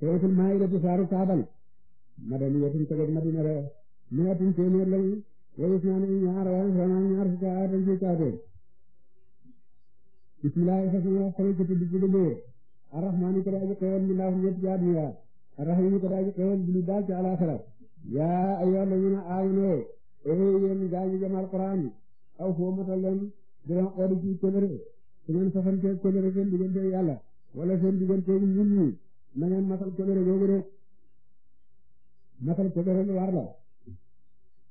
suratul maa'idati saaru saabal madaniyatun tegeg madina la mi'atun téeméer lañu wa isnaani ñaar wa samaan ñaar fukki aayatan ci kawteer bismillaahi sa suñu xol ci tudd ci dëggee arrahmaani ko daaji xewal mi laaf ñëpp jaat mi yaa arrahiimi ko daaji xewal bi lu daal ci alaaxira yaa ayyuhal laziina aamanuu ee yéen gaañu jëm alquraan aw foo matal leen di leen xool ci kóllëre su ngeen fasantee kóllëre seen diggante yàlla wala seen diggante ñun na masal kóllëre googu de masal la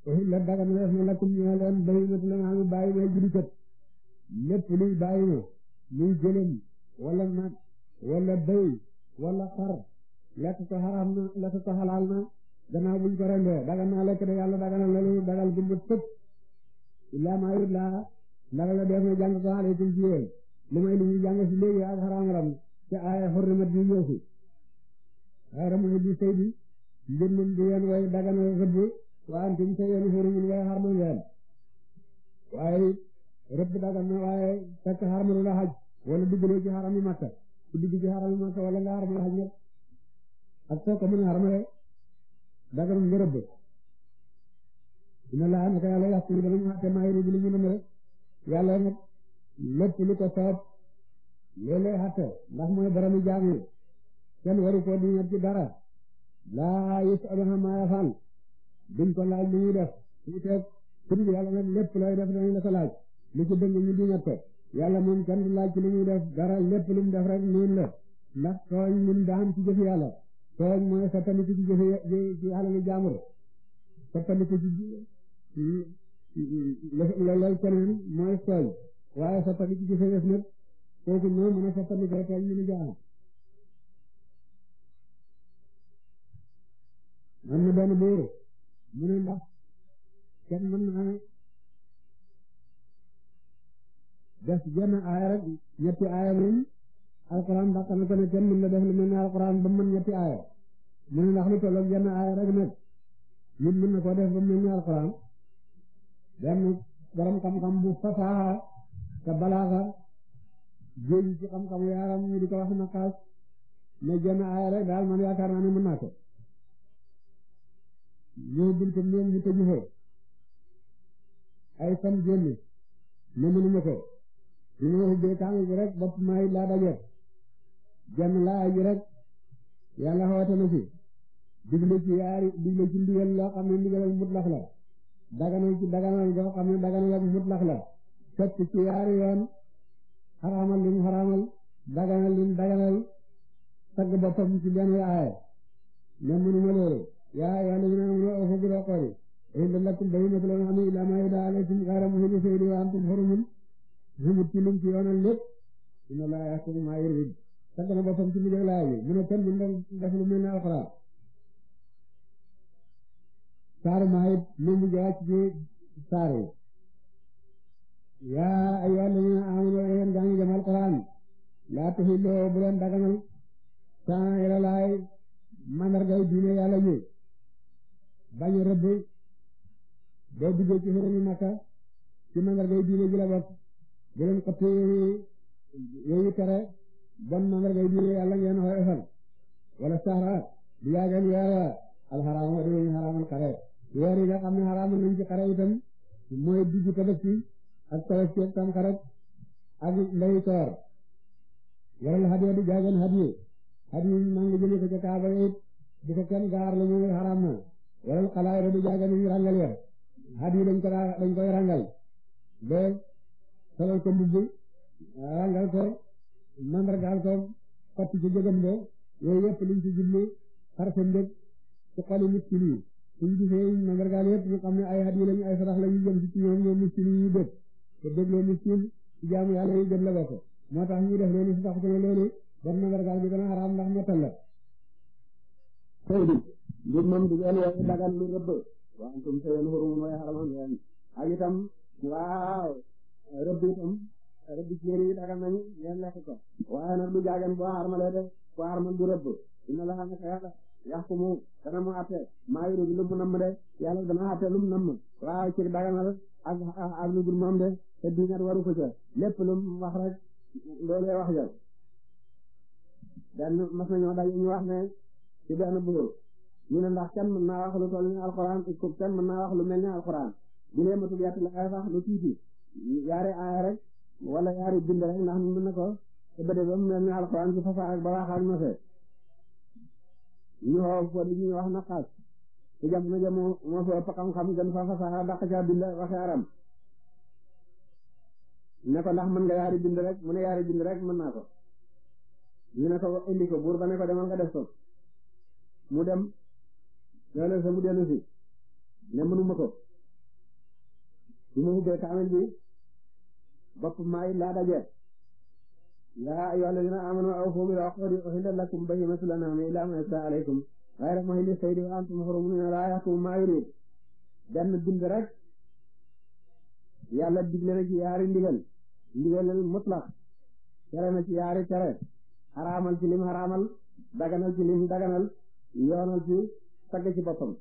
uhillat daganaleef na lakum ñeel leen bayyinatu la nga xam ne bàyyi na judi kat lépp luy bàyyi gëlëm wala nag wala bëy wala xar lekk ko xaraam na lekk ko xalaal na gannaaw buñ ko rendee dagan naa lekk de yàlla daganal la dagal gumba tëpp illaa maa yut laa ndaga la def na jàng ko alaykum ci yéen lu may lu ñu jàng si léegi ak xaraamaram ca aaya xorrimat si xayram hëddi sëy bi ngir di yéen way dagana rëbb wa antum te yéen xurumun way xarmal ngeen waaye rëbb dagan na waaye fekk xarmalu la xaj wala duggaloo ci xarami makka dugg ci xarami makka wala nga xarmal xaj nag ak soo mën a xarmale daganul nga rëbb dina laa naka yàlla yàq yi danañ xatte maayru bi li ñu nam rek yàlla nag lépp lu ko soob léeg-léeg ndax mooy boromi jaam yi kenn waru ko di ci dara laa yus'aluna ma yafal duñ ko laaj lu ñuy def su teg tur bi yàlla nag lépp looy def dañ la ko laaj lu ci dëng ñu diñat ko yàlla moom kenn du laaj ci lu ñuy def dara lépp lu mu def rek noonu la ndax tooñ mun daan ci jëfi yàlla tooñ mooy sottaliku ci jëfi ci alalu jaamur sottaliku ci loolu keneen mooy tooñ waaye sottaliku ci jëfi yëf nag kooku noo mën a sottaliku tooñ ñu ni jaamur am na benn buur mu ne ndax kenn mën naa def jenn aaya alxuraan dàq na ne kenn mën na def alxuraan ba mën ñetti aaya mu ne lu tolloog jenn aaya rek nag nit mën na koo def ba mu alxuraan benn borom xam-xam bu fasaaxa te balaaxa géej ci xam-xam yaaram ñu di wax na xaas ne jenn aaya rek daal man yaakaar naa ne mën naa ñoo buntam ñoom ñu tëju foo ay fan génn ne mënuma ko li ma wax bee kaamil bi rek bopp laa dajeet genn laa aji rek yàlla xawate na ci digle ci yaari digle ci ndigal loo xam ne ndigal mutlax la daganal ci daganal goo xam ne daganal ak mutlax la sett ci yaari yoon xaraamal lim xaraamal daganal lim daganal tagg boppam ci benn aaya ne mënuma loolu yaa yàlla ñu ne la waxu guddaa xool yi. indi lakum bayyinatu la nga xam ne illaa maa yutla alaykum ghayra muhdi saydi wa antum hurumun xamut ci lum ci yoonal lépp inna laa yahkumu maa yurid tagg na boppam ci mujj laa yi mu ne kenn mën def lu mel ne alxuraan saar maa it lu mujj wàcc ci saar yi yaa ayyuhal lazina aamanu yéen gaa ngi jëm alxuraan laa tuhillu bu leen daganal saa yàlla laay mandargay diine yàlla ñëw bañ a rëbb boo duggee ci xërëmi Makka ci mandargay diine ji la bokk bu leen xëpp yooyu tere bon mandargay diine yàlla ngeen xooy esal wala sahra du yaageen weer wa alxaraam wa dinañu xaraamal xare weer yi nga xam ne xaraamal nañ ci xare itam mooy diggu tabaski ak tabaski ak tam xaret ak lay toor waral hadiya du jaageen hadiya hadiya maa ngi jëme ca kaaba it di ko gaar la muy xaraam na wala xalaay rek du jaaga yi dañ koy ràngal ba solal ko mbubb ràngal ko mandargaal ko fott ci jëgam ba yooyu yëpp liñ ci jublu xarfe mbëg ci miskin yi suñ gisee mandargaal ñu xam ne ay miskin yi bëgg te dégloo miskin ci jaamu yàlla yi moo tax ñu def loolu su tax ko loolu ban mandargaal bi dana xaraam ndax mettal la ngir moom di ngeen woowee dagal lu rëbb wa antum tanzurun mooy xaramal ngeen waaw rëbb itam rëbb jéeri yi dagal nañu ngeen lekk ko waaye nag du jaagan boo xaramalee def ko xaramal du rëbb inna la naka yàlla yaxkumu dana mu atte maa yuridu lu mu namm de yàlla dana atte lu mu namm waaw ci daganal ak ak lu dul moom de te diinat waru ko ca lépp lu mu wax rek loolee wax ja benn mas nañoo daje ñu wax ne ci benn buur ñu ne ndax kenn mën naa wax lu toll ni alxuraan est-ce que kenn sax lu tuuti yaari aaya rek wala yaari bind rek ndax mën mu mel ni alxuraan ko dañuy wax naqaas te jam na jam moo fi ëpp xam-xam gën fa fasaa dàq ca ne ko ndax mën nga yaari bind rek mu ne yaari bind mën naa ko ñu ne ko indi ko buur ba ne ko demal nga def ko mu dem loolu sa mu dellu si ne mënuma ko bi ma ubbee kaamil bi bopp maay laa daje yaa ayyuhal lazina aamanu awfu bil uqudi uhillat lakum bahiimatul an'aami illaa maa yutla alaykum ghayra muhilli saydi wa antum hurumun laa yahkumu maa yurid benn bind rek yàlla digle na ci yaari ndigal ndigalal mutlaq tere na ci yaari tere xaraamal ci lim xaraamal daganal ci lim daganal yoonal ci tagg ci boppam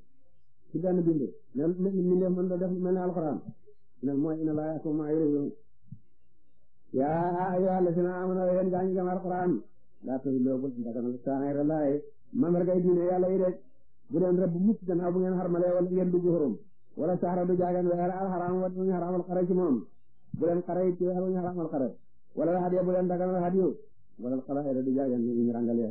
ci benn bind nen mindee da def mel ne alxuraan ne ina laa yakum maa yuridu yaa ayyuhal lazina aamanu yéen gaañu gam alxuraan laa taziloo bul daganal saayira laay mandargay diine yàlla yi de bu leen rëbb mukk gannaaw bu ngeen xarmalee wala ngeen dugg xurum wala saxara du jaagan weer alxaraam wa ñu ci moom bu leen xare ci weer wu ñu xaraamal wala la hadiya bu leen daganal hadiyu wala xalaayira du jaagan ñu ñu rangalee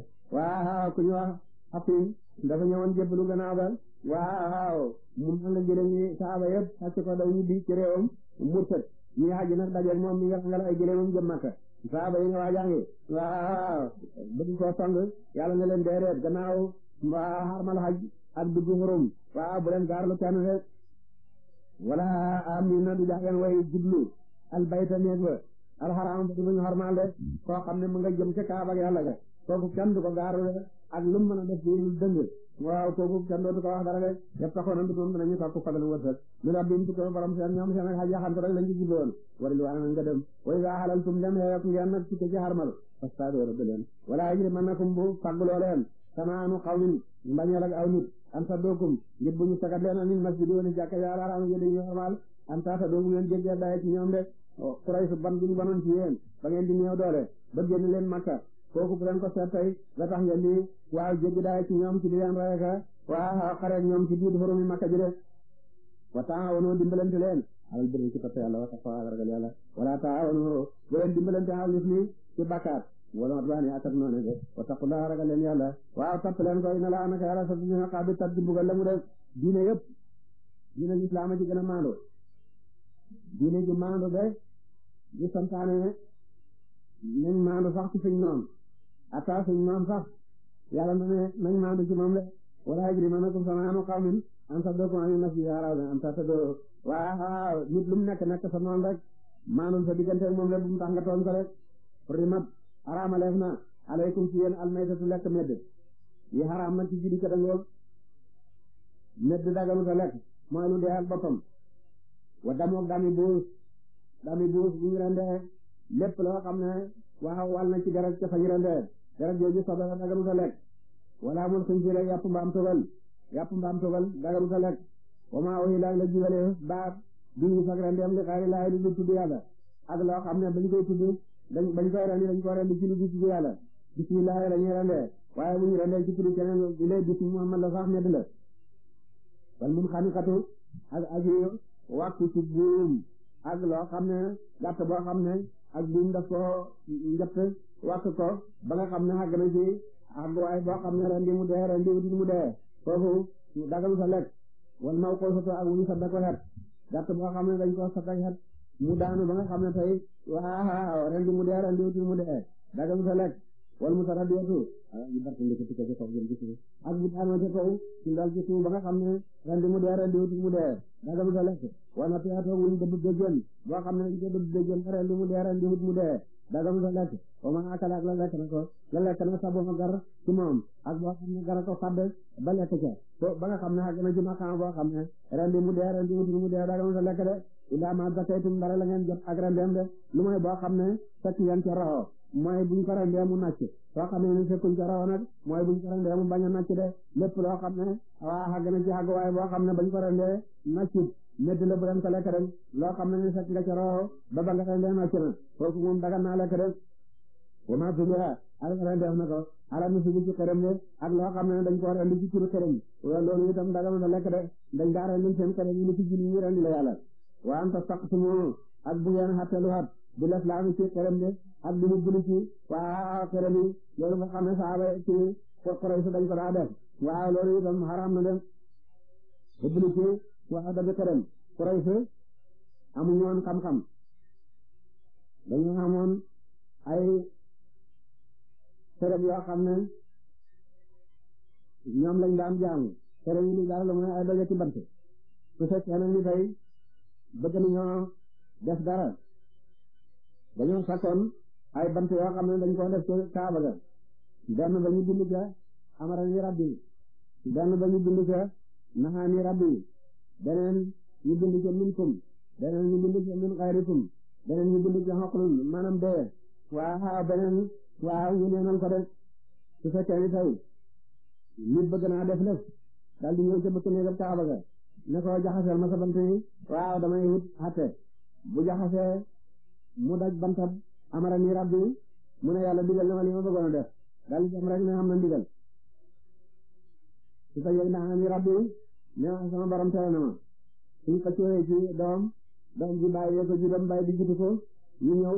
ku ñu wax xatim dafa ñëwoon jébbalu gannaaw bal waaw mun na la jëlee saaba yëpp xacc ko daw ñu bi ci réewam murtat ñi xaji nag dajeel moom mi nga xam nga la ay moom jëm Makka saaba yi nga waajangi waaw bëgg koo song yàlla nga leen déereet gannaaw mbaa xarmal xaj ak dugg xurum waaw bu leen gaarlu kenn rek wala am na du jaxeen way jublu al bayta neeg ba alxaraam ba du ñu xarmal de koo xam ne mu ak lu mën a def ci lu dëng waaw kooku kenn ko wax dara de yëpp taxoon nañ moom danañu sàkku fadal wërsëg li la bind ko borom seen ñoom seen ak yaxantu rek lañ ci jubloon waril waa na nga dem way ga xalal tum dem xeeyok ngeen nag ci ko ci xarmal fastadoo rëbb leen wala yajrimannakum bu fàgguloo leen samaanu xawmin mbañeel aw nit an sa dookum ngir ñu sagat leen anil masjidi woni jàkka ya araam yo dañu xarmal ñoom de oh, Quraysh ban duñu banoon ci yéen ba ko waaw jéggi daay ci ñoom ci di leen rayaka waaw xareek ñoom ci biir xurumi makka ji de wa taawanu dimbalante leen alal birri ci topp yàlla wa taqwa ak ragal wala taawanu bu leen dimbalante alal ismi ci bakkaat wala adwaani atak noone de wa taqulaa ragal leen yàlla waaw topp leen ko ina laa naka yàlla sa dina xaabi tab di mbugal la mu def diine yëpp diine lislaama ci gën a maandu diine ji maandu de di santaane nañ maandu sax ci suñ ataa suñ yàlla na ne nañ maandu ci moom de wala yajrimannakum shana'aanu qawmin an saddakum 'ani nafsi an tahtadu waaw nit lu mu nekk nekk sa noon rek maanul diggante moom de bu mu tax nga tooñ ko rek rimat araamaleef na alaykum ci yéen almaytatu lekk medd yi xaraam na ci judi ka dangoo medd dagalu sa lekk mooy lu dee ak boppam wa damoog dami buus dami buus bu ñu rendee lépp loo xam ne waaw wal na ci garab ca fa ñu rendee garab jooju sobe na dagaruta lekk wala bul xinsiira yàpp mbaam tobal yàpp mbaam tobal dagaruta lekk wama uhilla la jugalee baat bii fak rendeem li xaari laay lu dul tudd yàlla ak loo xam ne bañ koy tudd dañ bañ koy rendi dañ ko rendi ci lu dul tudd yàlla bismillah lañuy rendee waaye bu ñu rendee ci tudd keneen di lay bis Muhammad la sax ñett la wal mun xaniqatu ak aji wàkku ci buum ak loo xam ne gàtt boo ne ak buum daf ko njëtt wàq ko ba nga xam ne xàgg na ci àgg waaye boo xam ne ren di mu dee ren di mu dee foofu dagal sa lekk wala maw koo soto ak wuñu sadda ko xet gàtt boo xam ne dañ ko sadda xet mu daanu ba nga xam ne tey waaw ren di mu dee ren di mu dee dagal sa lekk wala mu sax dootu ñu ah, barkandikati ko ci kaw jëm ci suuf ak bu daanoo ca kaw ci ndal ci ba nga xam ne ren mu dee ren di wuti mu dee daga bi ko lekk wala piato wuñ dëbb béjjën boo xam ne dañ ko dëbb béjjën ren di mu dee ren di wut mu dee daga bi ko lekk wa la lekk na ko la lekk na saboo gar ci moom ak boo xam ne gara ko fàdd ba lekk ca to ba nga xam ne xag na ci maqaam boo xam ne ren di mu dee ren di wut mu dee daga bi ko lekk de ilaa ma zakaytum dara la ngeen jot ak ren dem de lu mooy sa ci yan ca mooy buñ ko rendee mu nàcc soo xamee ne fekkuñ ko raw nag mooy buñ ko rendee mu bañ a de lépp loo xam ne waa xàgg na ci xàgg boo xam ne bañ ko rendee nàccut métti la bu dem ko lekk rek loo xam ne ni fekk nga ca raw ba ba nga rendee nàcc na kooku moom daga naa lekk rek wa ma tubiha alxaran def na ko ala nu sugu ci xërëm de ak loo xam ne dañ ko rendi ci turu xërëm loolu itam daga na lekk de dañ daa rendi seen xërëm yi ni ci jini ñu rendi la yàlla wa anta saqtumu ak bu ngeen xatte di laf laafi ci xeram de ak di mu bulu waa xeram loolu nga xam ne saaba ci xoray sa dañ ko daa def waaw loolu itam xaraam na dem ba bulu ci waa dabi xeram xoray sa amuñu woon xam-xam dañu xamoon ay xeram yoo xam ne ñoom lañ daan jaamu xeram yi li daal la mooy ay daje ci bant su fekkee ne ni tey bëgg nañoo def dara dañoo sakkoon ay bant yoo xam ne dañ ko def ci ga benn ba ñu bind ca amarani rabbi benn ba ñu bind ca nahaani rabbi beneen ñu bind ca minkum beneen ñu bind ca min xayrikum beneen ñu bind ca xoqlun maanaam dee waaw beneen waaw ñu neenal ko def su fekkee ni tey nit bëgg naa def lëf daal di ñëw ca bëkk néegab kaaba ga ne ko jaxaseel ma sa bant yi waaw damay wut xatte bu jaxasee mu daj banta amara ni mu ne yàlla digal na ma li ma bëggoon a daal ci ne am na ndigal ne am sama borom tere na ma suñ ko cooyee ci doom doom ji bàyyi ko ji doom bàyyi di jiitu ko ñu ñëw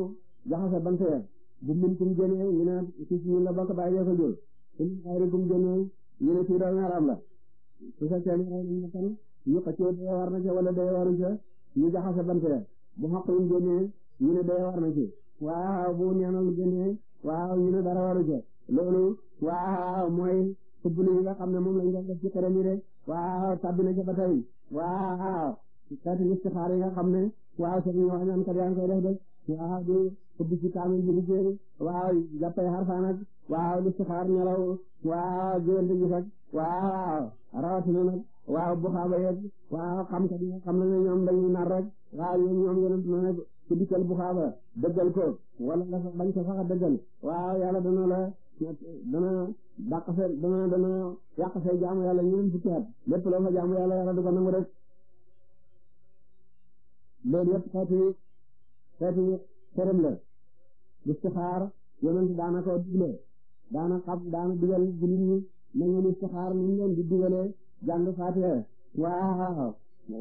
jaxase bant ya bu min kum génnee ñu ne ci ci la bokk bàyyi ko jël suñ xayri ne ci doom haram la su ne rey wala day waru ca ñu jaxase ya bu xaq ñu génnee ñu ne dee war na ci waaw bu neenal gënee waaw ñu ne dara waru ca loolu waaw mooy subbulu yi nga xam ne moom lañ doon def ci xerem yi rek waaw tabbi na ca ba tey waaw xeetu istixaar yi nga xam ne waaw seen ñoo ñaan kat yaa ngi koy def de waaw di ubbi ci kaamil bi di jéem waaw jàppay xarfaan ak waaw listixaar ñelaw waaw jëwante gi fag waaw rawatina nag waaw bu xaaba yeeg waaw xam kat yi nga xam ne ñoom dañuy nar rek na ci dikkal bu xaaba dëggal ko wala nga bañ ko sax a dëggal waaw yàlla dana la dana dàq dana dana yàq say jaamu yàlla ñun fukki at lépp loo fa jaamu yàlla yàlla du rek loolu yëpp xeeti xeeti xërëm la istixaar yonent daana ko digle daana xam daana digal jullit ñi na ngeen istixaar ni ngeen di digalee jàng faatiha waaw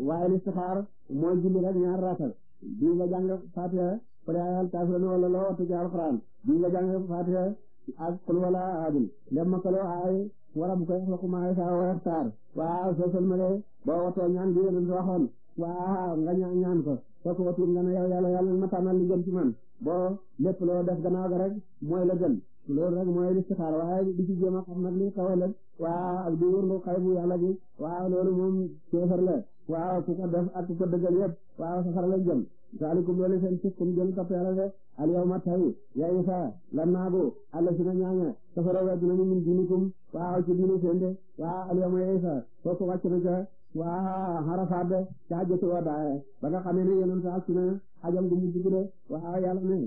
waaye istixaar mooy julli rek ñaar raatal bii nga jàng a wala ayal kaafiruun wala loo wattu ci alxuraan bii nga jàng Fatiha ak kul wala ahadun ndem makaloo aay wara bu ko yaxlaqu maa yashaa wa yaxtaar waaw soo sëlmalee boo wattoo ñaan bi yonent waxoon waaw nga ñaan ñaan ko soo ko wattu nga ne yow yàlla yàlla ma tànnal li gën ci man boo lépp loo def gannaaw ga rek mooy la gën loolu rek mooy listixaar waaye di ci jéem a xam nag li xaw a lëkk waaw di wër lu xay bu yàlla bi waaw loolu moom kéefar la waaw ku ko def ak ku ko dëggal yëpp waaw safara lañ jëm saalikum loolu seen sikkum jëm topp yàlla de al yawma tay ya isa lan naagu alla sina ñaaña safara wa dinañu min dinikum waaw ci dinu seen de waaw al yawma ya isa kooku wàcc na ca waaw xarafaat de ca hajjatu wadaa ba nga xamee ne yonent ak sina xajam gu mujj de waaw yàlla ne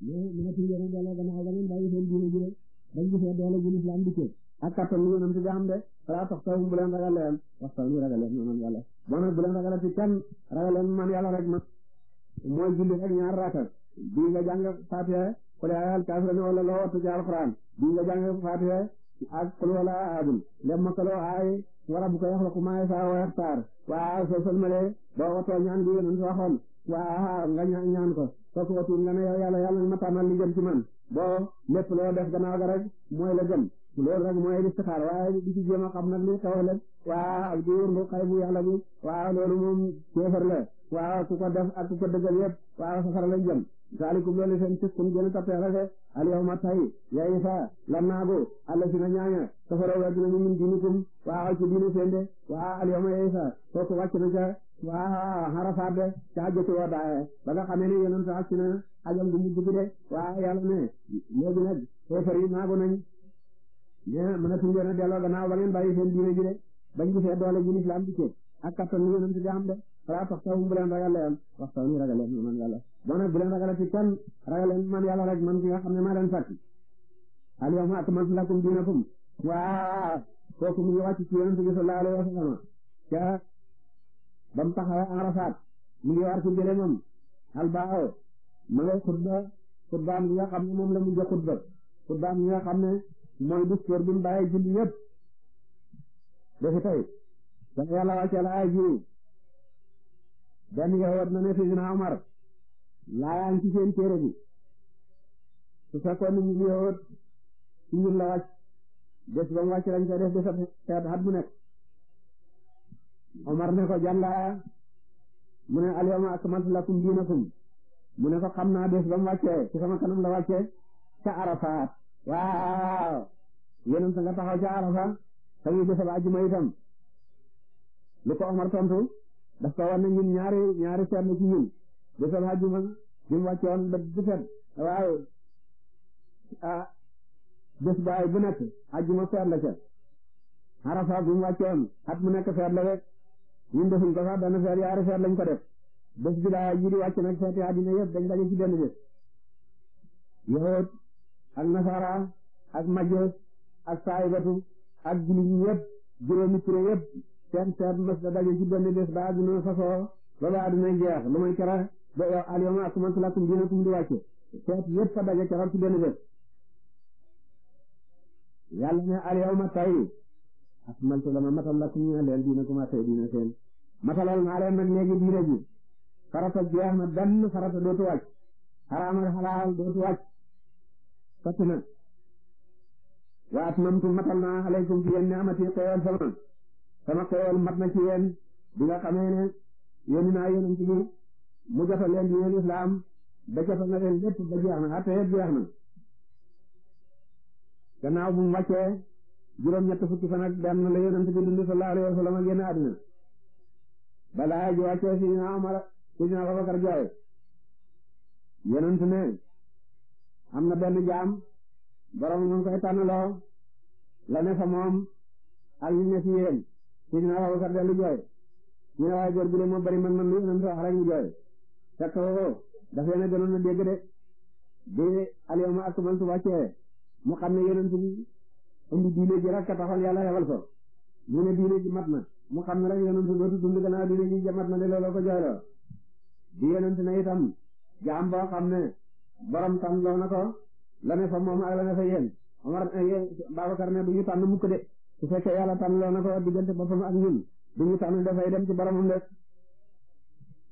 mais li nga ci njëriñ yàlla gannaaw beneen bàyyi seen diine ji rek dañ gisee doole gu lislaam di ko ak kattan lu ngeen am ci jaam de fala tax taw bu leen ragal leen wax taw ni ragal leen man yàlla boo nag bu leen ragal ci kenn ragal leen man yàlla rek ma mooy julli rek ñaar raaka bii nga jàng Fatiha qul yaa ayyuhal kaafiruun wala loo wattu ci alquran bii nga jàng Fatiha ak qul wala aadul ndem makaloo aay wa rabbuka yaxluqu maa yashaa'u wa yaxtaar waa soo sëlmalee boo watoo ñaan waaw nga ñaan ñaan ko soo ko tuur nga ne yow yàlla yàlla ma tànnal li gën ci man boo lépp loo def gannaaw ga rek mooy la gën loolu rek mooy istixaar waaye di ci a xam na li xew la waaw di wër bu xay bu yàlla bi waaw loolu moom kéefar la waaw ku ko def ak ku ko dëggal yëpp waaw safara lañ jëm saalikum loolu seen fiskum gën a tappee rek al yawma tay yay fa lan naagu alla si na ñaaña safara wet nañu min diinikum waaw ci diini seen de waaw al yawma yay waa xarafaat de ca jëkk woodaaye ba nga xamee ne yonent ak si na ajam gu mujj bi de waaye yàlla ne léegi nag xeefar yi naagu nañ mais mën a tungeen a delloo gannaaw ba ngeen seen diine ji de bañ gisee doole ji lislaam bi ci ak kattan ni yonent di am de xalaat tax taw bu leen ragaleen wax taw ni ragaleen ma man yàlla man yàlla rek man ki nga xam ne maa leen sàkk al yawma akmaltu lakum diinakum waa kooku mu ngi wàcc ci yonent bi sallallahu alayhi wa sallam ba mu taxawee Arafat mu ngi war ci gëléemam albaaw ma ngay xutba xutbaam gi nga xam ne la mujj a xutba xutbaam gi nga xam ne mooy discours bi mu bàyyee julli yëpp defi tey dax yàlla wàcce laaya ji benn yowat na ne Seydina Omar laayaan ci seen téere bi ni ñu yowat ci ñun la wàcc des ba mu wàcc lañ ko def desab xeet Omar ne ko jàlla mu ne al yawma akmaltu lakum diinakum mu ne ko xam naa bés ba mu ci sama kanam la wàccee ca Arafat waaw yéen sa nga taxaw ca Arafat te muy bés ba àjjuma itam lu ko Omar tontu daf ko war ne ñaari ñaari seet na ci ñun bés ba àjjuma bi mu ba du seet waaw ah baay bu nekk àjjuma seet la ca Arafat bi mu wàccee mu nekk seet la rek. ñun defuñ ko sax benn feer yaari feer lañ ko def bés bi laa yi wàcc nag seeti àddina yëpp dañ daje ci benn bés yahood ak nasara ak majoos ak saayibatu ak jullit yi yëpp juróomi turé yëpp mas da daje ci benn bés ba àdduna sasoo ba ba àdduna jeex lu may kera ba yow alyawma akmaltu lakum diinakum di wàcce seet yëpp daje kera ci benn bés yàlla ne alyawma tey ak malte dama matal la kuñu leel diina kuma tey diina seen matalal naa leen man léegi diina ji farata jeex na benn farata dootu wàcc xaraam ak xalaal dootu wàcc fekk na wa atmamtu matal naa alaykum ci yéen ne amati xéewal sama sama xéewal mat na ci yéen bi xamee ne yónni naa yonent bi mu jotal leen diinal islam ba jotal na leen lépp ba jeex na atte jeex na gannaaw bu mu wàccee juróom ñett fukki fan ak benn la yonent bi dund sallallahu alayhi wa sallam génn àddina balaa ji si ne am na benn jaam borom mu ngi koy tànnaloo la ne fa moom ak ñu ne si yéen si dina Abubakar dellu jooy ñu waaye góor gi moo bari man man lu yonent wax rek jooy fekk woo daf leen a gënoon a dégg de bi al yawma akmaltu wàccee mu xam ne yonent bi indi diine ji rek taxal yàlla yebal ko mu ne diine ji mat na mu xam ne rek yonent dootu dund gannaaw diine ji ja mat na de looloo ko jooyloo di yonent na itam jaam boo xam ne borom tànn loo na ko la ne fa moom ak la ne fa yéen Omar Babacar ne bu ñu tànn mukk de su fekkee yàlla tànn na ko diggante boppam ak ñun bu ñu tànn dafay dem ci boromam de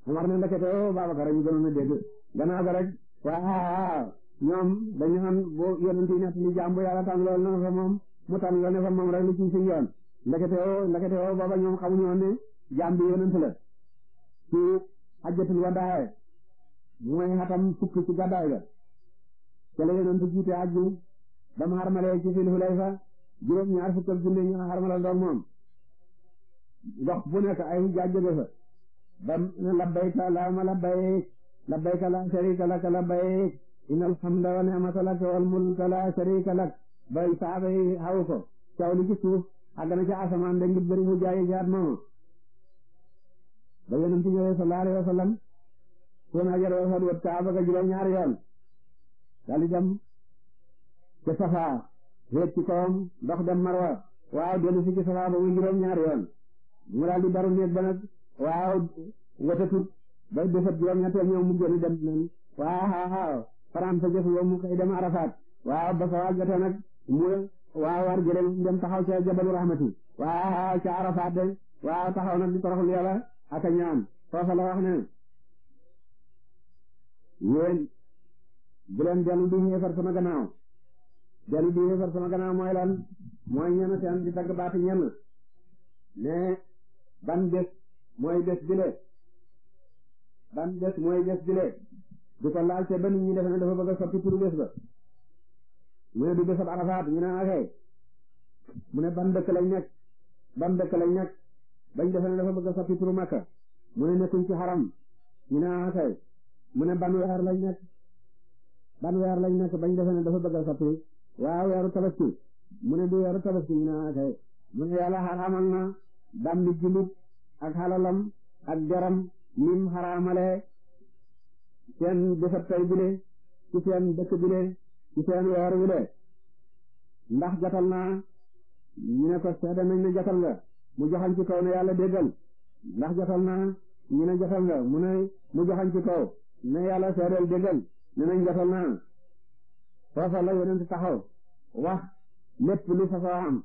Omar ne ndekete o oh, Babacar ñu gënoon a dégg gannaaw ga rek waaw ñoom dañu xam boo yonent yi nekk ni jàmbu yàlla tànn lool na fa moom mu tànn lool fa moom rek lu ci si yoon ndeketewoo ndeketewoo booba ñoom xamuñu woon ne jàmbi yonent la ci hajjatul wadaa mooy xatam fukk ci gàddaay ga ca la juróom ñaar fukk ak junne ñu xarmalal doog moom gox bu nekk ay jàjjëge fa ba labbayka allahumma labbayk labbayka la sharika laka labbayk innal hamda wa ni'mata laka wal mulka la sharika lak ba saaba yi xaw ko caw suuf àgg na ca asamaan da ngir bëri fu jaat moomu ba yonent bi sallallahu alayhi wa sallam kon hajar aswad wat kaaba ga juróom ñaari yoon daldi dem ca safa xeet ci kawam dox dem marwa waaw dellu si ci ba muy juróom ñaari yoon mu daldi baru néeg ba nag waaw watatut ba defat juróom ñetteel ñoom mu gën a dem waaw waaw faram sa jëf yow mu koy dem Arafat waaw ba sa wàggate nag mu waaw war jëlem dem taxaw ca jabalu rahmati waaw ca Arafat de waaw taxaw nag di toroxlu yàlla a ñaan foofa la wax ne yéen bu leen dellu di xeefar sama gannaaw dellu di xeefar sama gannaaw mooy lan mooy di dagg baati ñenn ne ban bés mooy bés bile ban bés mooy bés bile di ko laajte ba nit ñi def ne dafa bëgg a soppi turu bés ba ñu ne du bésab arafaat ñu ne akay ah mu ban dëkk lañ nekk ban dëkk lañ nekk defe ne dafa bëgg a soppi turu makka mu ne nekkuñ ci xaram ñu ne akay ah mu ne ban weer lañ nekk ban weer lañ nekk bañ defe ne dafa bëgg a soppi waaw weeru tabaski mu ne du weeru tabaski ñu ne akay ah mu ne yàlla xaramal na dam bi jullit ak xalalam ak jaram nim xaraamale seen bësëb tay bile ci seen dëkk bile ci seen weer wile ndax jatal naa ñu ne ko jatal nga mu joxañ ci kaw ne yàlla déggal ndax jatal naa ñu ne jatal nga mu ne mu joxañ ci kaw ne yàlla seedeel déggal ne nañ jatal naa foofa la yonent taxaw wax lépp lu fa fa am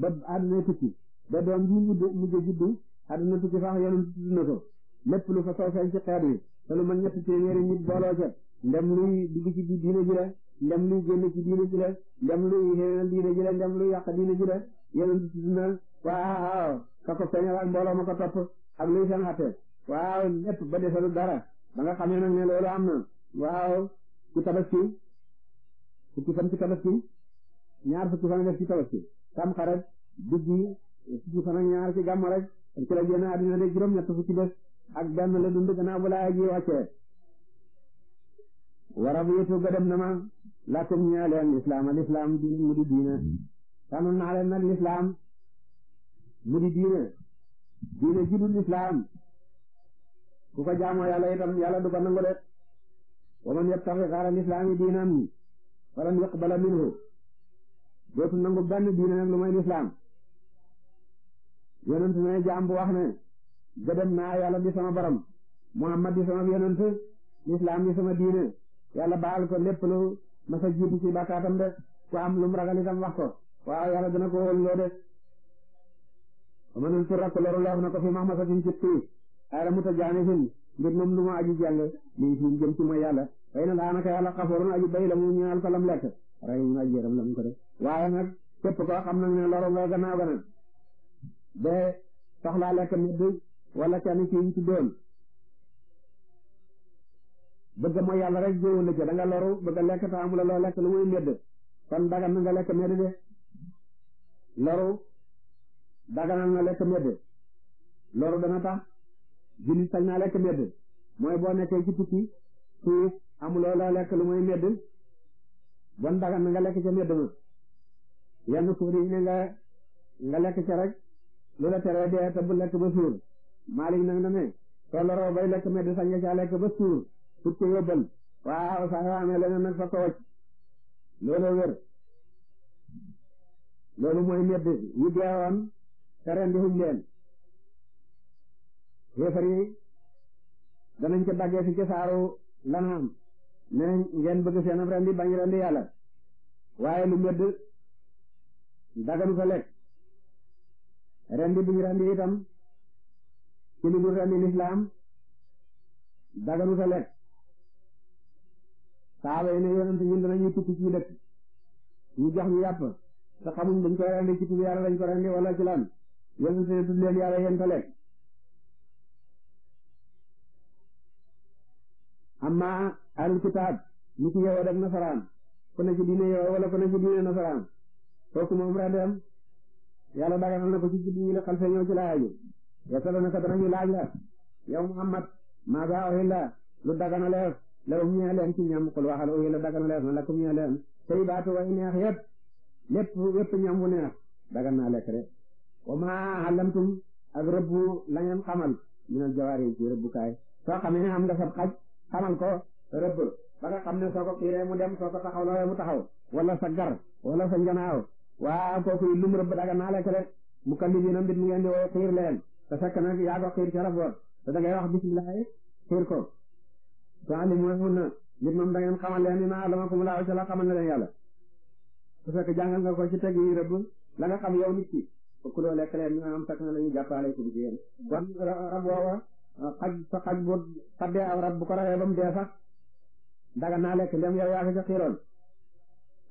ba àdduna tukki ba doom ji mujj juddu àdduna tukki sax yonent tudd na ko lépp lu fa soo feeñ ci wi te lu mën ñetti téeméeri nit booloo ca ndem luy dugg ci diine ji ndem luy génn ci diine ji ndem luy xeenal diine ji la ndem luy a na waaw ka ko feeñal ak ko topp ak luy seen xatte waaw lépp ba desalu dara ba nga xamee nag ne waaw ku tabaski fukki fan ci tabaski ñaar fukki fan def ci tabaski tam xaret dugg fukki fan ñaar ci gàmm rek ci la génn àddina de juróom-ñett fukki def ak benn la dund gannaaw bu la aji wàccee warab yëtu gëdëm na ma lakum ñaa leen islam al islam di mu di diine tànn naa leen nag l'islam mu di diine diine ji dul islam ku ko jaamoo yàlla itam yàlla du ko nangu wa man yabtaghi ghayra al-islami diinan falan yuqbala minhu dootu nangu benn diine nag lu may l'islam yonent ne jaam bu wax ne gëdëm naa yàlla di sama borom muhammad di sama yonent lislaam di sama diine yàlla baal ko lépp lu ma sa jiitu ci bàkkaatam de ku am lu mu ragal itam wax ko dina ko wóolu loo de amanul tur ak loru loof na ko fi mahmasatin ci tii ay la mutajaanihin mbir moom lu ma aju jàll lii fi jëm ci mooy yàlla way na daanaka yàlla xafoorun aju bay la mu ñaal ko lam lekk ray ñu aju yaram lam ko de waaye nag képp koo xam ne loru loo gannaaw ga nag de wala kenn ci yiñ doon bëgg mooy yàlla rek jëwoon la ca da loru bëgg a lekk te amula loo lekk lu muy medd kon dagan na nga lekk medd de loru daganal na lekk medd loru dana tax jullit sañ naa lekk medd mooy boo nekkee ci tukki suuf amuloo lekk lu medd bon dagan na nga lekk ca medd ma yenn suuf yi ne nga lekk ca rek lu la teree dee te lekk ba suur Malik nag na ne tollaroo bay lekk me di ca lekk ba suur sut ko yóbbal waaw sax waamee leneen nag fa ko wacc loolu wér loolu mooy medd ñu deewoon te rendi huñ leen xéefar yi danañ ko daggee fi ci saaru lanaam ne ngeen bëgg seenam rendi bañ rendi yàlla waaye lu medd daganu ko lekk rendi buñ rendi itam ci lu dul rendi daganu sa lekk saaba yi ne yonent ñun danañuy tukki ci dëkk ñu jox ñu yàpp te xamuñ dañ koy rendi ci tudd yàlla lañ ko rendi wala ci lan yonent ne tudd leen yàlla yéen ko lekk amma alul kitaab ñu ci yow def nasaraan ku ne ci diine wala ku ne ci diine nasaraan kooku moom rendem yàlla daganal na ko ci ci diine xalfe ñëw ci yasalunaka danañu laaj la yow Muhammad maaga uhilla lu dagana leef lahum ñee leen ci ñam qul waxal uhilla dagana leef na lakum ñee leen tayyibaatu way neex yépp lépp yépp ñam wu neex dagan naa lekk de wa maa xalamtum ak rëbbu la ngeen xamal minal jawaari ci rëbbukaay soo xamee ne am nga sab xaj xamal ko rëbb ba nga xam soo ko xiiree mu dem soo ko taxaw looyee mu taxaw wala sa gar wala sa njanaaw waa kooku rëbb dagan naa lekk mu ngeen te fekk nag yaa ko xiir ca raboot da ngay wax bisimilah xiir ko taali mooy mun na ngir moom da ngeen xamal leen ni maa dama ko mu laaw ci la xamal na leen yàlla te fekk jàngal nga ko ci teg yi rëbb la nga xam yow nit ki ku loo lekk leen ñu am fekk na la ñu jàppale ko ci yéen kon rab woowa xaj sa xaj bu faddee aw rab bu ko rawee ba mu dee sax daga naa lekk ndem yow yaa ko ca xiiroon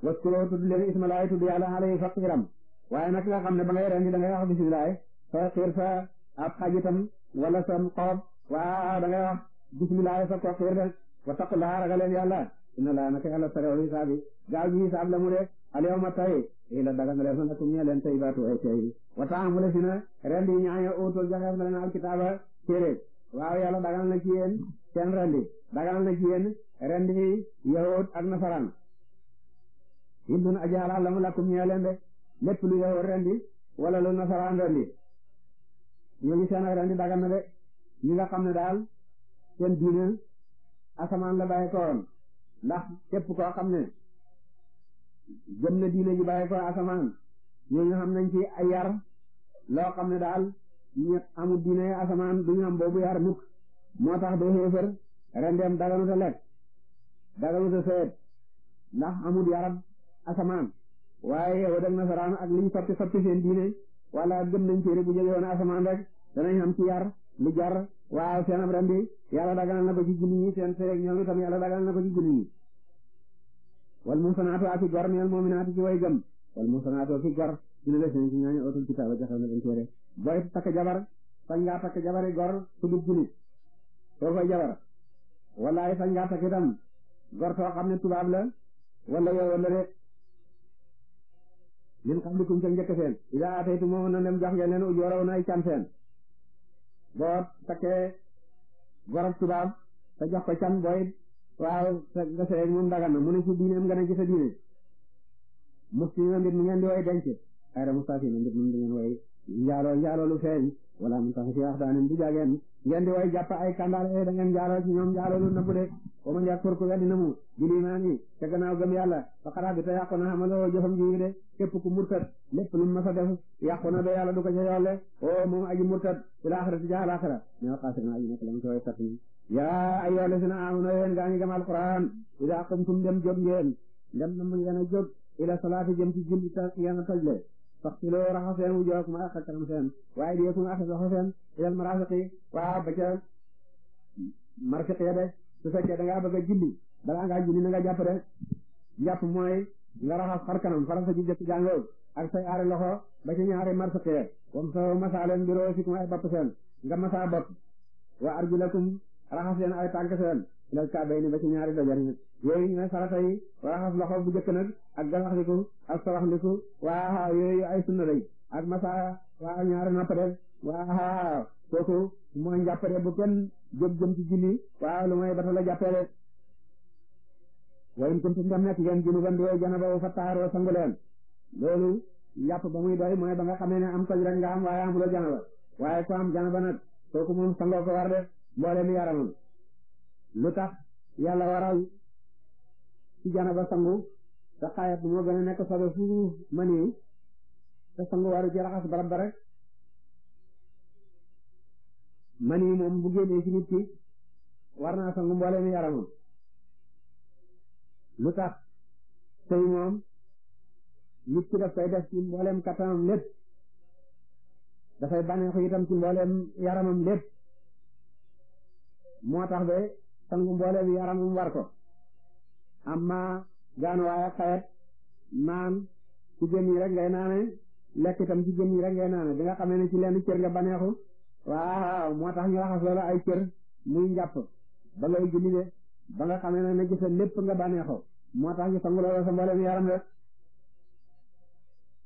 waskuroo tudd leen isma laay tudd yàlla xale yi faqiram waaye nag nga xam ne ba ngay ren di da wax bisimilah soo xiir sa ab xaj itam wala sam xoob waa da ngay wax bismillah sa ko xiir de wa taqulaa ragaleen yàlla inna laa naka yàlla sarewul hisaabi gaaw ji hisaab la mu de al yawma tay i la dagan reef na lakum ñee leen tay baatu ay tay wa taamule si na rendi ñaaña uutul joxeef na leen alkitaaba téere waaw yàlla dagal na ci yéen seen rendi dagal na ci yéen rendi yahud ak la mu lakum ñee leen de lépp lu yahud rendi wala lu nasaraan rendi ñooñu seen ak rendi dagan de ñi nga xam ne daal seen diine asamaan la bàyyi koon ndax képp koo xam ne gëm na diine ji bàyyi ko asamaan ñooñu xam nañ ci ay yar loo xam ne daal ñu amul diine asamaan duñu am boobu yar mukk moo tax ba xéefër rendeem daganuta lekk daganuta seet ndax amul yarab asamaan waaye yow dag nasaraan ak liñ soppi soppi seen diine wala gëm nañ téere bu jóge asamaan rek danañ am ci yar lu jar waaw seen am ren bi yàlla daganal na ko ci jullit seen seeg ñoom itam yàlla daganal na ko ci jullit ñi wal musanaatu ak gor meel moominaati ci way gëm wal musanaatu ak gor dina la seen ci ñaañu otul wa joxal na leen téere booy takk jabar sañ ngaa takk jabari gor su dul jullit soo koy jabar walaay sañ ngaa takk itam gor soo xam ne tubaab la wala yow wala rek min qablikum ca njëkk seen ila ataytu moom na dem jox ngeen leen ujooraw na ay can boo takkee gorog tubaab te jox ko can booy waaw nga sey moom dagan na mu ne ci diineem nga ne ci sa diine mufti na mbir ngeen di way denc xayra mustafi na mbir mi ngeen way njaaloo njaaloo lu feeñ wala mustafi fi wax daanim bu jageen ngeen di way jàpp ay kandaal e eh, da ngeen njaaloo ci ñoom njaaloo lu nëbbu de wa man yakfur ku weddi na mu bi liimaan yi te gannaaw gëm yàlla faqad bi te yàqu na amaloo de képp ku murtat lépp lu masa def yàqu na de yàlla du ko yoole o moom aji murtat fil axirati jaal axira ñoo xaasir na aji nekk lañ koy sat ni yaa ay yoole si na amono yéen gaa ngi gëm alquran idaa qumtum dem jóg ngeen dem na mu ngeen a jóg ila salaati jëm ci julli ta a faxsiloo raxas seen wujuhakum ma ak kanam seen wa aydiyakum ak loxo seen ilal marafiqi waa ba ca marfiq ya de su fekkee da ngaa bëgg a julli balaa ngaa julli na nga jàpp de jàpp mooy nga raxas xar farasa ji jëkk jàngoo ak say aari loxo ba ñaari marfiq ya wam soo masaa leen ay bopp seen nga masaa bopp wa arjulakum raxas leen ay tànk seen ilal kaabayni ba ci ñaari dojar yooyu ñu ne sarata raxas loxo bu ak galaxliku ak soraxliku waaw yooyu ay sunna lañ ak masa waaw ñaari nopp de waaw kooku mooy njàppare bu kenn jëm jëm ci julli waaw lu mooy ba la jàppale wayum kuntum tam nekk ngeen julli ban diwee janaba fa taaroo sangu leen loolu njàpp ba muy doy mooy ba nga am toj rek amuloo janaba waaye lu tax yàlla waral ci janaba sangu te xaayat bi moo gën a nekk sobe fuuf mani te sangu waru ci raxas barab ba rek mani moom bu génnee ci nit ki war naa sangu mbooleem yaramam lu tax sëy moom nit ki daf koy def ci mbooleem kattanam lépp dafay bànneexu itam ci mbooleem yaramam lépp moo tax ba sangu mbooleem yaramam war ko amma gaanuwaay ak xayet naan ci jën yi rek ngay naane lekk itam ci jën yi rek ngay naane bi nga xamee ne ci lenn cër nga baneexu waaw moo tax ñu raxas loola ay cër muy njàpp ba ngay julli de ba nga xamee ne na gisa lépp nga baneexu moo tax ñu sangu loola sa mboolem yaram rek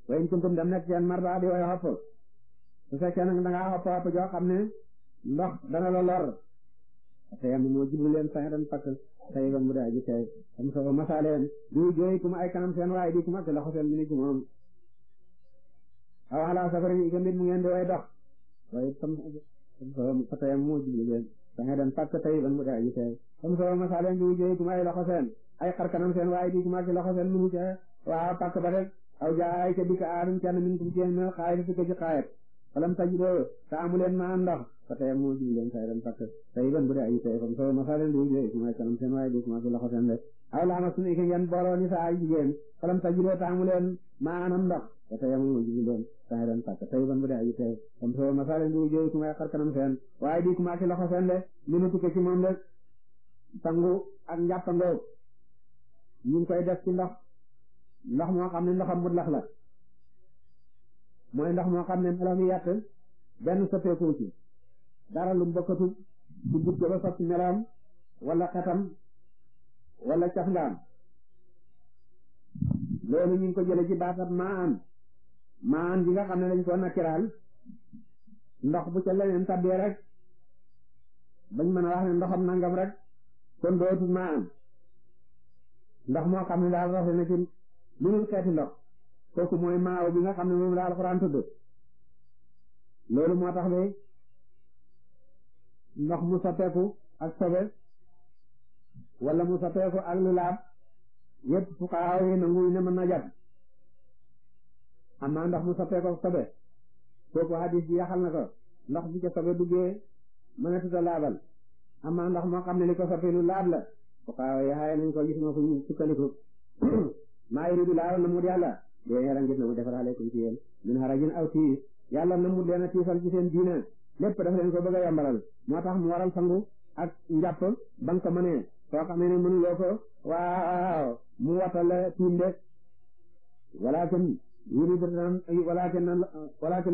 wayn kuntum dem nekk seen marda di way xopp su fekkee nag da ngaa xopp xopp joo xam ne ndox dana la lor te yam moo jublu leen sax dan tey ba bu daal di tey am solo masaleen du jooy kuma ay kanam seen waaye di kuma te loxo seen mini moom aw ala safarin ko mbir mu ngeen di way dox waaye tam solo fatayam moo jublu leen da ngay dem pàkk tey ba mu daal di tey am solo masaleen du jooy kuma ay loxo seen ay xar kanam seen waaye di kuma te loxo seen mini waaw pàkk ba aw jaa ay ca dikk aadum ca na min kum ci xaayat falam tajidoo te amuleen ma ndox fa tey moo jiw leen say ren fàtte tey ban bu dee ayu tey fam soo ma fa leen di jëy ci mooy kanam seen waaye di ci mooy loxo seen rek aw laama su nekkee ngeen boroo ni sa ay jigéen falam tajidoo te amuleen ma anam ndox fa tey moo jiw leen say ren fàtte tey ban bu dee ayu tey fam soo ma fa leen di jëy ci mooy xar kanam seen waaye di ci mooy loxo seen rek li nu tukkee ci moom rek sangu ak njàppangoo ñu ngi koy def ci ndox ndox moo xam ne ndoxam bu lax la mooy ndox moo xam ne melam yàtt benn soppeeku ci dara lu bokkatu bu jub ba soppi melam wala xetam wala cafndaam loolu ñu ngi ko jële ci baatab maan maan bi nga xam ne dañ ko nakiraal ndox bu ca leneen tabbee rek bañ mën a wax ne ndoxam nangam rek kon dootul maan ndox moo xam ne daal rafet na ci lu dul xeeti ndox kooku mooy maaw bi nga xam ne moom la alxuraan tudd loolu moo tax ne ndox mu soppeeku ak sobe wala mu soppeeku ak lu laab yépp fuqahaa yi nanguy ne mën na jàpp amaa ndox mu soppeeku ak sobe kooku hadis bi yaxal na ko ndox bi ca sobe duggee mënatut a laabal amaa ndox moo xam ne li ko lu laab la fuqahaa yi xaye nañ ko gis moo ko ñu sukkaliku maa yuridu laahu na mu yàlla dee herangis na bu defar aleykum ci yéen min harajin aw tiis yàlla na mu leen a tiisal ci seen diine lépp dafa leen ko bëgg a moo tax mu waral sangu ak njàpp ba nga ko mënee soo ne mënuloo waaw mu watal la tiim de walaakin yuridu dana walaakin na walaakin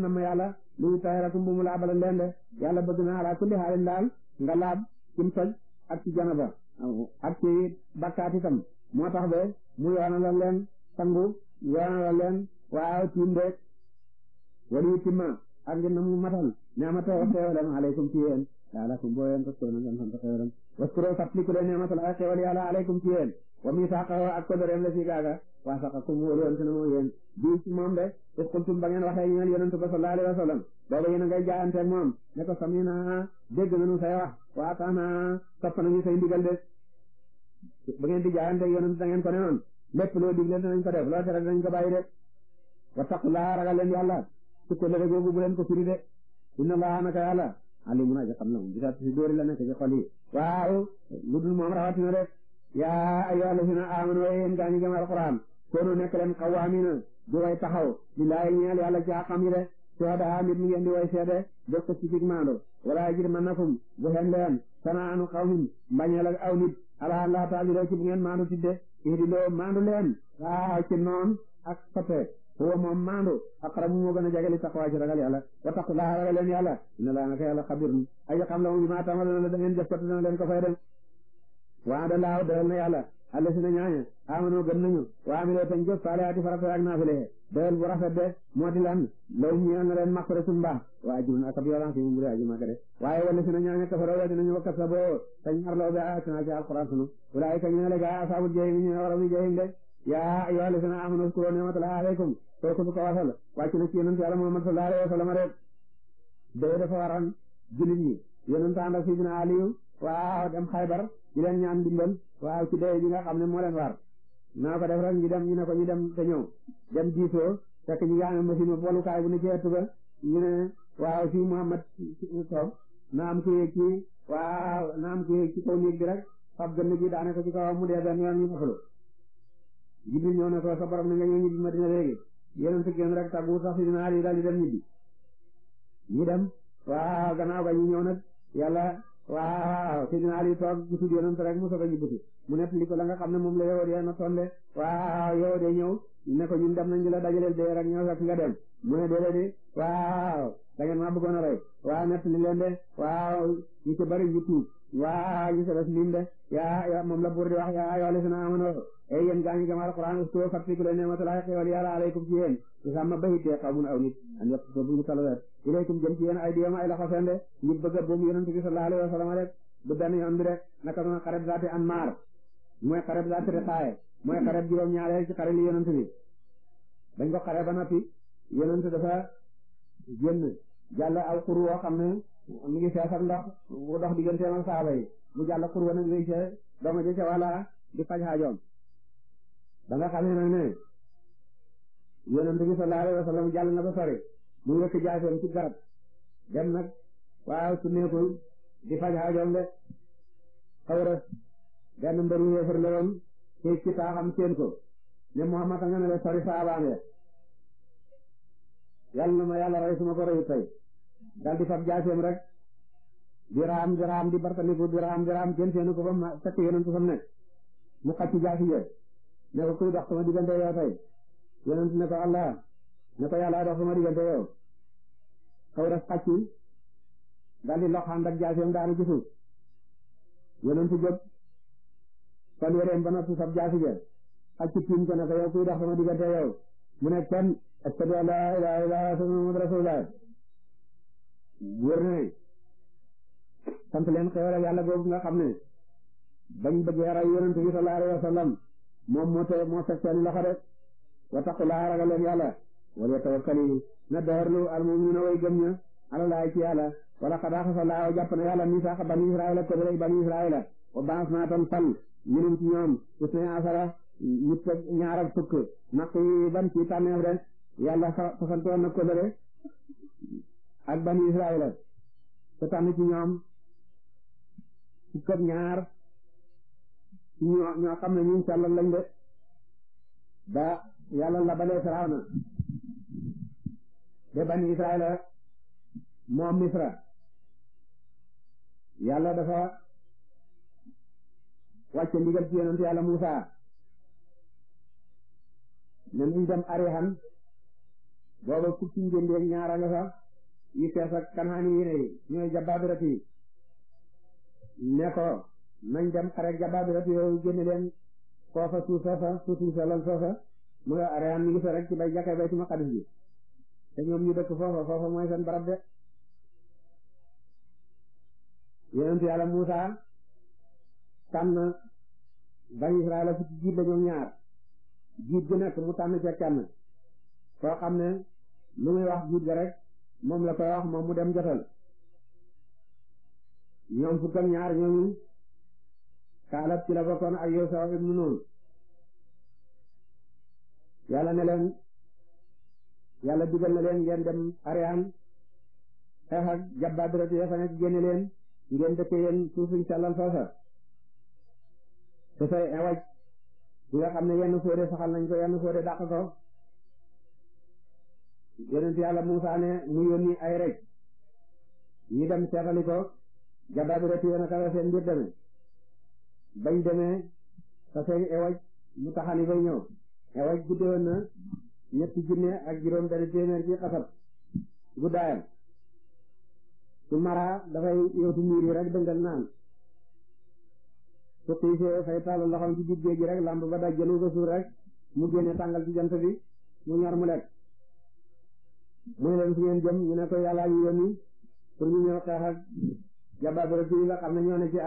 na ma yàlla lu mu tahirakum bu mu laabal leen de yàlla bëgg na ala kulli xaalin daal nga laab ci mu ak ci janaba ak ci bakkaat itam moo tax ba mu yoonalal leen sangu yoonalal leen waaw tiim beeg wala ma timma ak ngeen mu matal neemata wa xeewalam aleykum ci yéen laalakum boo yéen tas koona ngeen sant xeewalam waskuroo fàttaliku leen neematal ak xeewal yàlla aleykum ci yéen wa misaaqahu ak kodoreem la fi gaaga waasaqakum wóoluwoon te na moom yéen bii ci moom de is qultum ba ngeen waxee ñeel yonentu ba sallallahu alayhi wa sallam booba yéen a ngay jaayanteeg moom ne ko samina dégg nañu say wax bu ngeen di jaayante yonent da ngeen ko ne noonu lépp loo digle danañ ko def loo tere danañ ko bàyyi de wattaqullaha ko lëre googu na moom bisaat la nekk ci xol yi waaw lu dul moom rawatina de yaa ayyuhallazina amanu wa yéen gaa ñi gëm alquran koonu nekk leen xawaamina di way taxaw lillaahi ñeel yàlla ci xam yi de suhadaa mit ñu ngeen di way seede def ko ci jig maando wala yajrimannakum bu xen leen sanaanu qawmin mbañeel ak aw ala laa taajuree ci bu ngeen maandu ci de ihdi loo maandu leen waaw ci noon ak soppe huwa moom maandu aqrabu moo gën a jagali taqwa ci ragal yàlla wa taqulaa ragal leen yàlla inna laa naka yàlla xabir ay xam la moom bi maa la da ngeen jëf ko dana leen ko fay dem waa da laaw doyal na yàlla alla si na ñooña amanoo gëm nañu waa mi loo tañ jëf faalaati farata ak naafile doyal bu rafet de moo ti lan law ñu na leen makk rek mbaax waa jurun ak violence yi mu buri aji màgg de waaye wala si na ñooña kafaroo weddi nañu wakkat sa boo tañ arlaw bi ayatina ci alquran sunu wulaay ka ñu ne la gaa jahim ñu ne wara jahim de yaa ayyuha alladhina amanu uskuru ni'matallahi alaykum kooku bu ko wasal wàcc na ci yonent yàlla Muhammad wa sallam rek day dafa waran jullit ñi yonent ànd ak di leen ñaan dimbal waaw ci day bi nga xam ne moo leen war naa ko def rek ñu dem ñu ne ko ñu dem te dem diisoo fekk ñi nga xam ne machine bolukaay bu ne ci ëtt ba ne waaw fii Muhammad toog na ku yéeg ci waaw na ku yéeg ci kaw néeg bi rek fab gënn gi daane ko ci kawam mu dee benn yoon ñu faxlu Jibril ñëw na ko sa ne nga ñëw ñibbi Madina léegi yéen fukki yoon rek tàggu sax si yi daal di dem ñibbi ñu dem waaw ga ñu ñëw nag yàlla waa Seydina Ali toog gisul yonent rek mu soog a mu nekk li ko la nga xam ne moom la yow dee na tonde waaw yow dee ñëw ne ko ñun dem nañ la dajaleel dee rek ñëw rek nga dem mu ne déedéet ni waaw da ngeen maa bëggoon a rey waaw nekk li leen de waaw ñu ci bari ñu tuub waaw ñu ci des lim de yaa moom la buur di wax yaa yoo xam ne amoon ay yéen gaa ñu gamal Alxuraan ustoo fàttaliku leen ne matalaay xéwal yàlla aleykum ilaykum jëm ci yéen ay diyam ay loxo sende ngir bëgg a boobu yonent bi sallallahu wa sallam rek bu benn yoon bi rek naka noonu zaati anmaar mooy xareb zaati riqaaye mooy xareb juróom-ñaareel ci xare li yonent bi dañ ko xare ba noppi yonent dafa génn jàll aw xur woo ne mu ngi feesal ndox bu dox digganteem ak saaba yi mu jàll xur wa nag léegi ca dooma ja ca wala di faj xaajoom ba nga xamee nag ne yonent bi mu wëkk jaaseem ci garab dem nag waaw su nekkul di faj xaajoom de xawra benn mbëru yéefar la woon xëy ci taaxam seen ko ne Muhammad a nga ne la sori saabaange yàlla na ma yàlla rey su ma ko reyu tey dal di fab jaaseem rek di raam di raam di bartaniku di raam di raam jëm seen ko ba ma fekk yonentu fa mu nekk mu xacc jaasi ye ne ko kuy dox sama diggante yow tey yonentu ne ko Allah ne ko yàlla dox sama diggante yow xaw def xàcc daal di loxaand ak jaaseem daanu ci suuf yonent jóg sol yéreem ba noppi sab jaasi ja tiim ko ne ko yow kuy dox sama diggante yow mu ne kenn ashhadu an laa ilaaha illallaah muhammadur rasuulullaah wër ne sant leen xéewal ak yàlla nga xam ne bañ bëggee ray yonent bi sallallaahu alayhi wa sallam moom moo te moo teg seen loxo de wa taqu laa ragal leen yàlla wala tawakkalu na doorlu almu'minuna way gëm ña alalaay ci yàlla wala xadaa xasa laaw jàpp na yàlla misaaxa bani israila kobalay bani israila wa baas naa tan fal minum ci ñoom usna asara ñit teg ñaar ak fukk naq yi ban ci tànneef rek yàlla fasantoon na kobale ak te tànn ci ñoom fukk ñaar ñoo ñoo xam ne ñun lañ de ba yàlla la balee Firawna ba bani Israila moom Misra yàlla dafa wàcce ndigal ci yonent yàlla Musa ne muy dem Arihan booba fukki njëndeeg ñaara nga yi fees ak kanaani yi ne ñooy jabaabirat yi ne nañ dem arek jabaabirat yooyu génne leen foofa suuf soosa suuf si solal soosa mu nga Arihan mi ngi rek ci bay jàkkee Baytul Maqdis bi te ñoom ñu dëkk foofa foofa mooy seen barab de yonent yàlla Muusa tànn bani Israël fukki jiit la ñoom ñaar jiit gi nekk mu tànn ca kenn koo xam ne lu muy wax jiit ga rek moom la koy wax moom mu dem jotal ñoom fukk ak ñaar ñooñu Kaalab ci la bokkoon ak Yuusa ibnu Nuun yàlla ne yàlla digal na leen ngeen dem Aryaan xeex ak jabbaadurati ya fa nekk génne leen ngeen dëkkee yéen suufuñ sàllal foofa te say ewaj bi nga xam ne yenn fóore saxal nañ ko yenn fóore dàq ko yonent yàlla Muusaa ne mu yónni ay rek ñu dem seetali ko jabbaadurati ya naka la seen mbir demee bañ demee te seen ewaj mu taxani bay ñëw ewaj guddewoon ñetti junne ak juróom benn téeméer ci xasab guddaayam su mara dafay yootu miir rek dëngal naan su xiisee fay tàll loxoom ci biir géej rek lamb ba daj jëlu suur rek mu génne tàngal ci jant bi mu ñor mu lekk mu leen fi ngeen jëm ñu ko yàllaa ñu yónni ñu ñëw xeex ak jabaabira ci nga xam ne ñoo ne ci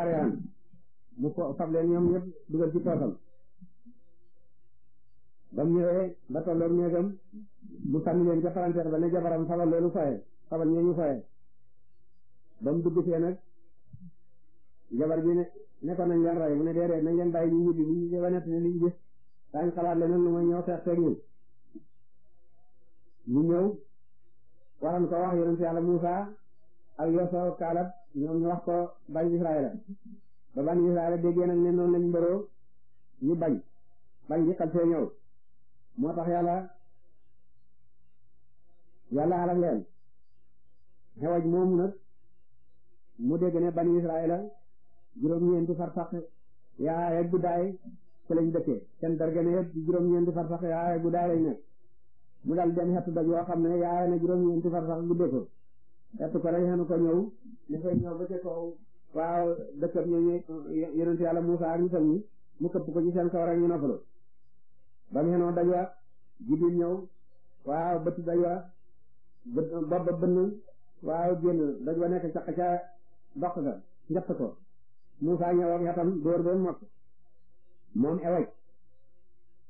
mu fo leen ñoom ñëpp dugal ci toosam ba mu ñëwee ba tolloog néegam mu sànni leen ca palanteer ba ne jabaram sabal loolu fooye sabal ñooñu fooye ba mu dugg fee jabar bi ne nekkoon nañ leen rey mu ne déedéet nañ leen bàyyi ñu ñibbi ñu ñu ba nett ne liñ gis daañ xalaat leneen lu ma ñëw xeex teeg ñun ñu ñoom ñu wax ko bañ Israëla ba bañ Israëla déggee nag ne noonu lañ mbëroo ñu bañ bañ gi xal see moo tax yàlla yàlla xalak leen xewaj moomu nag mu dégg ne bani israila juróom-ñeenti farsax yaa ak guddaay ci lañ dëkkee seen dargane yëpp juróom-ñeenti farsax yaa ak guddaay lañ nekk mu dal dem xett doj yoo xam ne yaa ne juróom-ñeenti farsax guddee ko xett ko rek xenu ko ñëw ne koy ñëw ba ca kaw waaw dëkkam ñooñu yàlla Muusaa ñu tam ñi mu këpp ko ci seen kaw ñu noppalu ba mu xenoo daj wa jibril ñëw waaw bëtt daj wa bopp ba bënn waaw génn daj nekk caq ca ga njett ko Musaa ñëw ak xetam dóor ba mokk moom ewaj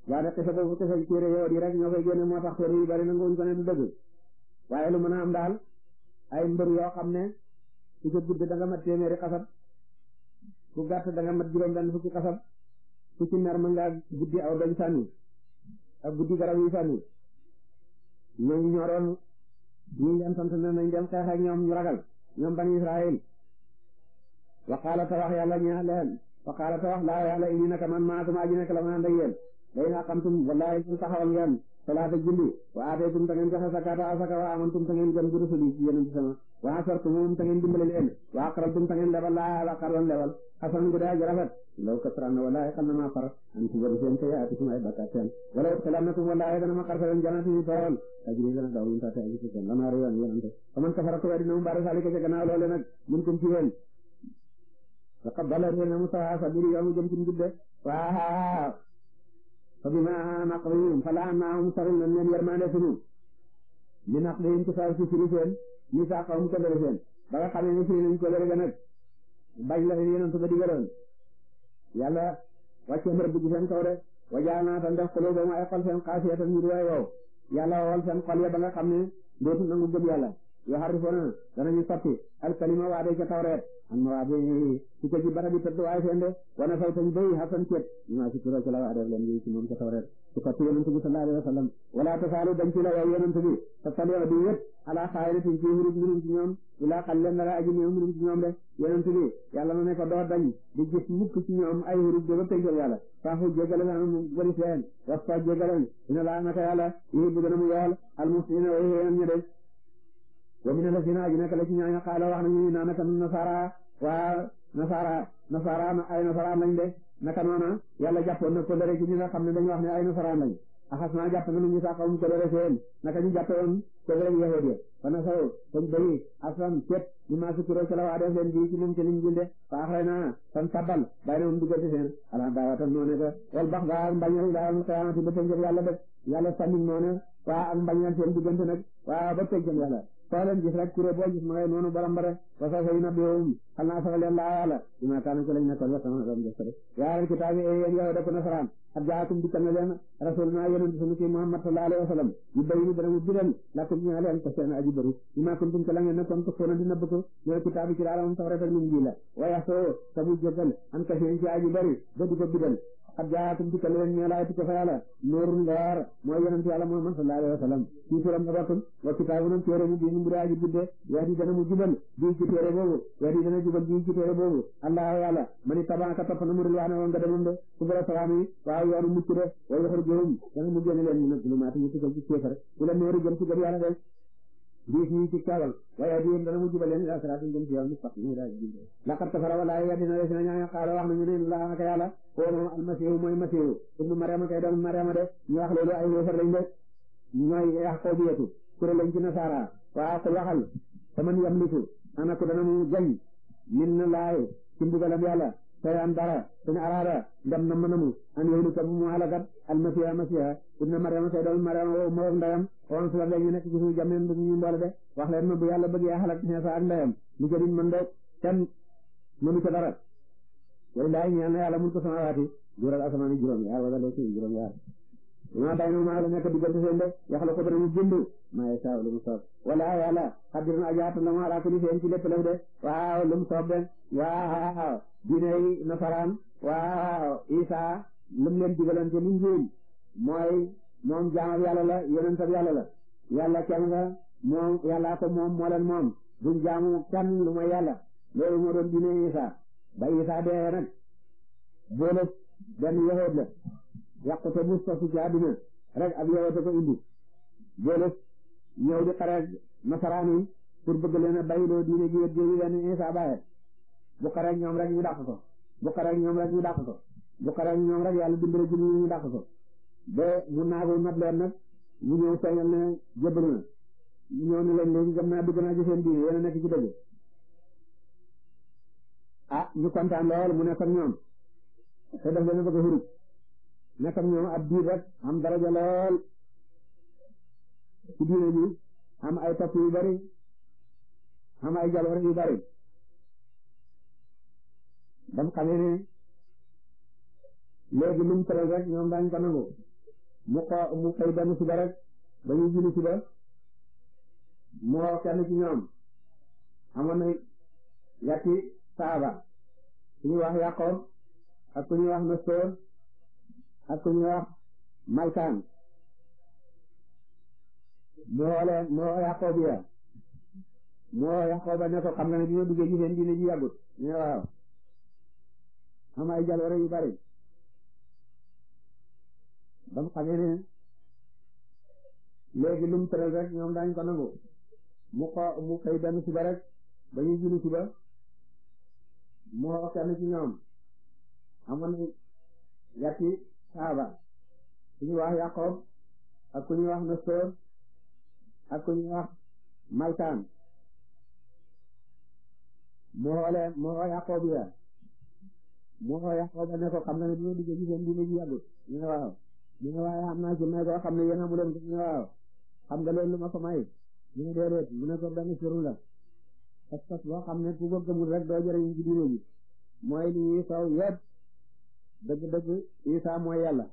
waa de xisa boobu xisa téere yow di rek ñoo koy génne moo tax téere yu bari nanguwuñ ko ne du dëgg waaye lu mën a am daal ay mbër yoo xam ne ku ca gudd da nga mat téeméeri xasab ku gàtt da mat juróom benn fukki xasab ku ci mer mën ngaa guddi aw doñ sànni ak guddi garab yi sànni ñooñu ñoo doon ñu leen sant ne nañ dem ak ñoom ñu ragal ñoom bani Israël wa qaala ta wax yàlla ñeex leen wa qaala ta wax laa yàlla indi naka man maatum aji nekk la ma ànd ak la in aqamtum wallahi sun taxawal ngeen salaata julli wa aataytum ta ngeen joxe zakata asaka wa amantum ta ngeen gëm bi rusuli ci yéen ci sama wa asartumum ta ngeen dimbale leen wa aqraltum ta ngeen lebal laa yàlla xarlan lebal xasan gu daa ji rafet law kasranna wallahi xam na maa far an tubari seen te yaatikum ay bakkaat seen wala udxilannakum wallahi dana ma xarfe leen janati yi tool tajri dana daw min taate aji seen lanaar yoon yonante fa man kafara mu baara salika ca gannaaw loole nag mun kum ci wéen faqad dala réer na mu sawa sabiri yoon mu jëm فبما نقضهم فلعناهم سرنا من يرمانا سنين لنقضهم كفار في سرسين ميثاقهم كبرسين ba nga xamee ne firi nañ ko lëre ga nag bañ la fi yonent ba digaloon yàlla wàcce mbir dugg seen kaw de wajaa naa tan def xuloo ba mu ay xol seen xaasiyatan ñu di waay wow yàlla wowal seen xol ya ba nga xam ne nangu gëm yàlla yoo xarrifoona danañu soppi alkalima waade ca tawreet an ma waade ci ko ci barabi tëdd waaye fende wana faw tañ bay xasan ceet ñima si turoo ci la waadeef leen yi ci moom ca tawreet ci yonent bi sallallahu alayhi tasaalu dañ ci la yow yonent bi sa talio di wét ala xaaynatin ci hurub ci ñoom ilaa xalilan dara aji néew minum ci ñoom de yonent bi yàlla na ne ko doo dañ di gis mukk ci ñoom ay hurub de ba pénjal yàlla faafu jégale na mu bëri seen wax a wa mina na aji nekk la ci ñooñu xaala wax nañu naa naka nasara waa nasara nasara ay nasaraan lañ de naka noona yàlla jàppoon na kóllëre ci ñi nga xam ne dañu wax ne ay nasaraan lañ axas naa jàpp na ñu saxawum kóllëre seen naka ñu jàppe woon kóllëre yahud ya fa nasaw fañ bayi aslan cépp ñu maa sukkiroo ca la waa def leen bii ci moom ci liñ julde fa axray naa fan tabbal bàyyi na moom diggante seen ala daawatan noo ne ka wal bax gaa mbañal daal xiyaamati ba penjëf yàlla def yàlla sàmmin noo ne waa ak mbañal seen diggante nag waa ba penjëf soo leen gis rek kuré ma ngay noonu barambare wa sa say na biowum xal naa sax bi ma kaanu ci lañ nekkoon yasama doon def de yaaral kitaab yi yéen yow dëkk nasaraan xat jaakum dikkal na leen rasuluna yonent Muhammad sallallahu alayhi wa sallam lakum ñaa leen ko seen aji bëri bi ma kuntum ci la ngeen nekkoon ko foona di nëbb ko ñoo kitaab yi ci daala moom sax rek ak ñun an kasiin ci aji bëri di ko ak jaatum dikkal leen ñeel ay tukka fa yàlla nuurul leer mooy yonent yàlla Muhammad sallallahu alayhi wa sallam ci turam nga bokk wa kitaabun téere bi bii ñu mbir aji gudde yahdi dana mu jubal bii ci téere boobu yahdi dana jubal bii ci téere boobu allah yàlla mani tabaaka topp na mu rilwaa ne woon nga demam de subula salaam yi waaw yoonu mucc de way yoxor goom dana mu génne leen ñu nag lu maati ci kéefar ku la nuuru jëm ci gëm yàlla de lii ñu ci kawal waaye di dana mu jubaleen ila siraatin jëm ci yoon mustaqim ila jëm laqad kafara wala yadina la sina ñaa xaala wax nañu ne la naka yàlla ko moom kay doom mariama de ñu wax loolu ay yéefar lañ de ñooy yaqobiyatu kuréel lañ ci nasara waa ko waxal taman yamliku ana ko dana mu min na laay ci mbugalam sayan dara in araada ndam na mënamu an yoolu ka mu halakat almasiha masiha ibna mariama say doomi mariama wow ma wog ndayam la sula léegi nekk ci suuf bu ñu mboole de wax leen ma bu yàlla bëggee xalak xeesa ak ndayam li ko diñ de kenn mënu ko dara wala laay ñaan na yàlla mun ko samawaati jural asamaan yi juróom yaar wala loosi juróom yaar maa day no maa la nekk diggante seen de yaxla ko danañu bind maa ye saaw lu mu soob wala yàlla xaddirna ajaatan la mu ala kulli seen ci lépp lëf de waaw lu diiney nasaraan waaw Isa lam leen digaloon te liñ jéem mooy moom jaamab yàlla la yonentab yàlla la yàlla kenn moom yàllaa ko moom moo leen moom duñ jaamu kenn lu mooy yàlla loolu moo doon diine Isa ba Isa dee nag boole benn yahud la yàqute bu sosu ci àddina rek ab yahud ko indi boole ñëw di xare nasaraan yi pour bëgg leen a bayloo diine ji wet jooju leen Isa baaxe bu xare ak ñoom rek ñu dàq ko bu xare ñoom rek ñu dàq ko bu xare ñoom rek yàlla dimbale jur ñu dàq ko ba mu naagu mat leen nag ñu ñëw feeñal ne jébbalu na ñu ñëw ne leen léegi gëm naa dugg naa ci seen diine yéen nekk ci dëgg ah ñu kontaan lool mu nekk ak ñoom te daf leen bëgg a nekk ak ñoom ab diir rek am daraja lool ci diine bi am ay topp yu bari am ay jaloor yu bari ba mu xamee ne léegi lu mu tëral rek ñoom daañu ko nangu mu xoo mu xëy benn suba rek ba mu woo kenn ci ñoom amoon na yatti saaba ku ñuy wax Yaqoob ak ku ñuy wax Nastoor ak ku mu woo leen ya mu woo Yaqoob ne ko xam nga ne dina duggee ci seen diine ji yàggut ne waaw am ay jaloore yu bari ba mu xamee ne léegi lu mu ko nangu mu xoo mu xëy benn suba rek ba ñuy julli suba mu xoo saaba ku ñu wax Yaqoob ak ku ñu wax Nastoor ak ku ñu wax ya moo ko yàq ne ko xam ne dina dugg ci seen diine ji ne waaw ñu ne waaye am naa ci may koo xam ne yéen amu leen ko ñu ne waaw xam nga loolu lu ma ko may ñu ne déedéet mu ne ko benn suru la parce que boo ne ku gëmul rek doo jëriñ ci diine ji mooy li dëgg-dëgg Isaa mooy yàlla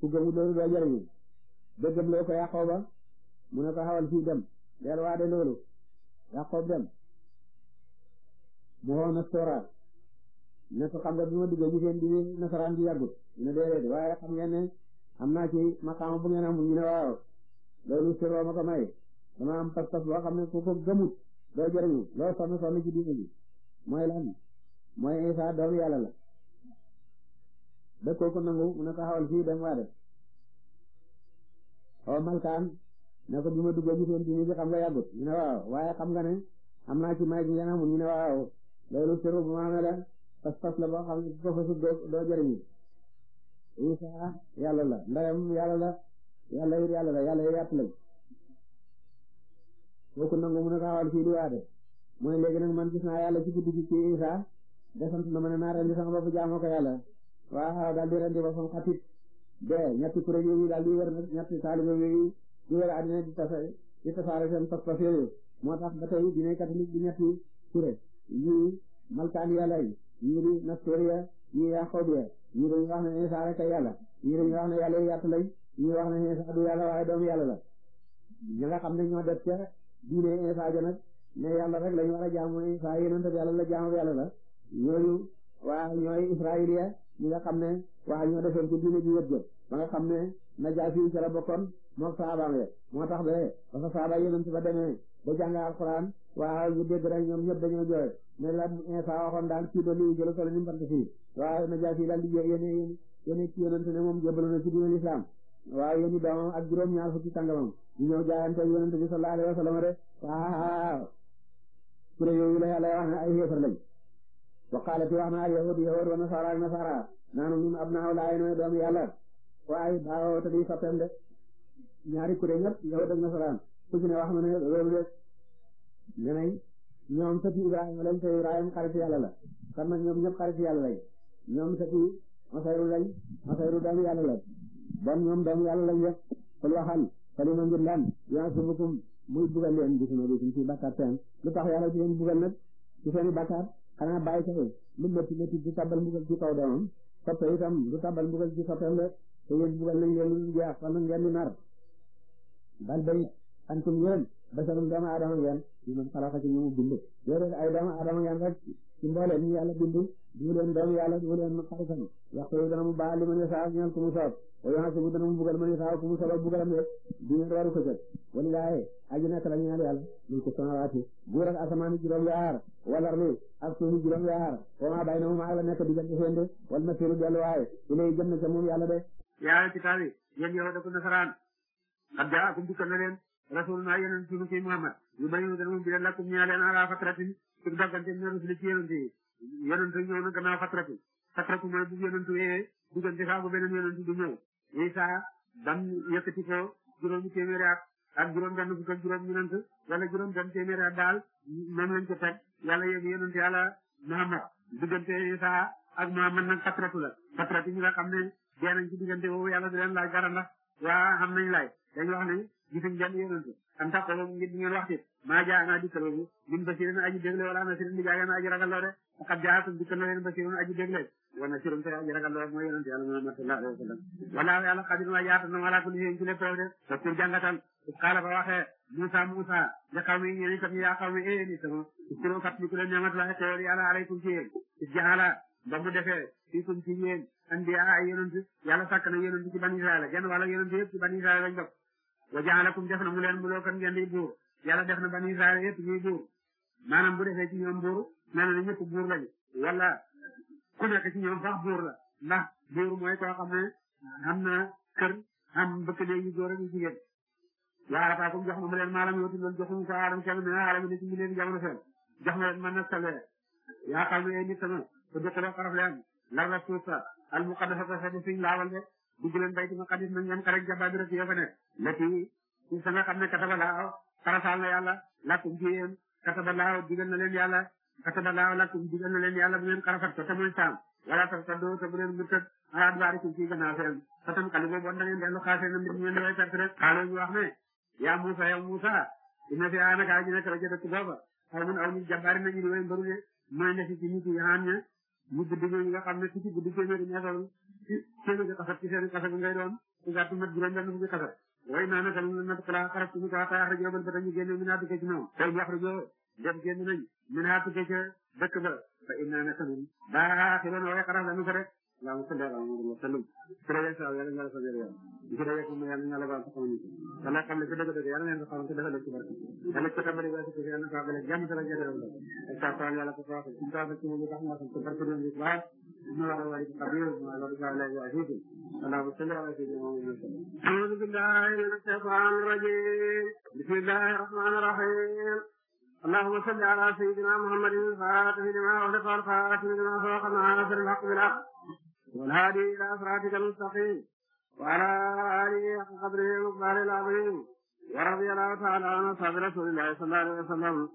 ku gëmul doo jëriñu dëggam loo mu loolu yàqoo dem mu woon a na ko xam nga bi ma duggee ñu seen diine nasaraan bi yàggut ñu ne waaye xam ngeen am naa ci maqaama bu ngeen amul ñu loolu siroo ma ko may dama am pas-pas boo xam ne ku ko gëmut doo mooy lan mooy Isa doomu yàlla la da kooku nangu mu ne ko xawal fii dem waa de o malkaan ne ko bi ma duggee ñu seen diine bi xam nga yàggut waaye xam nga am naa ci may bi ngeen amul ñu loolu siroo bu ma amee pas-pas la boo xam ne boo ko sut doo jëriñu Isaa yàlla la ndeyam yàlla la yàlla it yàlla la yàlla yi yàtt lañ kooku nangu mun a taxawal fii di waade mooy léegi nag man gis naa yàlla ci di rendi boppam xatit de ñetti kuréel yooyu pas-pas yooyu moo tax ba tey dina di ñetti kuréel yii malkaan yàlla yi ñii di Nastuuriya ñii Yaaxoobiya ñii dañuy wax ne Isa rek yàlla ñii dañuy wax ne yàlla yàtt lañ ñii wax ne Isa du yàlla waaye doomu yàlla la ñi nga xam ne ñoo nag ne yàlla rek lañ war a jaamu Isa yonent yàlla la jaamu yàlla la ñooyu waa ñooy Israiliya ñi nga xam ne waa ñoo defoon ci diine ji wët jël ba nga xam ne Najaasi ca la bokkoon mook saabaam ya moo tax ba ba fa saaba yonent ba demee ba jàng alxuraan waaw ñu dégg rek ñoom ñëpp dañoo jooy ne la Insa waxoon daal ci doon liggéey jëloon ni mu bant fii waaw Najaasi daal di jooy yéen yéen ci ne moom jébbalu ci diine lislaam waaw yéen i doomam ak juróom-ñaar fukki sangamam ñu ñëw jaayante ak yonente bi sallallahu alayhi wa sallam de waaw kuréel yooyu la yàlla wax ne ay xeefar lañ wa qaalati wax na al yahud yahud wa nasara ak nasara naanu ñun ab nooy doom yàlla waaye baawoo te di soppeem de ñaari ne nay ñoom sëti Ibrahima lañ te la kon nag ñoom ñëpp xaritu yàlla lañ ñoom sëti Usayru lañ Usayru doomu yàlla la bon ñoom doomu yàlla lañ yëpp xul waxal xali ma ngir lan yaa subukum muy bugal leen gis na bisim ci bàkkaar seen lu tax yàlla ci leen bugal nag ci seeni bàkkaar xanaa bàyyi kafe lu métti métti du tabal mbugal ci kaw doomam soppe itam du tabal mbugal ci soppeem la te yéen bugal nañ leen lu jeex fan ngeen di nar bal bay antum yéen basarum doomu aadama ngeen ñu mën xalaat ci ñu mu bind yore ay doomu aadama ngeen rek ci mbooleem ñu yàlla bind du leen doomu yàlla du leen xaritam waxtu yu dana mu baax li man yo saa ñeel ku mu soob ayoa sibu dana mu bugal man yo saa ku mu soobal bugalam rek diñeen waru ko jël wala laaye aji nekk la ñeel yàlla mun ko samawaati buur ak asamaan juróom yaar walar li ak suufi juróom yaar wa maa bay na mu maag la nekk di seen de wal masiru delluwaaye ilay jëm na ca moom yàlla de yaa ci taali rasulullah yonent sunu ci Muhammad yu bari ñu dañu bi lakum ñaale na ala fatratin ci daggante ñu rasul ci yonent yi a ñëw na gannaaw fatratu fatratu mooy bu yonent wee diggante saa bu beneen yonent du ñëw Isa dam yëkkati ko juróomi téeméeri at ak juróom benn fukk ak juróom ñeent wala juróom benn téeméeri at daal moom lañ ko teg yàlla yóbbu yonent yàlla Muhammad diggante Isa ak Muhammad nag fatratu la fatratu ñi nga xam ne dee nañ ci diggante boobu yàlla di leen laaj dara ndax waa xam nañ laaj dañ wax gisuñ benn yonent am tax ko ngir di ngeen wax ci maa jaa a dikkal wu min basirin aji dégle wala nasirin di jaaga naa aji ragal loo de faqad jaatum dikkal na leen basirun aji dégle wa nasirun te aji ragal loo mooy yonent yàlla Muhammad sallallahu alayhi wa sallam walaahu yàlla xadir maa jaatam na wala kulli shay'in ci lépp de te pour jàngatal xaala ba waxee Musa Musa ya xawmi yéen itam yaa xawmi ee eh, ni sama iskuro fàttaliku leen ñamat la xewal yàlla aleykum ci yéen jaala ba mu defee fiikum ci ci ban Israël genn wala yonent yëpp ci ban wa jaalakum def na mu leen mulookan ngeen di buur yàlla def na bani Israël yëpp buur maanaam bu defee ci ñoom buur mel na ñëpp buur lañu wala ku nekk ci ñoom sax buur la ndax buur mooy koo xam ne am na kër am bëkk ne ñu góor ak ñu jigéen wa aataakum jox na mu leen maalam yootu loolu joxuñu ko aadam kenn mais aadam ne ci ñu leen jamono na leen man nag salwee yaa xam ne nit sama te la xaraf leen lar la suuf sa al muqaddasa ta sa di suñ laawal leen bayti maqadis na ngeen xarek jababi rek yoo fa lati ci sa nga xam ne kataba laaw farataal na yàlla lakum ci yéen kataba laaw digal na leen yàlla kataba laaw lakum digal na leen yàlla bu ngeen karafat ko te muy saam wala ta taddo te bu leen murtat alaat baarikum ci gannaaw seen fatam kali boobu da ngeen dellu xaasee na mbir ngeen way perte rek xaalo ñu wax ne yaa Musa yaa Musa ina fi aanaka aji nekk rajo dëkk booba xaw mun aw ñu jàbbaari nañu di way mbarude mooy nekk ci nit yi xaan ña ñu guddi ñooñu nga xam ne ci way naa naka la nag balaa xarab si ñu kaa fay axrajoo ba dañu génne min àdduna ci moom. tey ñu axrajoo def génn nañ min àdduna ca dëkk ba fa innaa naka ñun. baaxiran waaye xarab la ñu ko rek. waaw sëñ bi waaw Aliou Sow yàlla na la ko jëlee yàlla. li ci des yëpp yàlla na la baal ko xamuñu ko. wala xam ne ci dëgg-dëgg yàlla na leen ko xamal ci dafa dëgg ci barke. yàlla ci tàmbali ba ci yàlla na ko abale jàmm sa la jëlee yàlla. ak saa yàlla ko faaxee. suñu taal la ci moom it wax nga xam ci barke bi baax. اللهم صل على سيدنا محمد وسلم أعوذ بالله من الشيطان الرجيم بسم الله الرحمن الرحيم اللهم صل على سيدنا محمد الفاتح لما أغلق والخاتم لما سبق الناصر الحق بالحق والهادي إلى صراطك المستقيم وعلى آله حق قدره ومقداره العظيم ورضي الله تعالى عن أصحاب رسول الله صلى الله عليه وسلم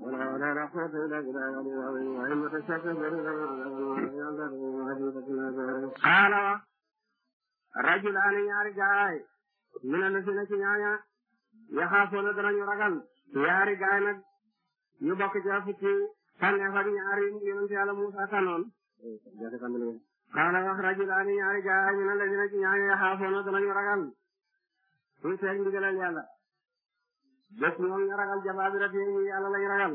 ولولا رحمة لجعلنا للعظيم وإن mi ne la si ne ci ñaaya yaxaafoona danañu ragal ñaari gaay nag ñu bokk ci fukki tànneef ak ñaari yonent Yàlla Muusa tanoon xaala wax rajulaani ñaari gaay mi ne si ne ci ñaaya yaxaafoona danañu ragal suñ seeg ndigalal Yàlla bés moom ñu ragal jabaa bi rek ñu yàlla lay ragal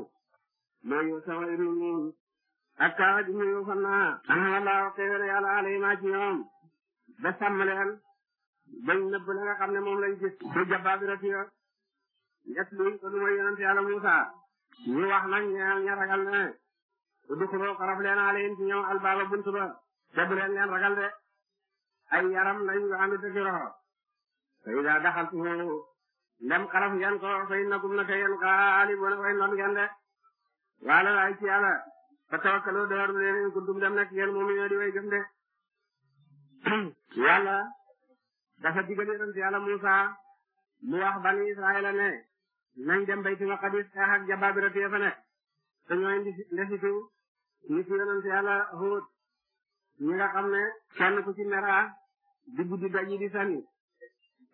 maa yow sama ibnu ñoom ak kaawaj ibnu yow fan naa aha laa xéewal leen bañ nëbb la nga xam ne moom lañ gis su jabaa bi ko lu may Muusa ñu wax nag ñe ña ragal ne udxuloo xaraf leen alayin ci ñoom albaaba bunt ba te leen ragal de ay yaram lañ nga ànd dëgg roxo te daa daxal ci ndem xalaf ngeen ko fa innakum naka yéen xaalibuuna way not ngeen de waala waay ci yàlla fa tawakkalu doorlu leen in kuntum dem nekk yéen moom yooyu di way gëm de yàlla dafa digal yonent yàlla Musa mu wax bani Israayila ne nañ dem Baytul Maqdis xeex ak jabaabiratu ya fa nekk te ñooy ndesitu nit yonent yàlla Huud ñi nga xam ne kenn ku ci mera di guddi daji di sani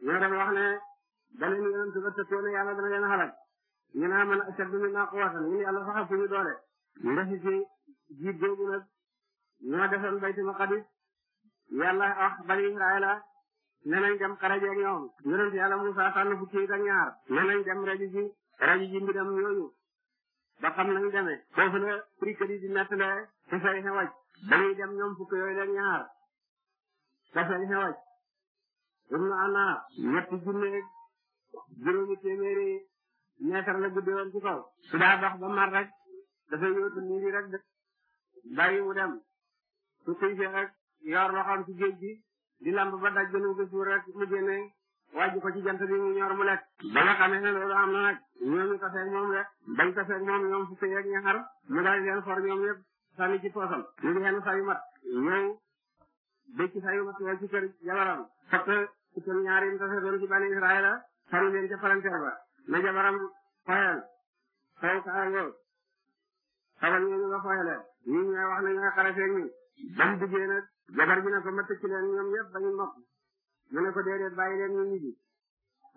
ñoo dem wax ne beneen yoon su ko tëttoone yàlla dana leen xalak ñu naa ah man ashaddu minna quwwatan ñun yàlla sax suñu doole ndaxi ci na googu nag ñoo defoon baytu maqdis yàlla wax bani israila ne nañ dem xaraje ak ñoom yonent yàlla Musaa sànn fukki it ak ñaar ne nañ dem rajo ji mbiram yooyu ba xam nañ demee foofu la prikadi di nettale te say xewaj dañuy dem ñoom fukk yooyu leen ñaar te say xewaj um ana ñetti junneeg juróomi téeméeri meetar la guddee woon ci kaw su daa dox ba mar rek dafa yóotu niir yi rek bàyyi mu dem su xiifee rek yor loxoom ci géej gi di lamb ba daj gënu ko suur rek mu génne wàjj ko ci jant bi mu ñor mu lekk ba nga xamee ne loolu am na nag ñoomi ko feeg moom rek bañ ko moom ñoom fukki yeeg ñaxar mu daal leen for ñoom yëpp sànni ci poosam ñu ngi xenu sayu mat ñëw bécc sayu mat ñoo ci kër jabaram fekk ci ñaari tase doon ci bani Israël sànni leen ca palanteer ba na jabaram fayal fayal ka àndoo xamal ngeen ñu nga fayale ñun ñooy wax ne ñooy xarafee ak ñun. ba mu duggee nag jabar ji ko ma tëcc leen ñoom ñëpp ba ñu mokk mu ne ko déedéet bàyyi leen ñu ñu ji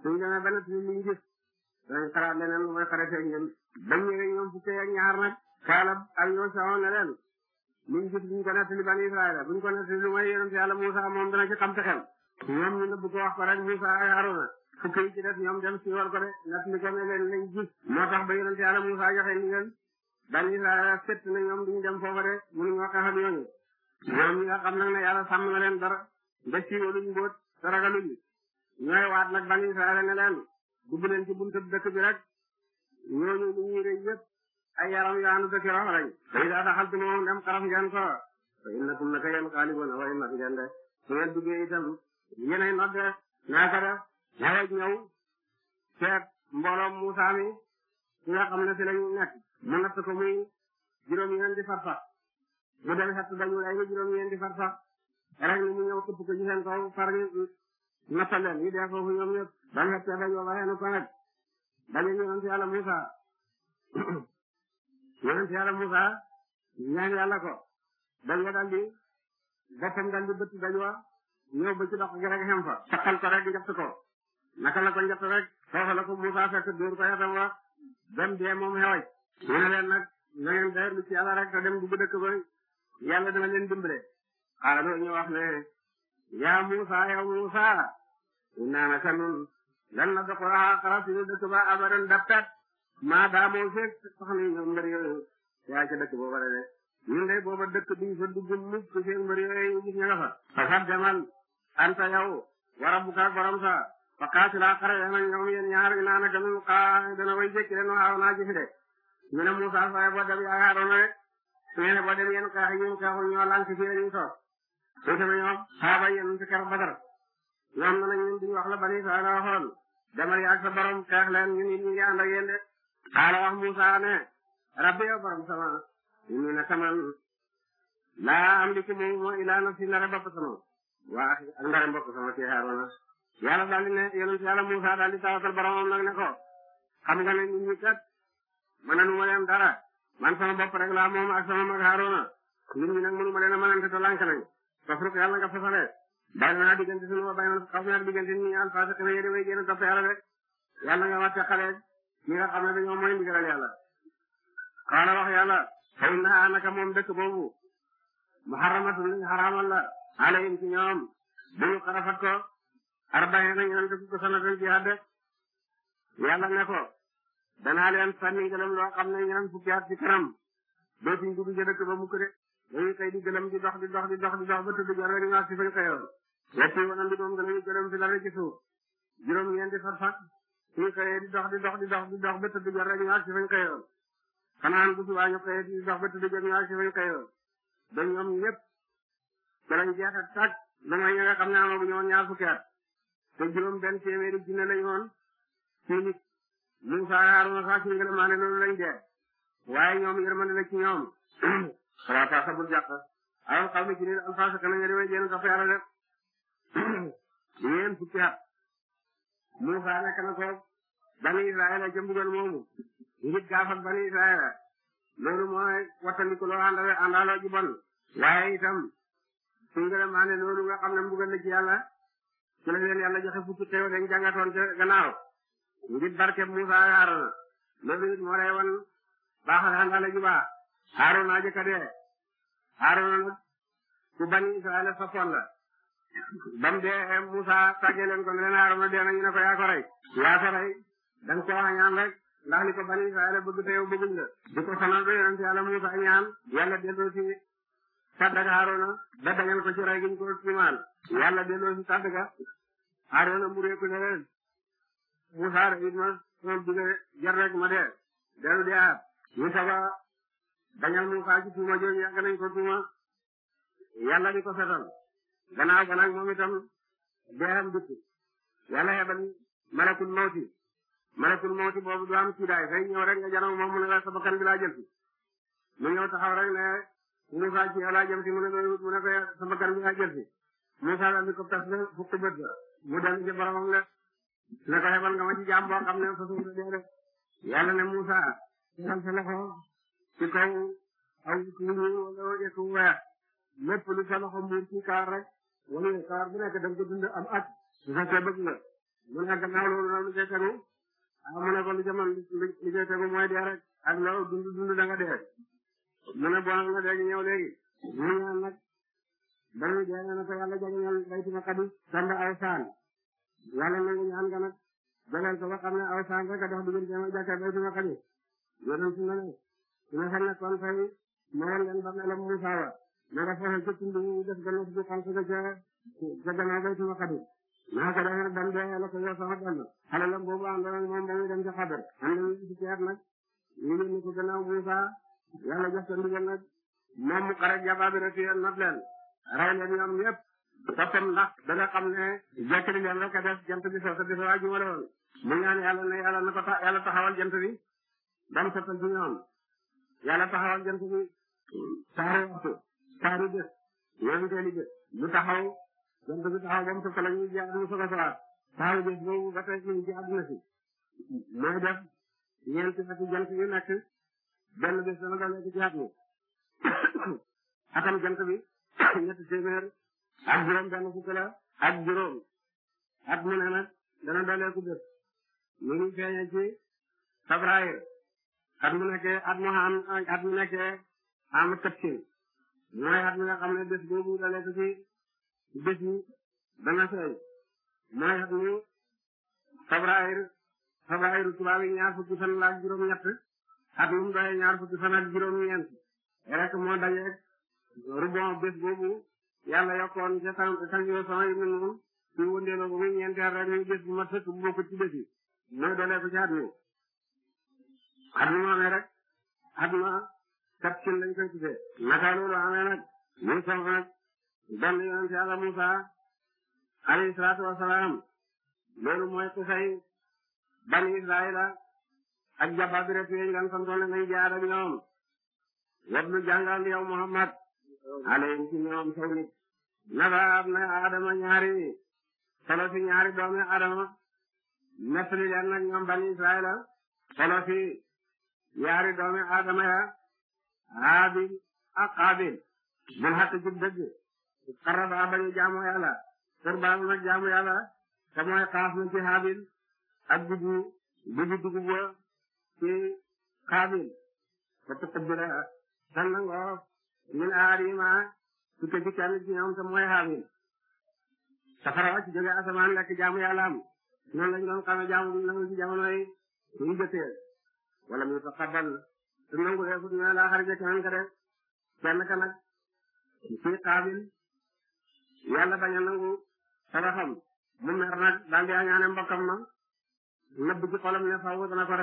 suñ demee ba nag ñun ñu gis danañ xalaat leneen lu may xarafee ak ñun. ba mu ñëwee ñoom fukki ak ñaar nag kaalab ak ñoom saxoon na leen liñ gis buñ ko nettali ban Israël buñ ko nettali lu may yonent yàlla Moussa moom dana ci xam te xel ñoom ñu ne bu ko wax ko rek Moussa fukk yi ci def ñoom dem si war ko de nat li ko ne leen moo tax ba yonent yàlla Musaa joxe ndigal bani Israayil fett na ñoom duñu dem foofa de mënuñu wax ak ñooñu ñoom ñi nga xam nag ne yàlla sàmm na leen dara nda siiwaluñ mbóot te ragaluñu ñooy waat nag bani Israayil ne leen dugg leen ci buntu dëkk bi rek ñooñu li ñuy rëy yëpp ay yaram yu ànd dëkk rox lañ day daa daxal ti moom dem xaraf ngeen ko fa innakum naka yéen xaaliboon way not ngeen de su ngeen duggee itam yéenay not de Naweej ñëw seet mbooloom Moussa mi ki nga xam ne nekk mu natt ko muy juróom-ñeenti far sax mu dem xett dañu ay ba juróom-ñeenti far sax rek ni mu ñëw këpp ko ci seen kaw far ñu yi dee foofu ñoom ñëpp dañ xettee ba ñoo waxee nu ko nag dañu yonent yàlla Moussa ko dañu dal di boppam dal di bëtt dañu wa ñëw ba ci dox gi rek xem fa takkal ko rek di jëft ko naka la ko njëkk rek foofa la ko Moussa fekk dóor ko yatam wa dem dee moom xewaj mu ne leen nag na ngeen dayar lu ci yàlla rek te dem dugg dëkk ba yàlla dama leen dimbale xaaral ñu wax ne yaa Moussa yaa Moussa inna naka nun lan na dox waa xalaat suñu dëkk ba abadan daptat maa daamoo fekk sax ni ñoom mbër yaa ca dëkk booba la de ñun de booba dëkk duñ fa dugg mukk seen mbër yooyu ñu gis ña nga fa. Anta yow warabu kaag borom sa waqaasi laa xare xeman ñoom yéen ñaar bi naana gamin xaa dana way jekki leen waaw naa jëfi de ñu ne Musa sooy boo dem yaa Aaroona rek su ngeen boo dem yéen xeex yéen xeexu ñoo lànk fi lañuy soob su tamit ñoom saaba yéen si kar Badar ñoom na ñun duñ wax la a Israayil waxoon demal yaag sa borom xeex leen ñun it ñu ngi ànd ak yéen de wax Musa ne rabbi yow borom sama ñu ne taman laa am li ci moom ilaa nafsi ndare bopp sama waa ak ndare yàlla daal di ne yonent yàlla Musaa daal di tawasal boromam ne ko xam nga ne nit kat mënanu ma leen dara man sama bopp rek moom ak sama mag Haaruna nit ñi nag mënu ma leen a mënante te lànk nañ tafruk yàlla nga fasale bàyyi naa diggante sunu ba bàyyi na xaw naa diggante nit ñi alfaasa kana yéde way génn topp yàlla rek yàlla nga nga xam ne dañoo mooy ndigalal yàlla xaala wax yàlla fa innahaa naka moom dëkk boobu muharramatun liñ xaraamal la alayhim ci ñoom bu ñu xarafat ko arbaña na ñoom def ko sanatal jihaad yàlla ne ko danaa leen sànni gëlëm loo xam ne ñoom fukki at ci kanam dootuñ dugg ci dëkk ba mukk de dañuy xëy di gëlëm di dox di dox di dox di dox ba tëdd jor rek ñaar ci fañ xëyoon yetti wanam bi moom gëlëm gëlëm fi la rek ci suuf juróom ñeenti far far suñ xëyee di dox di dox di dox di dox ba tëdd jor rek ñaar ci fañ xëyoon xanaan bu subaa ñu xëyee di dox ba tëdd jor ñaar ci fañ xëyoon ba ñoom ñëpp gëlëm jeex ak tàkk damay ñi nga xam ne amaguñu woon ñaar fukki te juróom benn téeméeri junne lañ woon ci nit Musa Haaruna sax suñu a maane noonu lañ dee waaye ñoom yërmande la ci ñoom xalaa taa sabul jàq alal xaw ma ci kana nga demee jéem sax yàlla def ñeen fukki at Musa nekk na ko bani Israël jëm moomu ngir gaafal bani loolu mooy wattandiku loo àndale àndaaloo waaye itam suñu maane noonu nga xam ne mbugal la ci yàlla ci la leen yàlla joxe fukki teew dañ jàngatoon ca gannaaw ngir barke Musa Haaruna loolu nit moo lay wan baaxal xandala ju baax Haaruna jëkk a dee Haaruna nag ku bani Israel soppoon la bam dee Musa tàggee leen ko ne leen Haaruna dee na ko yaa ko rey yaa ko rey ko wax rek ndax li ko bani Israel bëgg teew bëgguñ la di ko sonal ba yonent yàlla Musa ñaan yàlla delloo ci sàddaga Haaruna ba dañal ko ci ray giñ ko simaal yàlla delloo si sàddaga Haaruna mu réeku ne leen Musaa rayit ma tool bi jar rek ma dee dellu di aat ñu saba dañal Musaa ci tuuma jooju yàgg nañ ko tuuma yàlla di ko fetal gannaaw ba nag moom itam deexam dikk yàlla xebal malakul mawti malakul mawti boobu du am kiidaay fay ñëw rek nga janow moom mu ne la sa bakkan bi laa jël si mu ñëw taxaw rek ne Moussa ci ala jëm si mu ne mu si Moussa daal bët la mu dellu ci boromam ne ne ko xebal nga ma ci jaam boo xam ne façon de dee rek yàlla ne Moussa dal sa loxo ci kaw aw tuuti wala yetu weer lépp lu sa loxo muur ci kaar rek wala kaar bu nekk da nga dund am at su fekkee bëgg nga mu ne gannaaw loolu daal lu cay tegu ah mu ne ko lu jamono lu cay tegu mooy dee rek ak loolu dund dund da nga mu ne bon nga léegi na ko yàlla jegeñal bayti maqadis samb awsaan yàlla nangu ñaan nga nag jegeel ko ba xam ne awsaan rek a dox digganteem ak jàkka bayti maqadis yonent na ne suna xam ne kon fay ñëwal leen ba melam Musa wa na nga fexe ci tund yi def gannaaw bi xam ko ca ca gannaaw bayti naa ko defee ban dee la ko yoo sama benn xale la boobu àndoon moom ba muy dem ca xabar am na ñu ci teer nag ñu yónni Musa yàlla jox ko ndigal nag moom mu xare jabaabira fiyeen not leen rey leen ñoom ñëpp boppam ndax da nga xam ne jekkali leen a def jant bi soo ko defee waa ji wala woon mu ñaan yàlla ne yàlla na ko taxawal jant bi dam sottal ci ñoom yàlla taxawal jant bi waxtu saari bés yooyu teeli bés mu taxaw jant bi taxaw ba mu sottal ak ñu jaar mu soog a si mooy def ñeenti fati jant yu nekk benn bés dana ko nekk ci at mi atam jant bi ñetti téeméer ak juróom benn fukk la ak juróom at mu ne nag dana dooleeku bés mu ngi feeñee ci fabrayir at mu nekkee at mu am at mu nekkee am tëpsin mooy at mi nga xam ne bés a daleeku ci bés yi dana feeñ mooy at mi fabrayir fabrayir tubaab yi ñaar fukki fan la ak juróom ñett at mu doy ñaar fukki fan ak juróom-ñeent rek moo dajeeg rubon bés boobu yàlla yokkoon ca sang sang yoo yi moom suñu wëndeeloo ba muy ñeenteel rek muy bés bu mat sëkk bu ci bés yi mooy doole ci at mi. at mu amee rek at ma capcin lañ koy tuddee naka loolu amee nag muy soog nag benn yonent yàlla Musa alayhi salaatu wasalaam loolu mooy ku say bani ak jàppa bi rek yéen gan santoon ngay jaar ak ñoom wablu jàngal yow Muhammad alayhim ci ñoom saw nit naka am na Adama ñaari solo fi ñaari doomi Adama nettali leen nag ñoom bani Israila solo fi ñaari doomi Adama ya Haabil ak Qaabil bul xatt jub dëgg xarraba bañu jaamu yàlla qurbaan nag jaamu yàlla te mooy xaas na ci Haabil ak dugub dugub dugub ci Qaabil ba taqabbala tan nangoo min aarima ci ke ci kenn ci ñoom te mooy Haabil safara ci jóge asamaan lekk jaamu yàllaam noonu lañ jaamu nangu ci jamonoy ñu jëtee wala nangu dee na laa xarija keneen ka def ci Qaabil yàlla bañ a nangu saraxam mu mer nag daal añaane mbokkam ma nëbb ci xolam ne faaw dana ko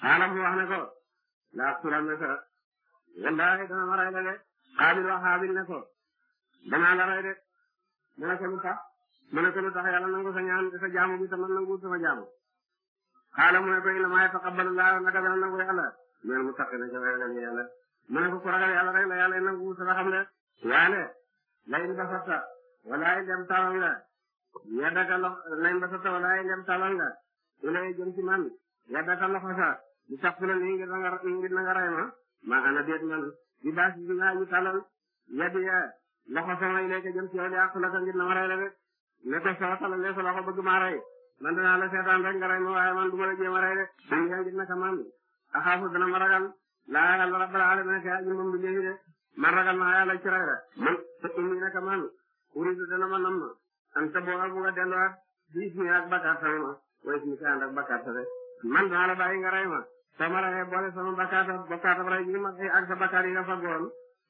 xaalam wax ne ko laa suran ne ko wallaahi dana ma rey la de xaabil wax xaabil ne ko danaa la rey de mu ne ko lu tax mu ne ko lu tax yàlla nangu sa ñaan sa jaamu bi sama nangu sama jaamu xaalam mu ne ko illa maa yataqabbalu laa naka dana nangu yàlla mel mu taqi ne ko ragal yàlla mu ne ko ku ragal yàlla rek la yàlla nangu sa xam ne waale layin ba sotta wallaahi dem talal nga yadaka lox layin ba sotta wallaahi dem talal nga ilay jëm ci man yadaka loxo sa li tax su ne nii ngir nga ngir nga rey ma maa ana déet man bi baas bi nga ñu talal yadi loxo samay nekk jëm ci yow di àq la ko ngir na ma rey la rek ne ko soo talalee sa loxo bëgg maa rey man danaa la seetaan rek nga rey ma waaye man du ma la jéem a rey rek. man yaa ngir ma ragal laa yàlla ka ñu moom bi léegi de man ragal naa ma nam ma an ta boo bu nga delluwaat bi ismi ak bakkaar sama ma way ismi ka ànd ak bakkaar rek man danaa la bàyyi nga rey ma te ma raxee boole sama bakkaata bakkaata ba rëy ma ak sa bakkaat yi nga faggoon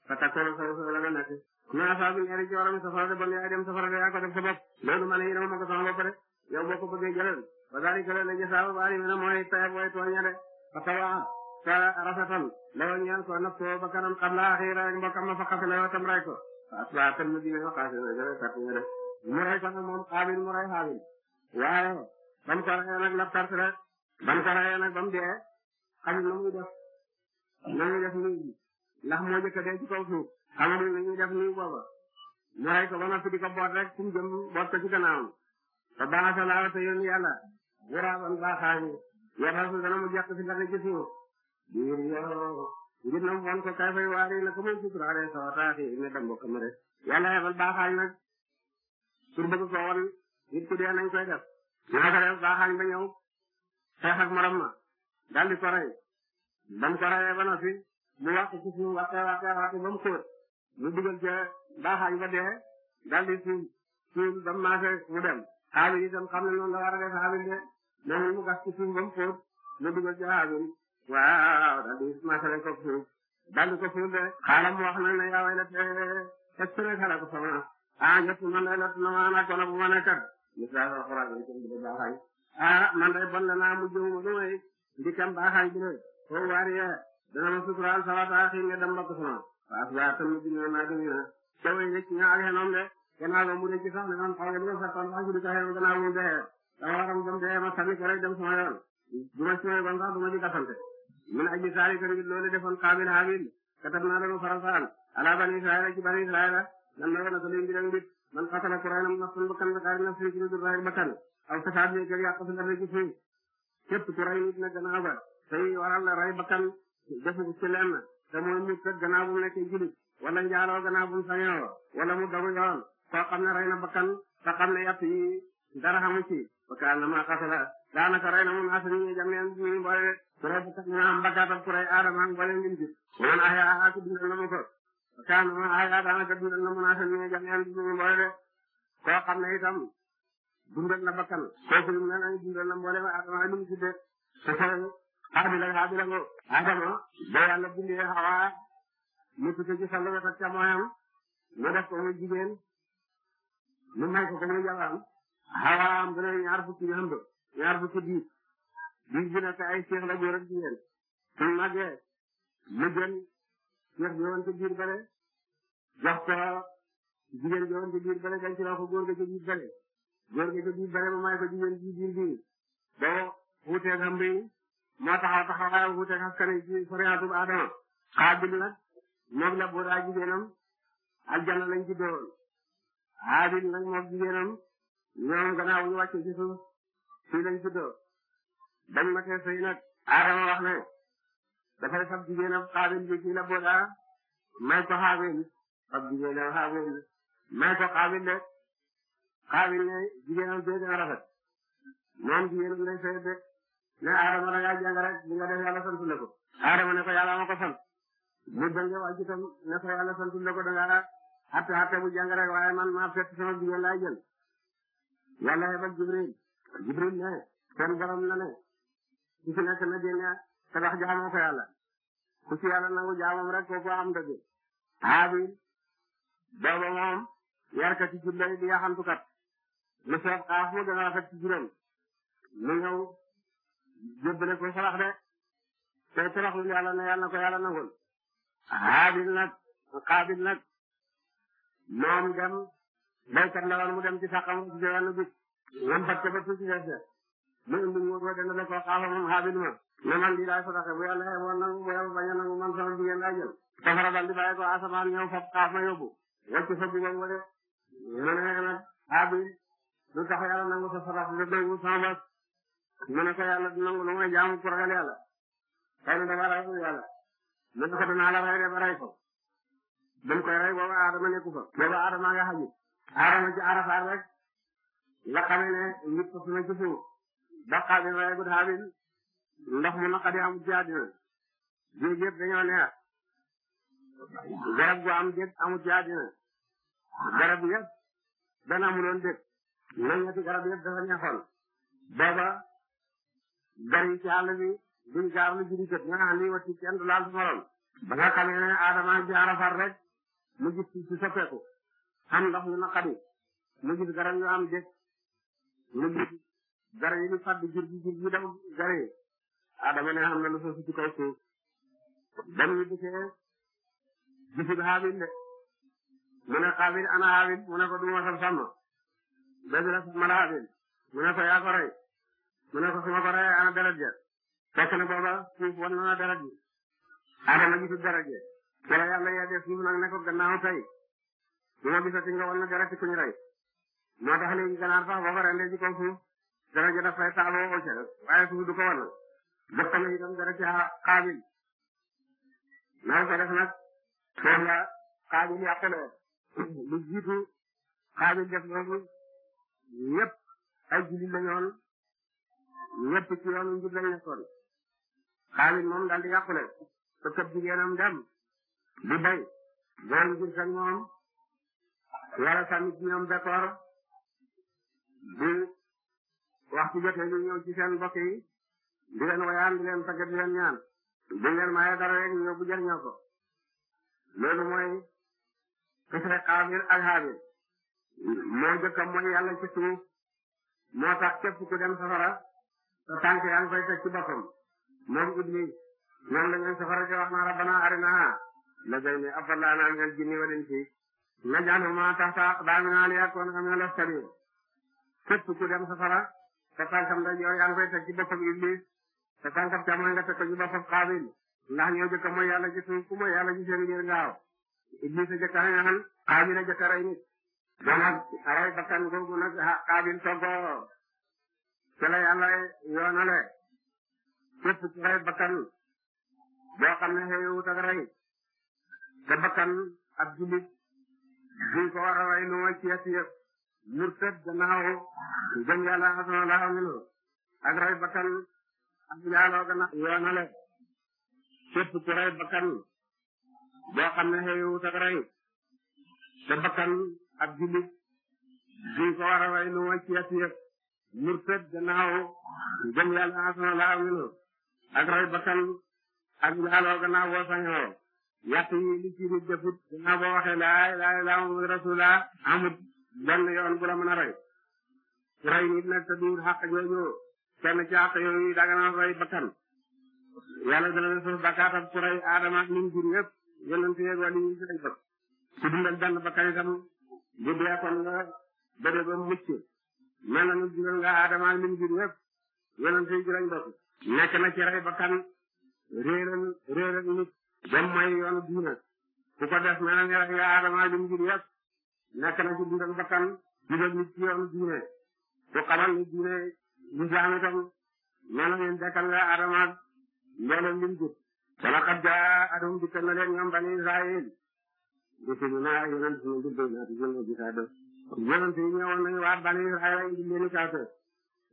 fa takkoon sama sama la nga nekk. naa saa bi ñaari jooram safara de bon yaay dem safara de yaa ko def sa bopp loolu ma ne yéen a ma ko sama bopp de yow boo ko bëggee jëlal ba daal di jëlal la jësaa ba na mooy tayab mooy tooña de fa tawaa te rafetal lawa ñeel ko naf ko ba kanam xam la xiira ak mbokkam ma fa xase la tam ray ko asla tan mu dina xase na jële kat nga def mu ray ko nag moom xaabil mu ray xaabil waaye bam ko rayee nag la perte rek bam ko rayee nag bam dee xañ nañu def nañu def nii ndax moo jëkk dee ci kaw suuf xamuñu nañu def nii booba ñu rey ko ba noppi di ko boot rek fu jëm boot ko ci gannaawam te baasa laa te yoon yàlla wuraaban baaxaañi yatasu dana mu jekk si dara ci suuf biir yoo ngir na woon ko kay fay waari na ko nag sur bëgg ko woon nit ku dee nañ koy def ñoo ko def baaxaañ ba ñëw xeex ak morom ma daal di ko rey man ko reyee ba noppi mu wàq ci suuf wàqee wàqee wàqee ba mu xóot mu dugal ca baaxaay ba dee daal di suul suul ba mu maasee mu dem. xaabil itam xam ne noonu la war a def xaabil de noonu mu gas ci suuf ba mu xóot mu dugal ca xaabil waaw daal di maasale ko suuf daal di ko suul de xaalam wax na ne yaa way la eh, te te ne xala ko sama ah ñëpp man lay lott na maanaam kon bu ma nekkat ñu saa soxla ak ñu ko baaxaay ah man day bon la naa mujj mu lu may ndikam ba xay dina foo waariya dana ma suturaal salaata axir nga dem ba ko sama waas yaa tam dina naa dina cawe yëcc nga ak xenoom de gannaaw ba mu de ci sax ne man xaw dina sartan sax ci di ko xeenu gannaaw mu dee dama waram dem dee ma sànni ko rek dem sama yoon du ma siwee ban sax du ma ci gasante min aji saari ko ngir loolu defoon xaabil xaabil katab naa dama farasaan ala bani israila ci bani na wona ko leen mbiram mbit man xatala ko rey na mu nafsan bakkan ba kaari nafsi ci lu dul rey bakkan aw safaat yëkkal yàq sa dara ci képp ku rey nit na gannaaw ba tey waral la rey bakkan defu ci lenn te mooy mu tëdd gannaaw bu mu nekkee julit wala njaaloo gannaaw bu mu sañoo wala mu dogu yoon koo xam ne rey na bakkan te xam ne yàpp yi dara xamu ci bakkaar na maa xasala daanaka rey na mun asan ñi jam neen ku rey bakkan ñu am bakkaatam ku rey aadama ak mboole ngin ci man aya aa ko dundal na ma ko bakkaar na ma aya daanaka dundal na mun asan ñi jam neen ñi mboole koo xam ne dundal na bakkan kooku ñu naan dundal na mboolem Adama lu mu tuddee te soo Haabila Haabila ko Adama ba yàlla Hawa mu tuddee ci sàll ba càmmoñam mu def ko muy jigéen mu may ko ko muy jabaram Hawa am bu ne ñaar fukki ñaar fukki diis diis bi nekk ay seex la góor ak jigéen suñu màggee mu jël seex bi woon ci biir bële jigéen bi woon ci biir bële denc la ko góor ga ci biir bële góor nga ca biir bële ma may ko jigéen ji biir biir boo wuuteeg am bi moo taxaw taxawaayam wuuteeg askan wi ci soriatum Adama. xaaj bi nag moom la bu daa jigéenam aljanna lañ ci doon Haabil nag moom jigéenam ñoom gannaaw ñu wàcce ci suuf fii lañ ci doon ma tee sëy Adama wax ne dafay fab jigéenam Xaabil bi ci la bu daa may ko Haabil fab jigéenam Haabil may ko Xaabil de. xaabil ne jigéenam see gën a rafet moom jigéenam lay fay de ne Adama da ngaa jàng rek ne ko yàlla ma ko sant mu jàng ne ko yàlla sant la ko da bu jàng rek waaye maa fekk jigéen laay jël yàlla yebal Jibril Jibril ne seen borom la ne ku ci nekk na génne tabax jaamoo ko yàlla ku ci yàlla nangu jaamam rek kooku am dëgg. xaabil booba moom yarkati jullay di yaxantukat na seet xaaf ma dana rafet ci juróom mu ñëw jébbale ko sarax de tey saraxul yàlla na yàlla na ko yàlla nangul xaabil nag xaabil nag moom dem baykat la woon mu dem ci sàqam ci yàlla bi lam fat ca ba tuuti des de mu indi nguur wa dana la ko xaafa moom xaabil ma ne man lii laay saraxe bu yàlla xeeboon nangu bu yàlla bañ a nangu man sama jigéen laa jël safara dal di bàyyi ko asamaan ñëw fab xaaf ma yóbbu wàcc fa bi boobu de mu ne nag xaabil lu tax yàlla nangu sa sarax nga déglu sama bas mu ne ko yàlla du nangu lu may jaamu ku ragal yàlla xëy na dafa rey ko yàlla mu ne ko danaa la rey de ba rey ko dañ koy rey booba Adama nekku fa booba Adama nga xaju Adama ci Arafat rek la xamee ne nit fas na ci suuf ba Qaabil reyagut Haabil ndax mu am ci àddina garab gu am dëkk amut ci àddina meññati garab yëpp dafa neexoon booba gari ci àll bi duñ gaar lu juri kët nga xam ni wacci kenn du laal su morom ba nga xamee ne Adama ji Arafat rek mu gis ci soppeeku xam ndox yu naqari mu gis garab yu am dëkk mu gis garab yi ñu fàdd jur gi jur gi dafa gari Adama ne xam na lu soosu ci kaw suuf dem ñu dëkkee gisul Haabil de mu ne Haabil ana Haabil mu ne ko duma sab sàmm dëgg la malaatin mu ne ko yaa ko rey a ne ko suma ana deret ja fekk na booba suuf wan na deret ji adama gisul deret ja wala yàlla yee def suuf nag ne ko gannaaw tey du ma gisati nga wan na deret ci kuñ rey moo tax léegi ganaar sax boo ko rendee ci kaw suuf deret ja dafay taaboo oce waaye du ko wan dëkk na itam deret ci xaabil nag ko def nag foofu la xaabil yàquloo lu jiitu xaabil def loolu ñëpp ay jullit la ñoon ñëpp ci yoonu lañ nekkoon Xaalid moom daal di yàqule te këb jigéenam dem di bay góor ngir sax moom yàlla sànni ñoom bekkoor di waxtu jotee ñu ñëw ci seen mbokk yi di leen woyaan di ñaan di leen maye dara rek ñëw bu jëriñoo ko loolu mooy kese Qaabil ak Haabil moo jëkk a mooy yàlla ci suuf moo tax képp ku dem safara te tànk yaa ngi koy ci boppam moom iblis ñoom la ngeen safara ci wax na rabbana arinaa la gay ne afalaa naa ngeen jinni wa leen ci nga jaan ma tax ta baamina li yakoon la sabi képp ku dem safara te tànkam da yor yaa ngi koy teg ci boppam iblis te tànkam ci boppam xaabil ndax a mooy yàlla ci suuf ku mooy yàlla ci seen biir ngaaw iblis a jëkk a ñaxal a jëkk a maanaam aray bakkan googu nag ah, xaabil toggoo ci la yàlla yoonale képp ku rey bakkan boo xam ne xëyewut ak rey te bakkan ab jullit duñ ko war a rey lu mooy ci yett yëpp murtad gannaaw gëm yàlla xasanallahu minhu ak rey bakkan ak njaaloo gannaaw yoonale képp ku rey bakkan boo xam ne ak jullit duñ ko war a rey lu mooy ci yett yëpp murtad gannaaw gëm laa wiloo ak rey bakkan ak njaaloo gannaaw boo sañoo yàq yi li ci nit defut gannaaw laa mu rasulaa amut benn yoon bu la mën a rey ku rey nit nag te duur xaq jooju kenn ci xaq yooyu dagana rey bakkan yàlla dana la sof bakkaat ak ku rey aadama ak nim jur yëpp yonent yeeg wali yi ci ay bët ku dundal benn bakkan itam bu dee kon nga bële ba mucc mel na ni nga Adama lim jur yëpp yonente yi jural bokk nekk na ci rey bakkan réeral réeral nit dem mooy yoonu diina ku ko def mel na ni rey nga Adama lim jur yëpp nekk na ci jural bakkan jural nit ci yoonu diine ku xamal ni diine lislaam itam mel na ni dekkal nga Adama mboolem lim jur wala xat jaa adum dikkal na leen ñoom bani mu naa yonent yi di béy naati jënd bi saa def yonent yi ñëwoon nañu waa bani Israayil di leen kaase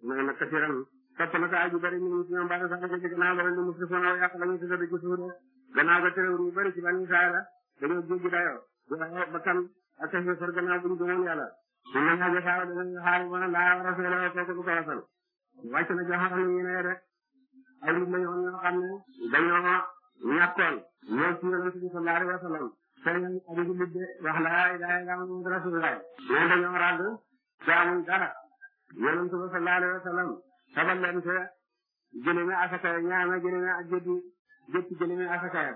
mooy nag na ko aju bëri ñu ci ñoom baax sax ko ci gannaaw bëri ñu musu sama yàq la ñu ci sëdd ci suuf de gannaaw ba teewul ñu bëri ci bani Israayil la dañoo jéggi dayoo di wax bakkan ak sa sor gannaaw bu ñu gëmoon yàlla ñu ne ñaa jafaaw dañu xaar ba laa war a seeloo kooku du ko wasal wàcc na joxaram yi ne rek ay nit la ñoo xam ne dañoo ñàkkoon ñoo ci yonent bi wa sallam dañuy dañuy mujj wax laa ilaaha illallaah Muhammadu rasuulullaah. ñoom dañoo ràgg jaamu dara. yonent bi sallallaahu alayhi wa sallam sabal leen te jëleme asaka ya ñaama jëleme ak jëddu jëtti jëleme asaka ya.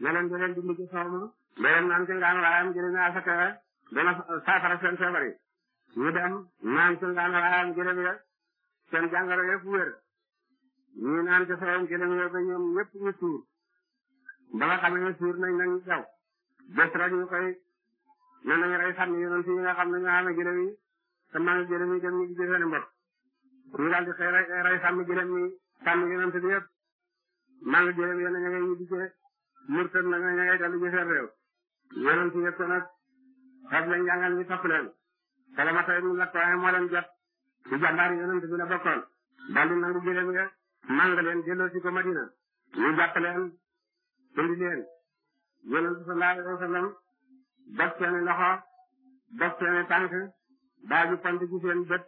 yonent bi leen dund ci sawma. naan ci ngaan waayam jëleme asaka ya dana saafara seen feebar yi. ñu dem naan ci ngaan waayam jëleme ya seen jàngoro yëpp wér. ñu naan ci sawam jëleme ya ba ñoom ñëpp ñu suur. ba nga ne suur nañ nañ ñu daw. bés rek ñu koy nan lañu rey sànni yonent yi nga xam ne nga xam ne gëlëm yi te man gëlëm yi dem ñu ci seen mbot ñu daal di xëy rey sànni gëlëm yi sànni yonent bi yëpp man gëlëm yi ña ngay ñu na ña ngay dellu ci seen réew yonent yi yëpp nag xeeb leen jàngal ñu topp leen salama tey mu lakk waaye moo leen jot ci jàmbaar yonent bi la bokkoon daal di nangu gëlëm nga leen delloo ko Madina ñu jàpp leen indi yonent sallallahu alayhi wa sallam def seeni loxo def seeni tànk daal di pant ci bët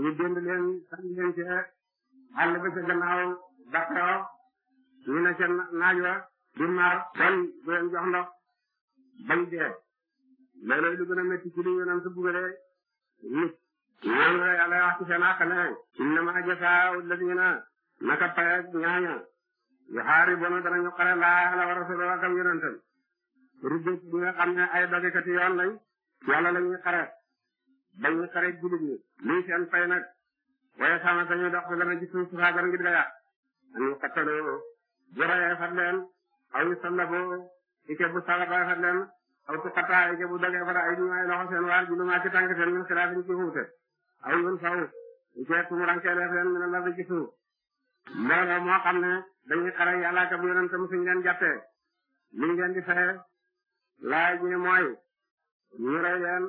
ñu dënd leen sànni leen ci àll ba ca gannaaw Bakaro ñu ne ca naaj wa di mar kon leen jox ndox bañ dee loolu lu gën a métti ci li yonent buggalee nit ñooñu la yàlla wax ci seen àq ne innama jasaa'u alladina naka paye ñaaña yu xaari bona danañu xare laa la war a solo ak yonentam ruddet bi nga xam ne ay dogikati yoon lañ yàlla la ñuy xare dañuy xare jullit ñi luy seen fay nag waaye sama dañuy dox si lana ci suuf su xaagar ngir ga yàq ñu xattaloo jërayee fat leen ike bu sallabaay fat leen aw su xataa ike bu dogee fat ay ñu ay loxo seen waar ji lu maa min xilaaf ñu ci aw yun faw ike tumurankee leen min la ci suuf mbooloo moo xam ne dañuy xare yàlla ak yonentam suñu leen jàppee li ñu leen di feye laaj ñi mooy ñu rey leen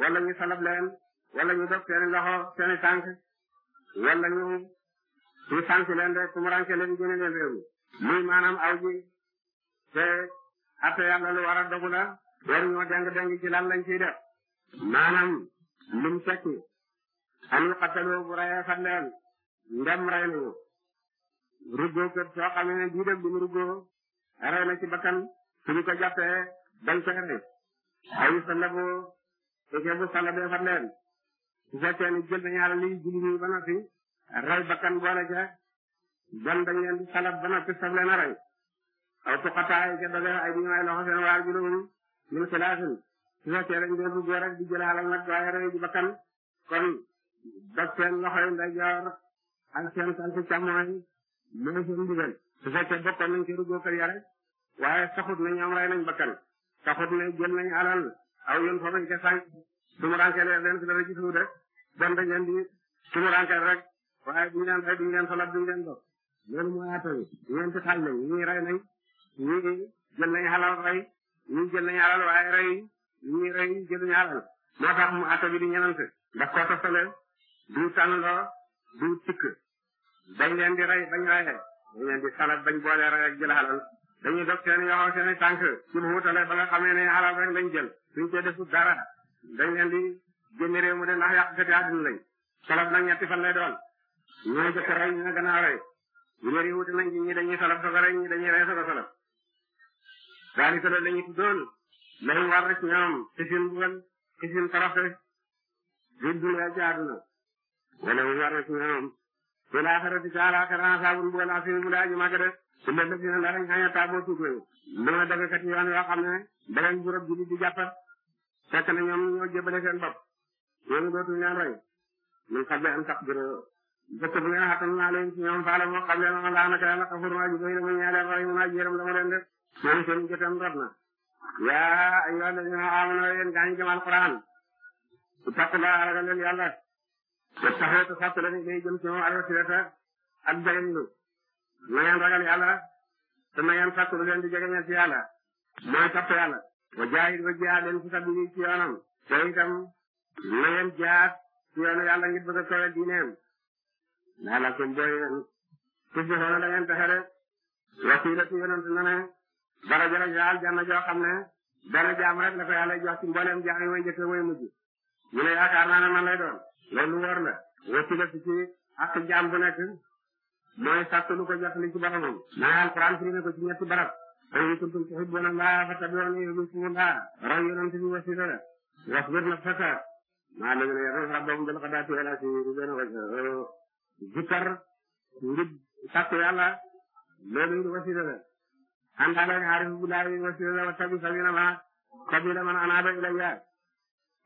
wala ñu salab leen wala ñu dog seeni loxo seeni tànk wala ñu ñu sànk leen de tumuranke leen génne leen réew mi muy maanaam aw ji te atte yàlla lu war a la war ñoo deng deng ci lan lañ ciy def maanaam lim tekki am ñu xattalu bu reyee fat leen ndem rey nañu ruggoo kat soo xamee ne bii dem bi mu na ci bakkan suñu ko jàppee dañ ko rey ay sallabu eke bu sallabee fat leen su fekkee ni jël dañaara liy julli ñi ba noppi rey bakkan boole ca bon dañ leen di salab ba noppi saf leen a rey aw tuqataay ca doge ay ñuwaay loxo seen waar julowum min xilaafin su fekkee dañ doon ruggoo rek di jël xalal nag waaye rey ji bakkan kon dog seen loxoy ndeyjoor ak seen tànk càmmooy mën seen ndigal su fekkee bokkoon nañ ci ruggóokal ya rek waaye saxut na ñoom rey nañ bakkan saxut na jël nañ alal aw yoon foofu ca sànq sumuranke leen leen si dara ci suuf rek bon dañ leen di sumuranke rek waaye duñ leen rey duñ leen solab duñ leen dox loolu mooy atta bi ñeenti xaaj lañ ñii rey nañ ñii jël nañ alal rey ñii jël nañ alal waaye rey ñii rey jëluñu alal moo tax mu atta bi di ñenante ndax koo toftale du tànn loo du tikk bañ leen di rey bañ reyee dañ leen di salat bañ boole rey ak jël alal dañuy dog seen yoxoo seen tànk suñu wutale ba nga xamee ne alal rek lañ jël suñ ko defu dara dañ leen di génne réew mu ne ndax yàq gati àdduna lañ salat nag ñetti fan lay doon ñoo jëkk rey ñu ne gannaaw rey ñeer yi wute nañ ñi dañuy salat soog a rey ñi dañuy rey soog a salat daani solo lañu war rek ñoom ci seen bugal ci seen torofe di dund ci àdduna wala war rek ñoom والآخرة ci àllaaxira ashaabul mbugal asiim mu daaji màgg de inna llaziina ndax dañ taaboo tuubee ñoo dagekat yoon yoo xam ne dagañ bu rab julli di jàppat fekk na ñoom ñoo jébale seen bopp ñooñu dootuñ leen rey min qabli an taqdiruu fekk bu ngeen xattan naa leen ci ñoom faala moo xam leen ma laanaka yàlla xafur maa jubay la ma ñaaleen rey ma leen yaa ayyuhaa ba taxawatu fàttali ne day jëm ci moom alwasilata ak jëriñu na ngeen ragal yàlla te na ngeen fàttali leen di jegeñal ci yàlla mooy topp yàlla. wa jaayit wa jaa leen fi sabili ci yoonam. te itam na ngeen jaat ci yoonu bëgg a tooyal diineem. naa la kon booy yéen. su fi xoolal da ngeen taxe de. wasiila ci yonent na ne. joo xam ne. dara jaam rek la ko yàlla jox ci mbooleem jaam yi way njëkk way mujj. ñu ne yaakaar naa ne man lay doon. loolu war la wacci la fi ci ak jaam bu nekk mooy sàkk lu ko joxli ci boromam naa alquran firi na ko ci ñetti barab in kuntum tuhibbuna Allaha fattabi'uni yuhbibkumullah raw yonent bi wasila la wasbir nafsaka maa alladhina yad'una rabbahum bil ghadaati wal ashiyyi yuriduna wajhahu zikar ngir sàkk yàlla loolu wasila la àndaale aarifu billaahi wasila la wattabi' sabila man anaaba ilayya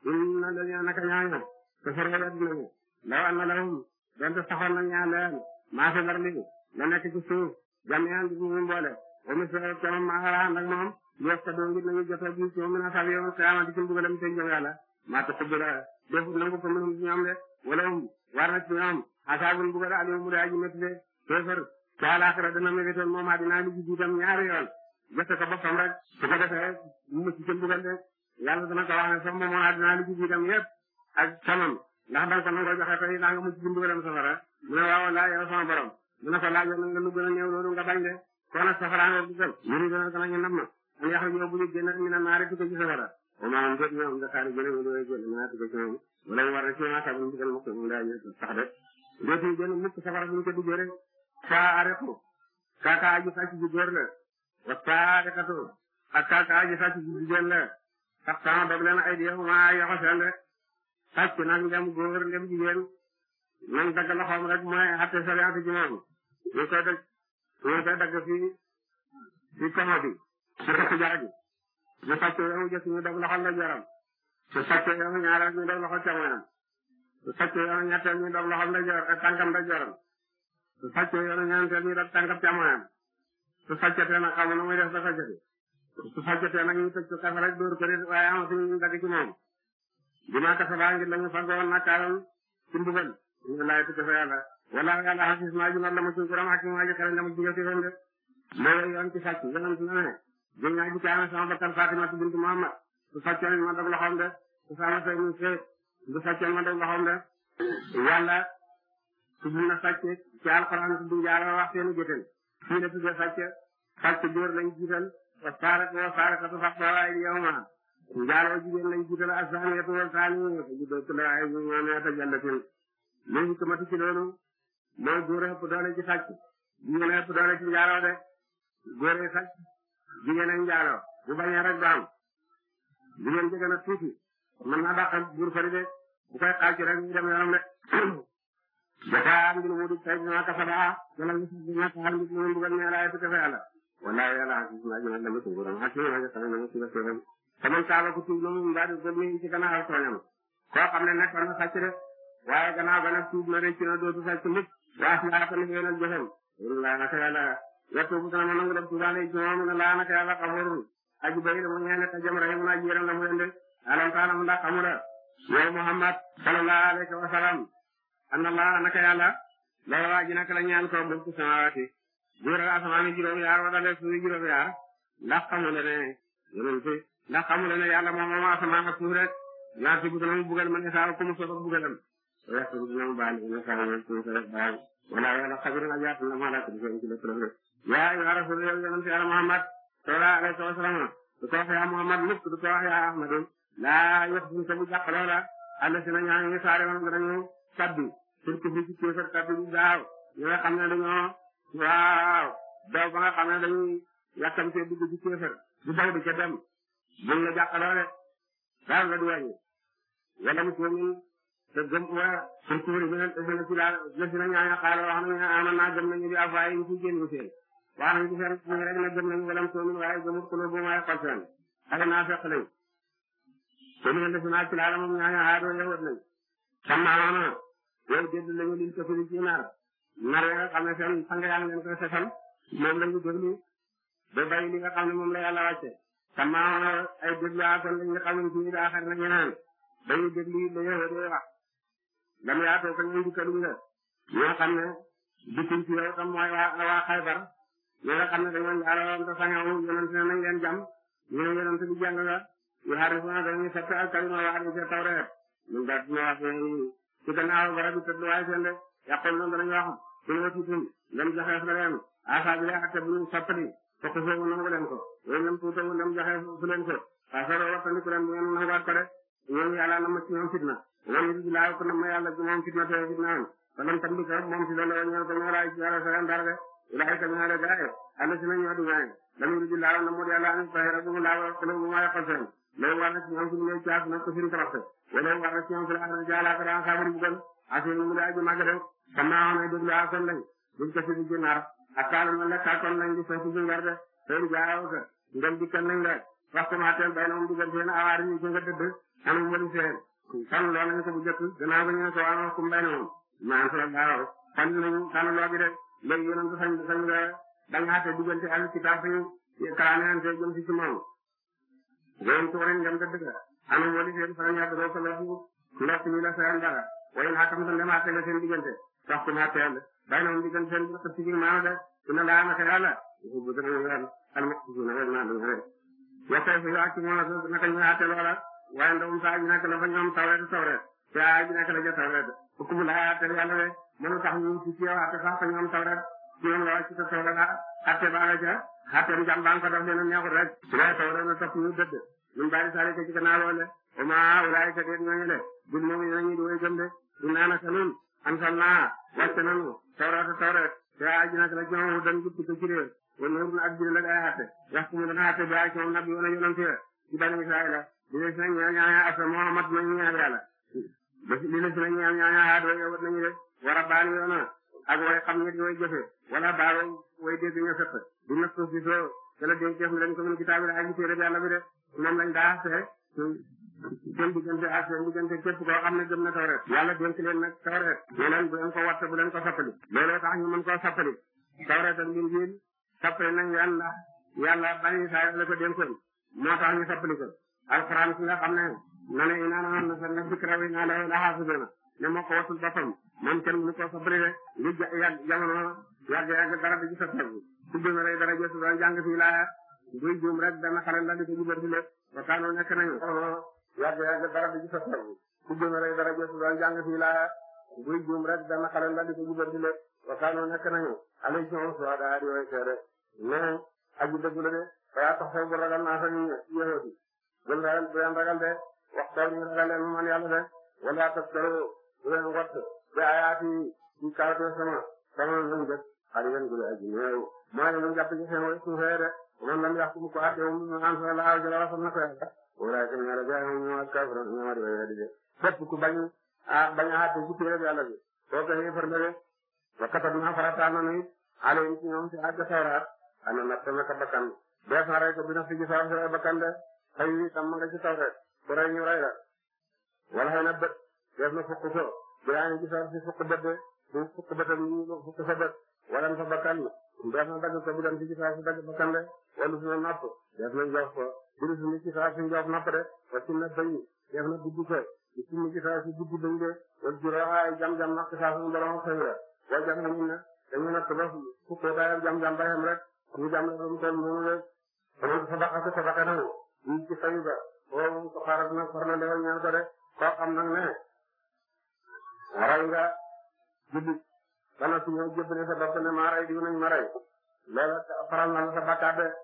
inna alladhina naka ñaaña te sorgho dinañu law anna lahum donte saxoon na ñaar leen maa fi barli la nekk ci suuf jami'an bi ñu mboole wa mislahu tamam ma xaraan ak moom yokk doo ngir nañu jotee bi ci min asab yawmal qiyaama di ci mbugalam te jëm yàlla maa a def nangu ko minhum ci ñoom de wala hum war na ci ñoom asaabun mbugal alimu daa ji métti de kéefër ca alaaxira moom àddina li jiitam ñaari yoon jëfe ko boppam rek su ko defee mu mucc ci de yàlla dana ko wax ne sax moomoon àddina li ak canam ndax danga ko nangoo joxe tey naa nga mujj dimbalam safara mu ne waaw laa yow sama borom mu ne ko laajoon nañ la lu gën a néew loolu nga bañ de kon nag safara nga dugal yéen gën a gën a ñu nam na an yax yow bu ñu génn mi na naare di ko ci safara o maam jot ñoom nga xaari gën a wéy wéy gën naa ko ci ñoom wala war na ci ma sabu ñu gën mukk mu daa ñu sax de dootu gën mukk safara bu ñu ko duggee rek saa areku kaaka aji sàcc ju góor la wa saa arekatu ak kaaka aji sàcc ju jigéen la sax sama dog leen ay di yow maa yoxo seen de sàcc nag ngam góor ngam jigéen man dagg loxoom rek mooy àtte sariya ci moom ñu koy dagg ñu koy dagg fi fi kama bi su rëkk jara gi su sàccee yow jëkk ñu dog loxo ndeyjooram su sàccee yow ñaareel ñu dog loxo càmmoñam su sàccee yow ñetteel ñu dog loxo ndeyjoor ak tànkam ndeyjooram su sàccee yow ñeenteel ñu dog tànkam càmmoñam su sàccatee nag xamul nu muy def ba sàccati su sàccatee nag ñu tëj ko kafe rek dóor ko waaye am suñu dagg ci moom bi ma kasalaa ngir lañu fagoon na kaaral ci mbugal ñu laay tukki fa yàlla wala yàlla xasis maa ji mat la ma suñ kuram xakim maa ji xarañ la ma jiga si fonde loolu yoon ci sàcc yoon ci nane jëñ naa ji kaana sama bakkal tu bintu Muhammad su sàccoon ma dog loxoom de su sama sey mu see du sàccoon ma dog loxoom de yàlla tudd na sàcc ci alxuraan tudd jaara wax seenu jëten fii la tuddee sàcc sàcc góor lañ jiital yawma njaaloo jigéen lañ jiital asaaniyatu wal saaniyatu ju dëkk la da ñaanata jallatin li hikmatu ci loolu mooy góor ëpp doole ci sàcc jigéen ëpp doole ci njaaloo de góor yi sàcc jigéen ak njaaloo bu bañee rek daan jigéen ji gën a tuuti mën naa dàqal buur fari bu koy xaaj rek ñu dem yoonam de jakaa ngir mu di tey ma kasaba wala ñu ma taal ngir mu bugal ne laay tukafe yàlla wala yàlla hakiis ma jëmal la ma tukuram hakiis ma jëmal la ma tukuram man saaba ku tuub lu mu mbaadu dëgg ci gannaaw tooñam koo xam ne nekkoon na sàcc waaye gannaaw ba nag tuub na rek ci na dootu sàcc mukk waas laa ko liggéey nag joxem laanaka yàlla yettubu sana ma nangu def tuubaale ci moom ne laanaka yàlla xamuurun aji bay la mu ñeene ka jëm rahim jiiram la mu yende alam taalamu ndax xamula yow Muhammad sallallahu alayhi wa sallam laa naka yàlla la waaji naka la ñaan ko mulku samawaati buur asamaan ndax xamu leen ne yàlla moom moom asamaan ak suuf rek laa si dina mu bugal man saa ko mu soog a bugalam laa si dina mu baal dina saa ma suuf rek baal wala wala xabir na jaat na ma laa ko defee ci la turam rek yaa yu rasul yow yonent Muhammad sallallahu alayhi wa yaa Muhammad mukk du yaa Ahmadu sa bu jàq loola àll si na ñaa ngi saare woon dañu sabbi surtout bi ci kéefar sabbi bu gaaw ñi nga xam ne dañoo waaw ba nga xam ne dañuy yàkkamtee dugg ci kéefar du daw di ca buñ la jàppaloole daal la du wàññi wala mu tuuti te gëm waa surtout li a si daal gëstu nañ ñaañu xaaral naa gëm nañu bi afwaay ñu ci génn seen wax nañ ci seen ñu rek ne gëm nañu wala mu waaye gëmul kulo bu may xol seen ak naa fekk nañ te ñu ngi def naa ci daal moom ñaañu xaaral yowat nañ xam nar nar ya nga xam ne seen sang yaa ngi moom lañu déglu ba bàyyi li nga xam moom la yàlla wàcce kamaa ay déglaakoon lañu xamul fii daa xam ne ñu naan dañuy déglu li nga xam ne wax lam yaatoo ko ñoom dikkaluñ la ñoo xam ne dikkuñ ci yow tam mooy waa waa Xaybar ñi nga xam ne dañoo njaaloon te sañoo yonent nañ leen jàmm ñu ne yonent bi jàng la yu harifuna dañuy fett ak kalima waa di ca Tawreet ñu daal di wax ne ci gannaaw barab bi tëdduwaay seen de yàqoon na danañ wax suñu wasitum ngeen joxe fa aa asaa bi la ak bu ñu soppali fekk foofu nangu leen ko loolu leen tuuta wu leen joxe fu leen ko asaro wattandiku leen bu ngeen nanguwaat ko de ñoom yàlla na ma ci ñoom fitna wala yi laa ko na ma yàlla ci moom fitna te fitna am falam tambi ko moom si loolu ñoo ko ñoo raay ci yàlla sa ndar de ilaay ka ñoo de gaaye alla si na ñoo du gaaye lam yi laa na mu yàlla am tahira bu laa ko bu ma yaqal seen loolu war na ci ñoom fitna caas na ko sin taraxte wala war na ci ñoom fitna na jaala ko daan xabar bu gën asir mu daa ji màgg de sama on ay déglu asan lañ buñ ko si di nar akaalu man la tàggoon nañ di foofu si ngar de loolu jaayoo ko ngel dikkal nañ la wax ko bay na moom digal seen awaari ñu jënga dëdd ana mbalu seen fan loo nañ ko bu jëkk gannaaw ba ñu ne ko waa wax kum bay na moom maan sala gaaw fan nañu tànn loo bi de léegi yéen a sañ sañ nga da nga xaate diggante al kitaab fi kaanaan te jëm si ci moom loolu ko dëdd ka ana mbalu seen fan ñaata doo ko lofu la seen dara wayin xakam sa ndemaate la seen diggante wax baynahum digal seen bi xëtt bi maana de inna laa naka yàlla yuhibbu dana wér almuqsituna wér naa dana wér yokkee fi wàcc moo la naka ñu àtte loola waaye ndawum saa ji nekk la fa ñoom tawreet saa ji nekk la ja tawreet hukum laa àtte yàlla de mënu tax ñu ci ci yow àtte sax fa ñoom tawreet ci yoon la wàcc sa tawreet àtte baa nga ca àtte njàm baa nga ko def leen neexut rek su lay tawreet na topp ñu dëdd ñun bari sari ka ci gannaaw loole wa maa ulaayika déet ñooñu de dul moom nañu di way gëm de ansal naa wàcc nañu tawraata tawraat te aaj nag la joomu dan guddi ko jiree wala wër na ak jël ak ay xatte wax ku mu dana xatte bi ay ci moom nag yoon a yonante ci bani Israila di la si na ñaan ñaan asa Muhammad nañu ñaan yàlla di la si na ñaan ñaan haat way yowat nañu de wara baani yoona ak way xam ñet way jëfe wala way dégg ña sëpp di nas ko gisoo te la dégg def mi lañ ko mën kitaabi la ak téere yàlla bi de daa seen diggante ak seen diggante képp koo xam ne gëm na tawreet yàlla dénk leen nag tawreet ne leen bu leen ko watt bu leen ko sappali looloo tax ñu mën koo sappali tawreet ak linjiil sappali nañ leen ndax yàlla bani Israayil la ko dénkoon moo tax sappali ko alxuraan ki nga xam ne na ne inaa noon na seen na dikra wi naa la xaafiduna ne moo ko wattul boppam moom kenn mu ko sappali de li yàgg jamono yàgg yàgg dara di ci sappali tudd na lay dara jotu doon jàng fii laaya buy juum rek dana xale la di ko jubanti lépp wa kaanu nekk yàgg yàgg dara du ci soppeeku ku jëm rek dara jot doon jàng fii laa buy jëm rek dana xale la di ko jubal di leen waxtaanoo nekk nañu allay ci moom suwaa daa di way seede mais aji dëgg la de daa tax foofu ragal naa fa ñu yéexooti gën ragal bu leen ragal de waxtaan ñu ragal leen man yàlla de wala tas karo bu leen wott bi ayaati ci kaatoo sama sama lañ jëf xar yéen guddi aji néew maa ngi leen jàpp ci seen way suufee de man lam yàqu ko àtteewum ñu ànd la jëla wasam na ko yàlla walakin ñoo la jaay ñoo kaafiroon ñoo ma di way di de bépp ku bañ a bañ a àtte ci téere yàlla bi soo ko yéefar la de wa katabna farataal nañu it alayhim ci ñoom ci àgg tawraat ana nafsa naka bakkan dees na rey ko bi nafsi ci saa si rey bakkan de xëy wi tam ma nga ci taw rek ku rey ñu rey la wala xëy na bët dees na fukk so bi yaa ngi ci saa si fukk bët de fukk bëtam ñu fukk sa bët wala na dagg ko bi dem ci saa si dagg bakkan de wala suñu napp def nañ jox ko biir suñu ci saa suñu jox napp de def na dugg ko ci suñu ci saa si dugg bañ de wala juróom jam-jam napp saa suñu borom xëy na waaye jam nañu ne dañu napp ba fu ko daayal jam-jam ba yem rek ñu jam la mu toll noonu rek dañu sadaka ko sadaka na ñu na xor na nga jullit dana suñu jëbbale sa ne maa ray diw nañ ma loola faral na la sa bàkkaar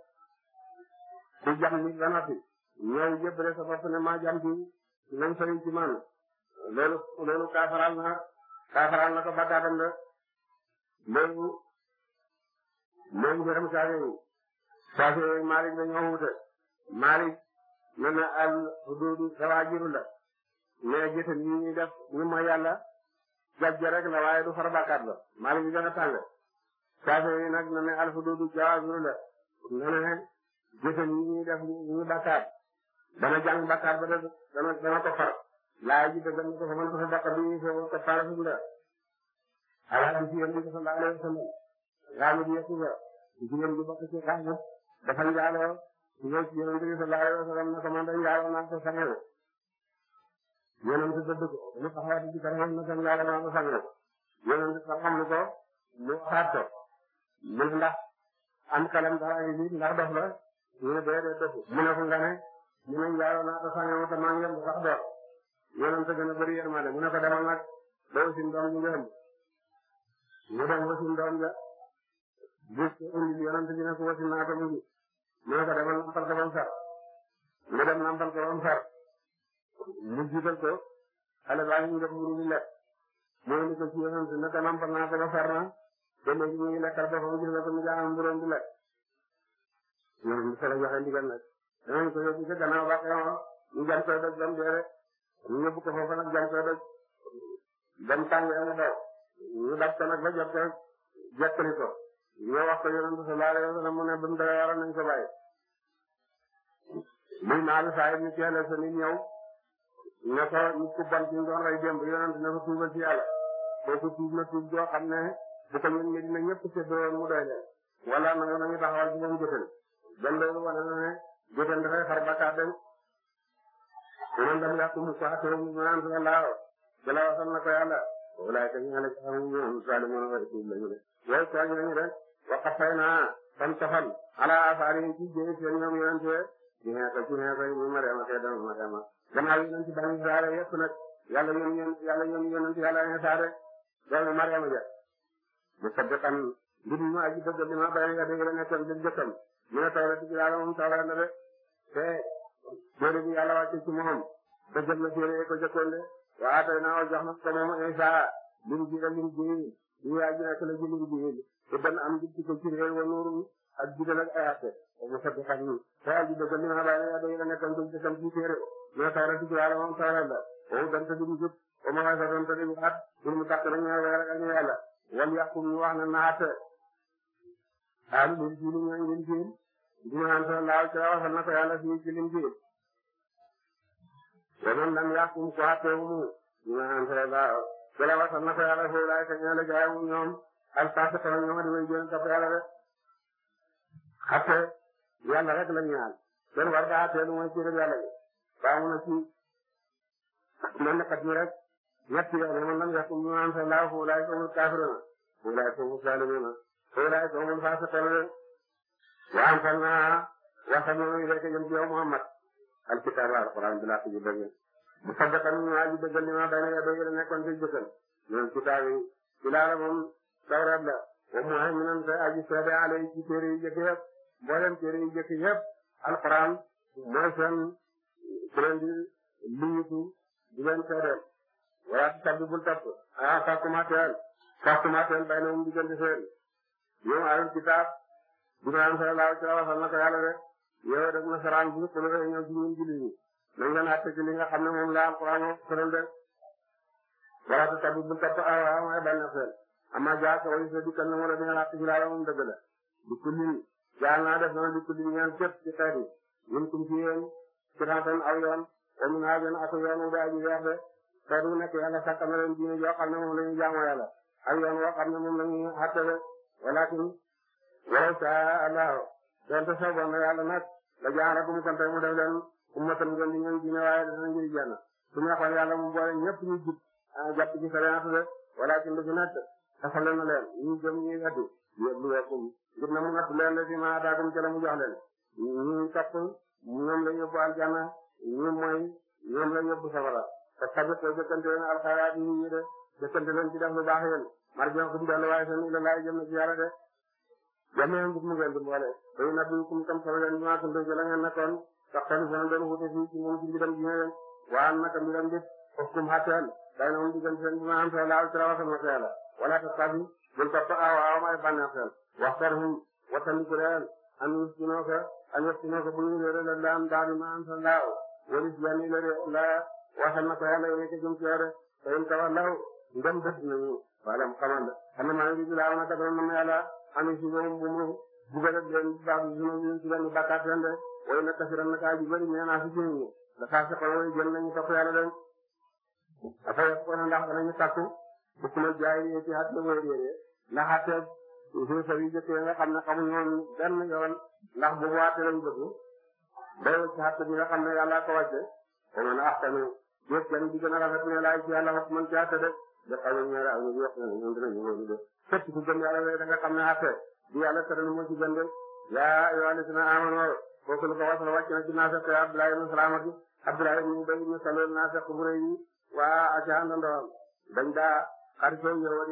jam nit ba noppi ñooy jébbale sa bopp ne maa jam nañ sëriñ ci man loolu loolu kaa faral na kaa faral na ko bàkkaaram de loolu loolu gërëm saa yooyu saa yooyu Malick dañoo wute Malick nee na al hududu sawaajiru la mais jëfën yi ñuy def ñu mooy yàlla jajja rek la waaye du far bàkkaar la Malick ñu gën a tàng kaafir yi nag na ne alxuduudu jawaazir la na ne jëfën yi ñuy def ñu bakkaar dana jàng bakkaar ba dana dana ko far laay ji dana ko fa mën ko fa bakkaar bi ñuy fa ko far fi la ala ci yéen bi sallallahu alayhi wa sallam laamu di yëkku ba jigéen bi bokk ci kaas dafa njaaloo ñëw ci yéen bi sallallahu alayhi wa sallam na ko man dañ njaaloo naa ko sangal yéen ko dëgg ko lu taxawati ci kanam na ko njaaloo naa ko sangal yéen ko xam ko lu xaat ko ndax ndax am kalam dara ay ndax dox la ñu ne dee dee doxu mu ne ko nga ne mu ne yaayoo naa ko sànni wut maa ngi yem a gën a bëri demal nag ba si ndoom ja gis ko indi yonent bi ne ko wasi naa ko mu ngi mu ne demal nampal ko ba mu sar mu dem nampal ko ba mu sar mu jiital ko xale baa ngi def mu ngi lekk mu indi ko ci yonent ne ko nampal naa ko ba sar na kenn ku ñuy lekkal boppam gis nga ko mu jaamam bu doon di lekk ñoom ñu soxla joxe ndigal nag danañ ko yóbbu ca gannaaw ba xewoon ñu jam koy doj dem dee rek ñu yóbbu ko foofu nag jam koy doj dem tàngee mu daw ñu dab ko ba jot ko jekkali ko ñoo wax ko yonent sallallahu alayhi mu ne ba mu dawee waroon nañ ko maalu saa yi ñu teelal sa ne ko nit ku bon ci ñu doon rey démb yonent ne ko tuubal ci yàlla kooku na tuub joo xam ne bu ko ñun Medina ñëpp séddoo mu doy leen wala na nga nañu taxawal ci ñoom jotal dan loolu wane na ne jotal dafay xar bakkaar dem ñoom dam yàqu mu ko xatee ñu naan sa laaw jëla wasal na ko yàlla walaay ka ñu nga ne ci xamu ñu salimun wa rasul lañu ne yow ko ñooñu rek waqafay naa tam tafal ala afaari ci jëri seen ñoom yonente ci xeex ci xeex ñu mariama tey dama mariama gannaaw yonent ci bani Israayil yëpp nag yàlla yoon yàlla yoon yonent yàlla insaare doomu mariama ja musaddiqan mbir mi aji dëgg li ma bayana nga dégg la e dëgg jëkkam mu ne tawra ci yàlla moom tawra na de te téere bi yàlla wàcce ci moom te na téere ko jëkkoon de waa tey naa jox na ko moom Isa lim ji la lim ji li aji nekk la ji lim ji te benn am ji ci ko ci réew wa nuuru ak jubal te aji dëgg li ma bayana nga dégg la nekkoon dëgg jëkkam ci téere mu ne tawra ci yàlla moom tawra da wow danta di mu jub wa ma sa danta di mu at pour wal yàqu ñu wax na naata aal lil jiili ñooy lil jiil dinaan sallallahu ci waxal na ko yàlla fii ci lil jiil waman lam yàqum ko àttewumu dinaan sallallahu ci waxal na ko yàlla fii laay ka ñaale jaay wu ñoom alfaasa kala di way jël topp yàlla rek àtte yàlla rek la ñaal seen war ba àtte lu mooy rek yàlla bi baamu na ci man na kat ñu ñett yooyu moom lañ yàqu ñu naan sa laaw fulaay soxul kaafiruna fulaay soxul saalimuna fulaay soxul faasiquna wa anzalna wahyana ilayka jëm ci yow Muhammad alkitaab alquran bi laa ko ji dëgg musaddiqan ñu waa ji dëggal li ma bayna yadayhi la nekkoon ci jëkkal ñoom kitaab yi ilaala moom tawraat la wa muhaiminan te aji seede alayhi ci téere yu jëkk yëpp mboolem téere yu jëkk yëpp alquran mooy seen di leen seedeel wala si tabi bul topp ah fastumateel fastumateel bay na mu diggante seen yow alal kitaab Ibrahima sallallahu alayhi wa sallam na ko yàlla de yow def na saraan bi ku nekk ñëw ci ñun julli ñi nañ leen àtte ci li nga xam ne moom la alquran wax tëral de wala si bul topp ah waaw mooy bay na seen ama jaa ko sa dikkal na mu ne di nga àtte ci laa moom dëgg di ko lii naa def na di ko lii ñaan képp ci xeet kum ci ci rafet aw yoon xeet wu nekk yàlla sàkk na leen diine yoo xam ne moom la ñuy jaamoo yàlla ak yoon woo xam ne moom la ñuy xàttale walakin walaw saa allahu donte sooboon na yàlla nag la jaarakum kon tey mu def leen ummatan ngeen di ñëw diine waaye dana ñuy jenn su neexoon yàlla mu boole ñëpp ñu jub ah, jàpp ci sariat de walakin lu fi nekk taxale na leen ñu jëm ñuy weddi yóbbu wekkum ngir na mu natt leen de fi ma ataakum ca la mu jox leen ñuy topp ñoom la yóbbu aljanna ñi mooy ñoom la yóbbu safara te xaj ko jëkkante leen alxayraat yi ñu de jëkkante leen ci def lu baax yéen marjo kum dellu waaye seen ila laay jëm na ci yàlla de jameen bu mu di boole day na bi kam solo leen maa tunde ci la ngeen nekkoon tax tan seen doon ci moom ci mbiram ji ngeen waan naka mbiram dit of kum xateen day na moom digal seen dina am seen laal trawa sama seen la wala ta sabi bul topp aw aw may bànneex seen waxtar hum wattandiku leen an yustinoo ko an yustinoo waxal na ko yàlla yéen a ci jëm ci yow de te yéen taw law ndem dëkk nañu maanaam xamal la xam maa ngi gis laa woon a def rek moom yàlla am bi ñu ci benn bàkkaat leen de way na kasiran na kaa ji bëri nee naa si jiw ñi dafa soxla way jëm nañu topp yàlla de ko ndax danañu takku bu kuma jaay yee ci xat way réeré ndax xatte xéesa yi jëkkee nga xam ne xamuñ woon benn yoon ndax bu waate lañ bëgg dayoo ci xatte bi nga xam ne jëf kenn di gën a rafet ne laay ci yàlla wax man caa tëddee dafa am ñaar aw yëpp ñoom dinañ wóor de képp ku gëm yàlla rek da nga xam ne affaire bi yàlla tëral moo ci gën yaa yoo xam ne dina kooku lu ko wasal wàcc na ci naafeq yi Abdoulaye ibn Salamati Abdoulaye ibn Ubay ibn Salul naafeq bu rëy yi dina wóoru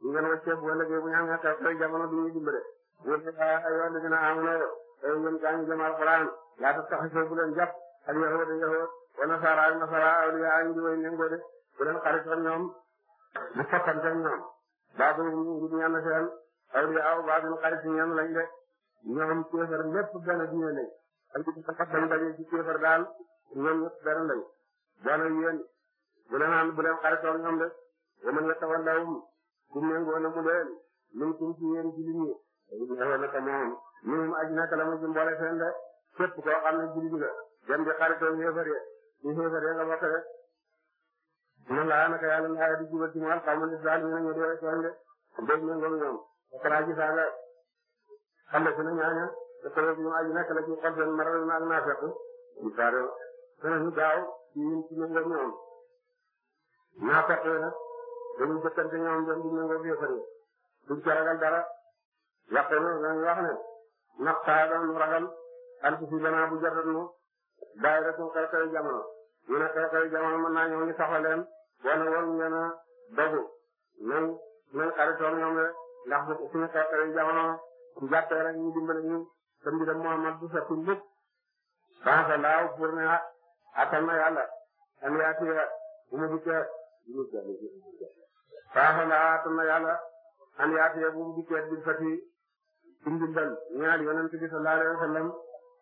ñu ngeen wàccee bu wàllëgee bu ñu amee xew xew jamono du ñu dimbale wala yoo xam ne dina amoon ay ngeen jàng jëm alquran laa tattaxizuu bu leen jàpp al yahuuda yahuud wa nasaara ak nasaara awliyaa ñu di way nangoo de bu leen xarit ak ñoom bu soppante ak ñoom baabu ngir ñenn seen awliyaa aw baabu xarit lañ de ñoom kéefar lépp benn diine lañ ak di ko dañ daje ci kéefar daal ñoom ñëpp benn lañ benn yéen bu aan bu leen ñoom de wa man yatawallahum ku méngoo na mu leen minkum ci yéen ci li ñi ñoom naka moom ñoom aj nekk la mu ci mboole de képp koo xam ne jullit nga dem di xaritoo di yéefar nga bokk rek dina laa ah, naka yàlla naa di jubal ci moom ne ñu ne su ñaaña te solo bi maa ji nekk la ci xol na ak naa fekk ñu saare dana ñu daaw ci ñun ci naa fekk nag dañuy jëkkante ñoom dem di ñëngoog yéefar yi duñ ci ragal dara ragal alku si danaa bu jotat nu bàyyi rek mu xew-xewi jamono ñu ne xew-xewi jamono mën naa ñëw ñu saxaleen wala waruñ leen a dogu nañ nañ xaritoon ñoom rek ndax bu suñu xew-xewi jamono su jàppee rek ñu dimbale ñu te mbiram Muhammad du fekku lépp bansa laaw pour ne ah attan na yàlla an yaatiya bu mu dikkee bansa laaw attan na yàlla an yaatiya bu mu dikkee bil fati indimbal ñaar yonent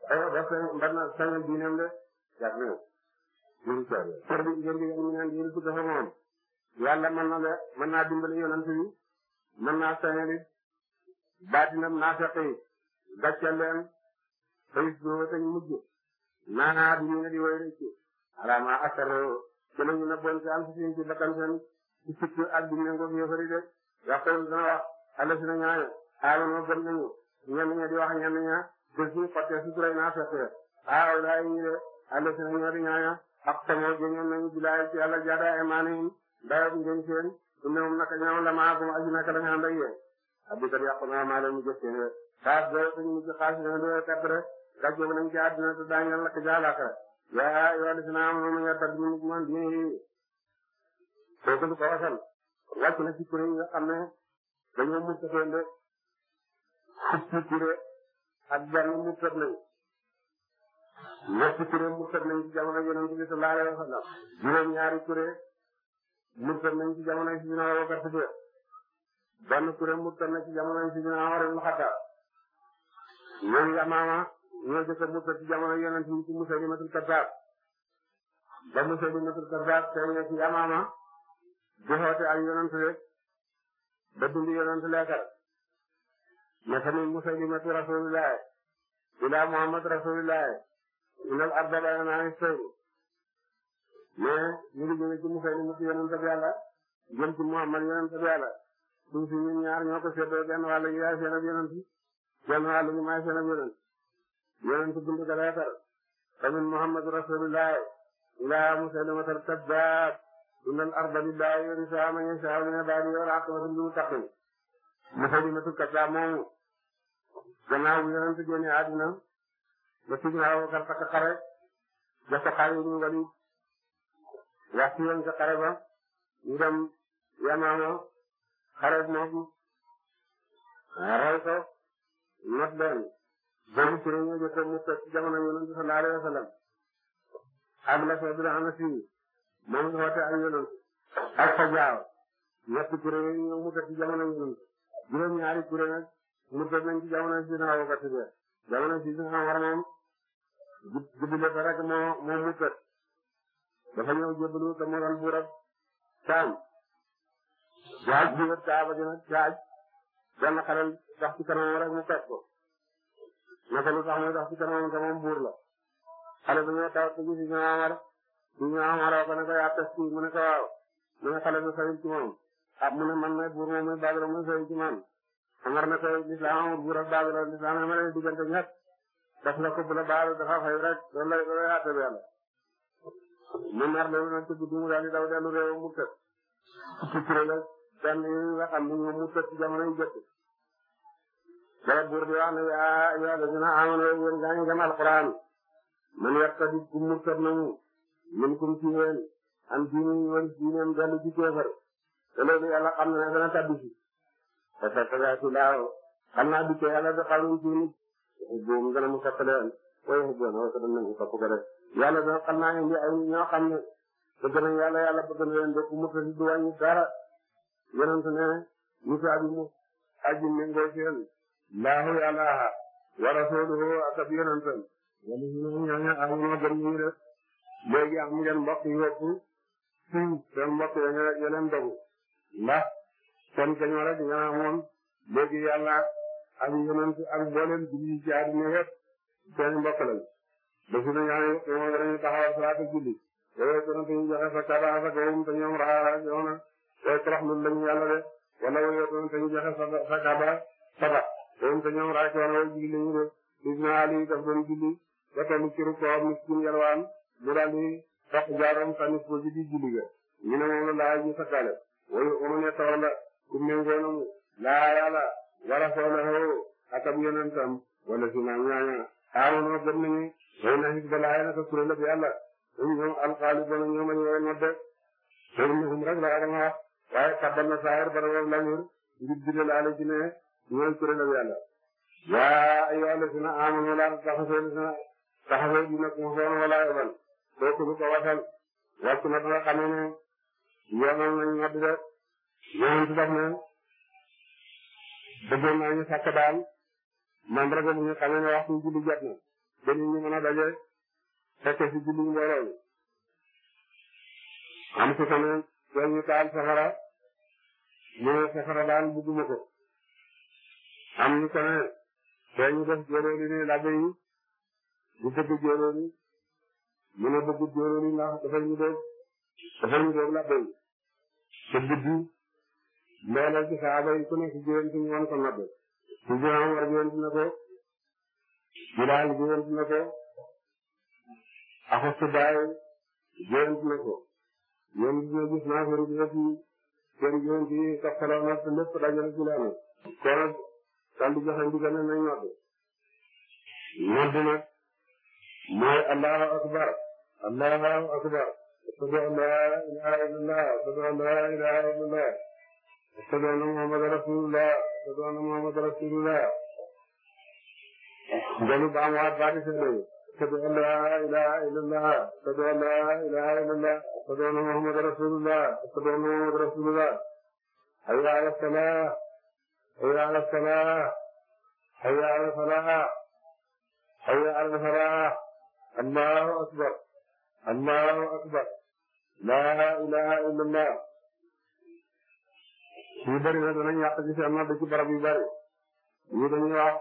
ba ba sa diineem de jag na ñun coow bi ngeen di ñu naan yéen su dafa moom yàlla mën na la mën naa dimbali yonent yi man naa sañali baatinam naa feqi gàcce leen fayis booba tañ mujj naanaat ñu ne di woy rëcc alaama asaro ci lañu na bon ci am si seen ci bakkan seen ci sikk ak di méngoog yëfari de yàqoon dana wax ala si na ñaañu aaloon ma bon nañu ñenn ña di wax ñenn ña bés bu xottee suturay naa fekkee ah walaay ñu ne àll si ñoo di ñaaya ak tamit jëñoon nañu bilaay ci yàlla jaada imaanihim dayoo ngeen seen innahum naka ñoom la maakum aji naka la ñu ànd ak yéen. abdi naa maa leen seen yéen xaas boo suñu mujj xaas ne doo perte rek gàcceeg nañ ci àddina te daañu yàlla ko jaalaaka yaa yoo def naa moom ñu wasal wàcc na ci kuréel yi nga xam ne dañoo mucc seen ak benn mu tëb nañ ñett kuréel mu tëb nañ ci jamono yonent bi sallallahu alayhi wa sallam ñaari kuréel mu tëb ci jamono yi si dina woo gerte gi benn kuréel mu ci jamono yi si dina rek mu xataa ñoom Yamaama ñoo jëkk mu tëb ci yonent bi ci Musaylimatul Kaddaab ba Musaylimatul Kaddaab feeñee ci Yamaama di xoote ak yonent rek ba dund yonent lekkar مثل مسيلمة رسول الله إلى محمد رسول الله إلى الأرض الآن عن السير mais ñu ngi jóge ci Musaylima ci yonent bi Yàlla jëm ci Muhammad yonent bi Yàlla suuf si ñun ñaar ñoo ko seetee benn wàll yi yaay seen ab yonent benn wàll yi maay seen ab yonent yonent bind ko leetar famin Muhammad rasulullah ilaa Musaylima tabbaat inna al arda lillahi yurisaha man yashaa min ibaadihi wal aaqibatu lil muttaqiin Musaylamatul Kazzaab moom gannaaw bi yonent génne àddina ba Sidna Abubakar takk xare jox ko Xaalid ibn Waliid waxtu yoon ca ba ñu dem Yamaama xare moom rey ko not leen boobu ci réew mi jotee mu fekk jamono yonent sallallahu alayhi wa sallam ak la soo dina ana si moom la juróom-ñaari kuréel nag mu dem nañ ci jamono si naa woo ko jamono si naa war moom jubile ko rek moo moo mu tët dafa ñëw jébbalu te moo doon buurab caaj jaaj bi wër kaaba gi nag jaaj benn xalal tax ci kanamam mu teg ko naka lu tax muy tax ci kanamam te moom buur la bi ñoo taw te ko ne ko yaa teg mu ne ko waaw mu ne xale bi xëyul ci moom ah mu ne man nag buur moom mooy Badara mooy sooy ci na ko lislaam amul buur ak Badara lislaam am na diggante ñett daf la ko bu la baal dafa fay rek loolu lay loolu lay àtte bi yàlla mu nar loolu nag mu daal daw dellu réew mu tëdd sutura la benn yi nga xam ne mu tëdd ci jamono yu jëkk dara buur di wax ne yaa ayyuhaa allaziina aamanuu yéen gaa ngi gëm alquran man yartadid kum murtad nañu minkum ci yéen am diini wala diineem dellu ci kéefar te loolu yàlla xam na ne dana tabbi ci te fekk nga ci daaw bi kee yàlla da xam nañ ci nit buum dana mu sopp leen way xëggoon way ko dem nañu sopp ko def yàlla dana xam naa indi ay ñoo xam ne bëgg nañ yàlla yàlla bëgg mu tëdd mu aji méngoo seen laahu yàlla wa rasuluhu ak ab yonentam wala ñoo ñooñu amuñoo gën ñu def léegi am yokku si seen mbokk yeneen dogu ndax kon kañoo rek nga amoon léegi yàlla ak yonent ak mboolem julli ci àdduna yëpp seen mbokk lañ defu na ñaari ñoom dañu taxawal salaatu julli yooyu kono dañu joxe sa kaba sa gawum te ñoom yàlla de wala yooyu kono dañu joxe sa sa kaba saba gawum te ñoom raxaara coon way ali daf doon julli ba toll ci rukoo miskin yalwaan mu daal di toq jaaram sànni ko ci biir ga ñu ne moom la laaj ñu sakkaale woyu umane toola ku méngoonam laa yàlla wara soona xoo akam yonentam wala si na ñaaña amono gëm nañu way na xis balaaya naka kuréelab yàlla um ñoom alxaalibona ñoom añ wara nodde hum rek la adam wax waaye tabal na saayir bara war lamir ngir bidal ala ci ne ñooy kuréelab yàlla yaa ayyuha alladhina amanu la taxasoo taxasoo dinakum soon wala yoban kooku lu ko wasal wàcc na dana xamee ne ñooñu nañ ñëpp de ñooñu ci def na bëggoon naa ñu fàq daal man rek bu ñu xamee ne waxtu julli jot na ba nit ñi mën a daje fekk ci julli mbooloo mi am ci tamit ñoom ñu taal safara ñu ne daal bugguma ko am ñu tamit tey ñu def jóoróori ne labbe yi du bëgg jóoróori mu ne bëgg jóoróori ndax dafay ñu def dafay ñu def labbe yi ci guddi léeg-léeg ci saaba yi nekk jigéen suñu woon ko nodde su jëmaam war jigéen na ko bilaal jigéen na ko axustu baay jigéen na ko yéen dina gis naa seen jigéen ci seen jigéen ci toppaloo na lépp dajale ci leen kon daal di joxe ndigal na nañ nodde nodde nag mooy allahu أشهد أن لا إله إلا الله أشهد أن لا إله إلا الله أشهد أن محمدا رسول الله أشهد أن محمدا رسول الله jëlu baam waat baati si réew أشهد أن لا إله إلا الله أشهد أن لا إله إلا الله أشهد أن محمدا رسول الله أشهد أن محمدا رسول الله حي على الصلاة حي على الصلاة حي على الفلاح حي على الفلاح الله أكبر allahu akbar laa ilaha illallah ñu bëri na danañ yàq ci seen nodd ci barab yu bëri ñu dañuy wax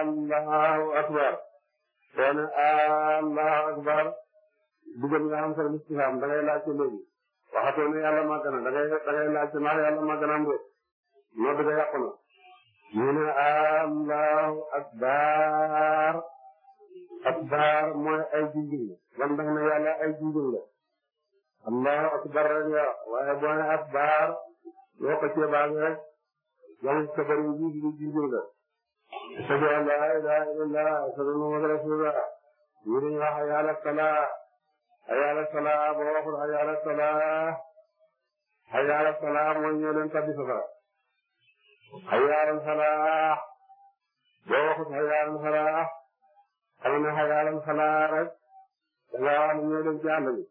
allahu akbar soo ne akbar dugal nga xam sax listifaam da ngay laaj ci waxatoo na da ngay da ngay laaj na am de nodd ga yàqu na ñu ne akbar akbar mooy ay junjung wala ndax ne yàlla ay junjung la allahu akbar rek nga waaye boo akbar yoo ko ceebaale rek yàlla sa bari ji di junjung la ashhadu an la ilaha illallah ashhadu anna muhammadan rasulullah ñu dañu wax ay ala sala ay ala sala boo waxul ay ala sala ay ala sala mooy ñoo leen tabbi safara ay ala sala boo waxul ay xanaa na xagaalam xanaa rek dangaa wax ne ñoo dem ci àll bi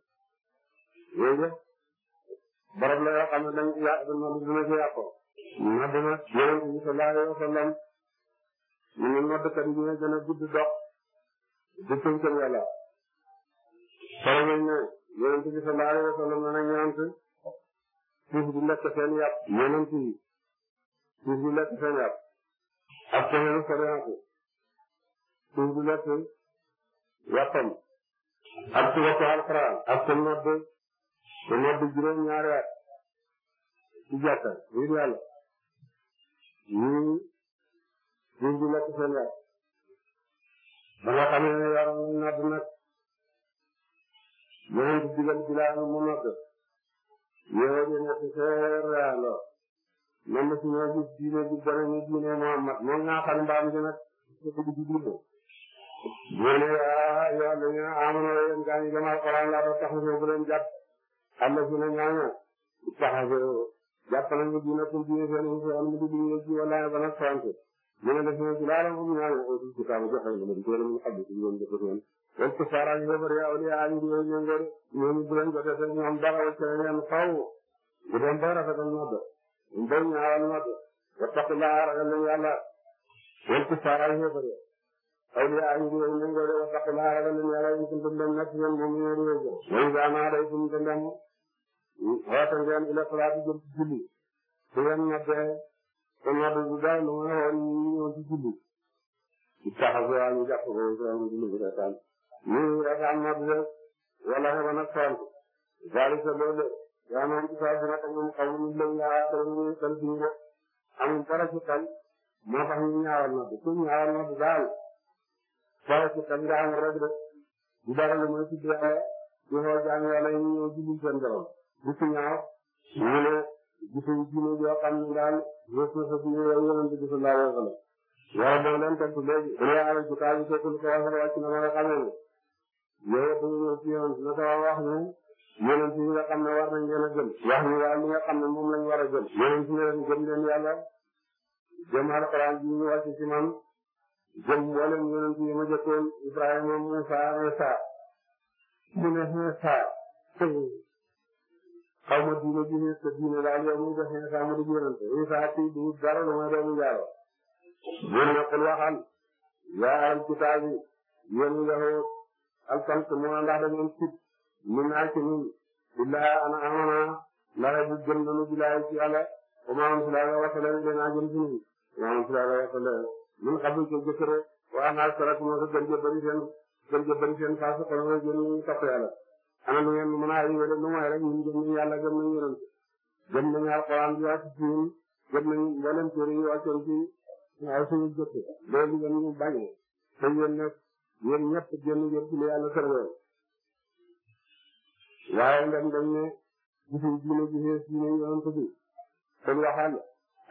yooyu yëpp barab la yoo xam ne dañ yà dina ci yàqoo. na dina yonent bi sallallahu alayhi wa sallam ñu ne noddkat yi ñoo gën a gudd dox di tënkal yàlla. solo ñu ne yonent bi sallallahu alayhi wa sallam dana ñeent suuf di lekk seen yàpp yonent yi suuf di lekk seen yàpp ak seen soriante suuf bu nekk yàppam ak ci wàccu alxuraan ak sa nodd sa nodd juróom ñaari at ci jàkka ngir yàlla ñii suuf bi xamee na nodd nag yonent digal Bilaal mu nodd yow di nekk seer yàlla man na si ñoo gis diine bi gën a ñu diine Muhammad moom xam mbaam gi nag su ko dugg góor ñi ah yow dañuy amoon na yéen gaañ dem alxuraan laa doon tax bu leen jàpp allazina ñaaña ittaxazu jàpp nañu diina pour diine seen i seen mu di diine ci wala ba nag sant ñu ne def nañu ci laala mu ñaaña aussi ci taamu joxe lu di teel mu abdu ci yoon jëf seen wal kufaara ñu bëri awliya ñu di ñu ngër ñooñu bu leen jotee seen ñoom dara wacce leen xaw bu doon bay rafetal nodd bay ñaawal nodd wattaqu laa ragal leen yàlla wal kufaara ñu bëri awliyaa yi ñoom dañ koy def fàq laa ragal nañ yàlla in kuntum dem nag ñoom moom ñoo réew ko. ñoom daal maa day suñu ko dem woote ngeen ila salaati jëm ci julli su ngeen noppee te nopp bu daaw lu ma waxoon ñu ñëw ci julli. ci taxaw waaw ñu jàpp ko seen julli bi retaan ñu retaan nopp rek wala xeba nag sant zaali sa loolu yaa moom ci saa dina ko ñun xaw ñu lëng laa te ñu sal bi rek amul dara ci xel moo tax ñu ñaawal nopp ku ñaawal nopp daal dara ci tam nga rek de bu mooy tudd yàlla di xool jaamu yàlla yi ñëw jublu seen borom bu ci ñaaw ñu ne gisuñ diine joo xam daal yës na sa diine yow yonent bi sallallahu alayhi wa sallam yàlla dama leen tontu léegi bu la ala jukaa bi fekkul ko waxal na ma nga xamee ne yow dañu ñëw ci yoon dina sama wax ne yonent yi a gëm wax ñu daal li nga xam ne moom lañ war a gëm yonent yi ñu wàcc ci man jëm mboolem yonent yi ma jëkkoon Ibrahima Moussa Isa mu ne Isa xaw ma diine ji ne sa diine daal yow muy def mu di yonent Isa ci du dara lu may doomu jaaro mu ne qul waxal yaa al kitaab yi yéen yahuud alkant mu ne ndax da ngeen cib min naa ci ñun illaa an amana ndax bu gëm nañu bilaay ci yàlla wa maa unzila alayhi wa sallam ñun xam nga jëf rek waaw naa ko rek moo ko gën a bëri seen gën a bëri seen kaas xam nga gën ñu topp yàlla ana lu ngeen mën a yore lu mooy rek ñun gëm nañu yàlla gëm nañu yonent gëm nañu alxuraan bi ak ci ñun gëm nañu mboolem téere yi ak ci waaw suñu jëf loolu ngeen ñu bañee te yéen nag yéen ñëpp génn ngeen ci li yàlla sërwee waaye ndem dañ ne gisuñ diine gisee diine yonent bi dañ waxaale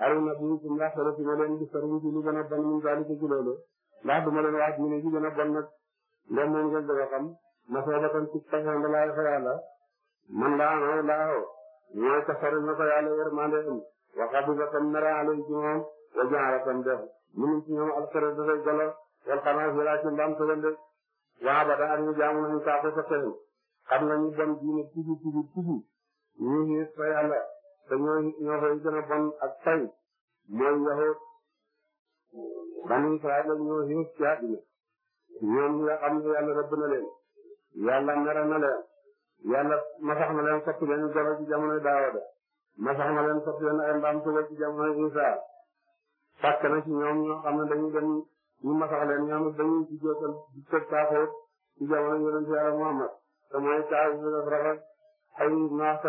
Haruna bi ñu kum la solo si ma leen di sori ci lu gën a bon ñu daal di ko ci loolu ndax du ma leen waaj ñu ne ci gën a bon a fa yàlla man laa amee laa xoo ñooy taxaru nga ko yàlla yërmande am waxaat bi ba tam nar a alay ci moom wa jaara tam def ñu ci ñoom alxere dafay golo wal xanaa fi laa ci mbaam tëgal de waa ba daa ñu jaamu nañu saako sa keneen na nañu dem diine tuuti tuuti tuuti ñu ngi fa yàlla te ñooñu ñoo koy bon ak tey mooy yahut bani Israel ak ñoo xiif ci àdduna ñoom nga xam ne yàlla na leen yàlla mere na leen yàlla masax na leen sotti leen golo ci jamono Daawuda masax na leen sotti leen ay mbaam tuga ci jamono Isa fàkk na ci ñoom ñoo xam ne dañu ñu masax leen ñoom dañuy ci jotal ci tëb saafoo ci jamono Muhammad te mooy taaw bi ay naax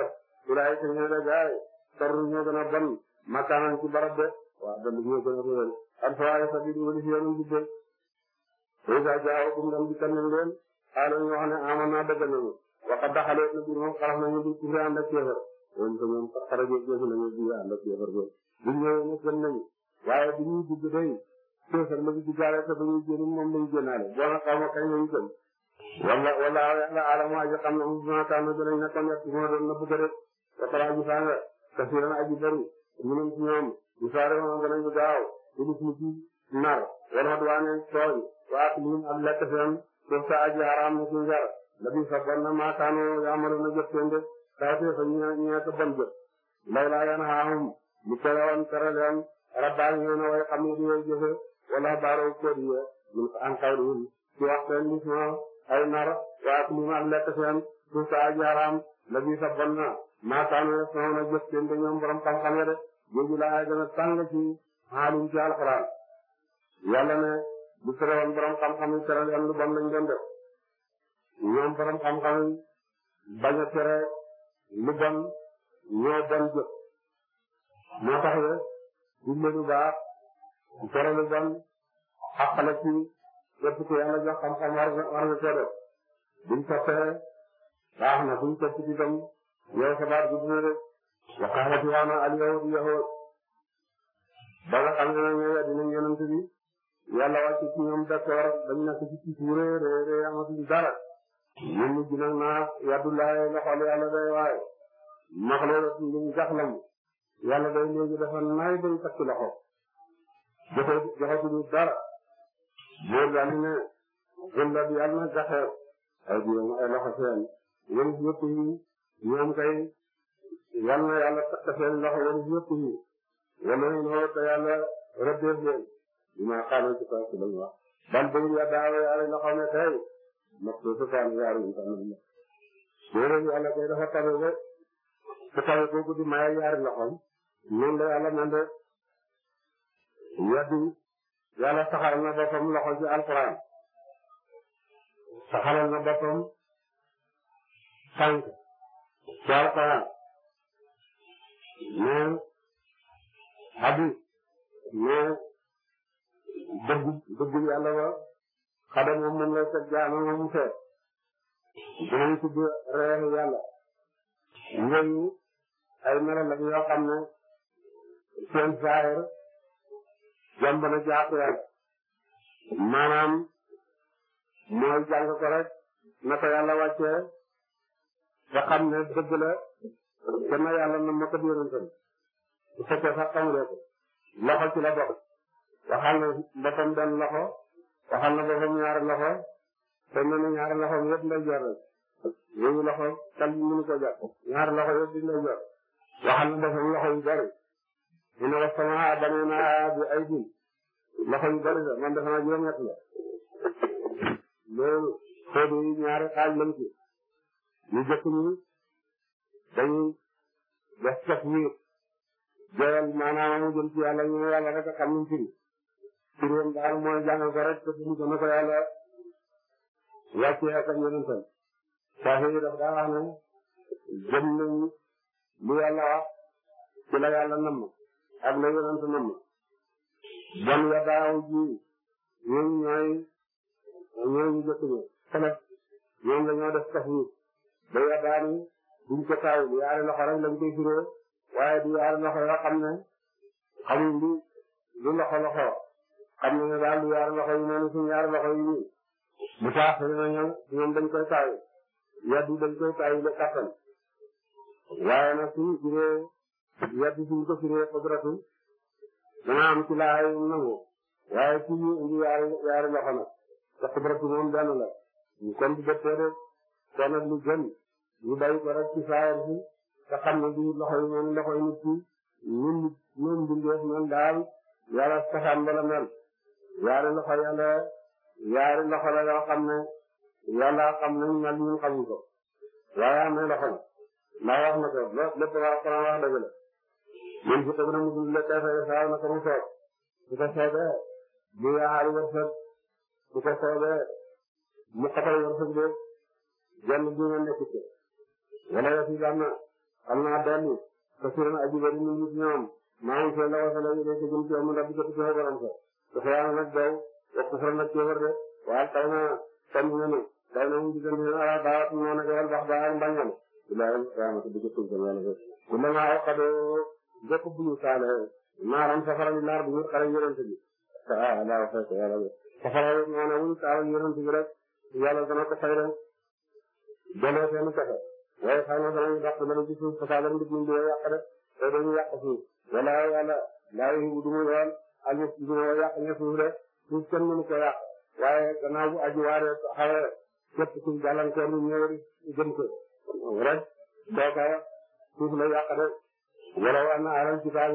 ulaay ka ñëw la gaay sarru ñoo gën a bon makaanan ci barab de waaw dal ñoo gën a réer alfaay sa bi wali fi yoonu jubbe isa jaaw kum dam dikkal nañ leen xaala ñu wax ne aman naa dëgg nañu waxa na biir moom xaraf nañu bi kufri ànd ak kéefar woon ko moom xarajee jëf nañu biir ànd ak kéefar boobu bu ñëwee nag gën nañu waaye bu ñuy dugg day kéefar la bi diggaale te bu ñuy génn moom lañu na mu bi ma kaa na kon yàq ma na bëgg dafa ji saara kasiran aji bëri ñu ne ci ñoom ñu saara moom danañu gaaw te gis ñu ci nar wala xadwaane tooñ waa ci ñun ak lekk seen suuf aji haram na ci njar la bi sa na maakaano yaamalu na jëf seen def daa tee fa ñu ñeek bon jëf lay laa yan haahum ñu terewoon tere leen rabbaani yéen a way xam ne di way jëfe wala baaroo min an xawlihim ci wax seen gis ay nar waa ci ñun ak lekk seen suuf aji haram la bi sa na maakaanu rek sama na jëf seen ñoom borom xam-xam ya de jooju laa gën a tàng ci xaalum ci alxuraan yàlla ne bu terewoon borom xam-xam yi tere leen lañ doon def ñoom borom xam-xam yi tere lu ñoo bon jëf moo tax ne digle lu baax tere lu bon xaqale ci képp ku yàlla jox xam-xam war nga war nga cee def buñ ko na buñ ko ci yow xibaar gis na rek waqaala Firawna al-yahud yahud ba nga xam ne nag ñooy dinañ yonent bi yàlla wàcc ci ñoom d'accord dañ nekk ci ci suure réeré amatuñ dara ñun ñu gën a naa loxol yàlla day waaye max loolu suñu jaxlam yàlla day léegi dafa naay day takk loxo joxe joxatuñu dara boo daal ne gën la bi na jaxeer ay loxo seen yéen yëpp ñoom kay yal na yàlla takk seen loxo yéen ñëpp ñu wala ñu xool te yàlla rëbbeef leen ñu ma xaaral ci kaw ci lañu wax. ban bëgg ya daaw yàlla loxo ne tey ndax su fekkee ne yaaru ñu tam nañu yéen yàlla kay man de yaddu yàlla saxal na boppam loxo ci alquran saxalal na boppam sànq ci alxuraan mais hadis mais dëgg dëgg yàlla wa xadam moom moom lay fekk jaam moom mu fekk dinañ tudd ay melo la yoo xam ne seen saayir na jaaxu yàlla maanaam mooy jàng ko rek na ko yàlla wàccee nga xam ne dëgg la kenn yàlla na ma ko yonentam bu fekkee sax xamuloo ko loxo ci la bokk waxal na boppam benn loxo waxal na boppam ñaari loxo te nee na ñaari loxo yëpp nday joor la yooyu loxo tal bi mënu ko jàpp ñaari loxo yëpp di nday joor waxal na boppam loxo yu bari ñu ne wa sama banayna bi aydin loxo yu bari la man dafa naa juróom-ñett la loolu xóodu yi ñaari xaaj lañ ci ñu jëkk ñi dañuy def teg ñi jëral maanaam ñu jëm ci yàlla ñu ne yàlla rek a xam ñu firi firéen daal mooy jàng ko rek te mu gën a ko yàlla wàccee ak ak yeneen tam saa yi daa wax ne gëm nañu lu yàlla wax ci la yàlla namm ak la yeneen tam namm bon la daaw ji ñoom ñooy ñooy ñu jëkk ñi xanaa ñoom la ñoo def teg ba yabbaani duñ ko taawul yaari loxo rek lañ koy firee waaye du yaari loxo yoo xam ne xamuñ lu lu loxo loxo xam ne ne daal du yaari loxo yi noonu suñ yaari loxo yi nii bu tax na ñoom ñoom dañ koy taawul yaddu dañ koy taawul la kattan waaye nag suñ firee yaddu suñ ko firee xadratu dana am ci laay nangu waaye suñu indi yaari yaari loxo nag te xadratu moom benn la ñu kon du dëppee rek kon nag lu gën ñu bàyyi ko rek ci saayar si te ne du loxo yi moom loxo yi nit ki daal yàlla saxaan ba la mel yaari loxo yàlla yaari loxo la yoo xam ne yàlla xam nañ mel ñun xamuñ ko waaye am na loxo la wax na ko lépp wax Alxuraan wax dëgg la ñun fi tëb na musul la defee saa na ko mu soog su ko soobee bu yaari wërsëg su ko soobee mu xatal jenn diine nekk ci wala yoo si jàmm xam naa dolli te su leen aji bëri ñu ngi ci ñoom maa ngi la wasala yi day ko jëm ci amul ndax du jot ci borom sa dafa yaa nag daw wax ko nag na tam ñu ne na ñu diggante ah, ne ala baat noonu ak yàlla bax baal mbañal bilaay raamatu bi jëpp gëm yàlla def ku la maa wax de jëpp bu bi naar bu ñu xare yonent bi ah laa waxee ko yàlla safara noonu wuñ saal yonent bi rek yàlla dana ko fay jëlee seen i pexe waaye xëy na danañ dàq dana suuf fasaalam nit di yàq rek te dañuy yàq suuf wala yàlla laay du muy yoon ak ñëpp suuf rek suuf kenn mënu ko yàq waaye gannaaw bu aju waaree xawee képp ku gàllankoor ñu ñëw jëm ko rek kooka suuf la yàq rek wala waa na aral ci kaa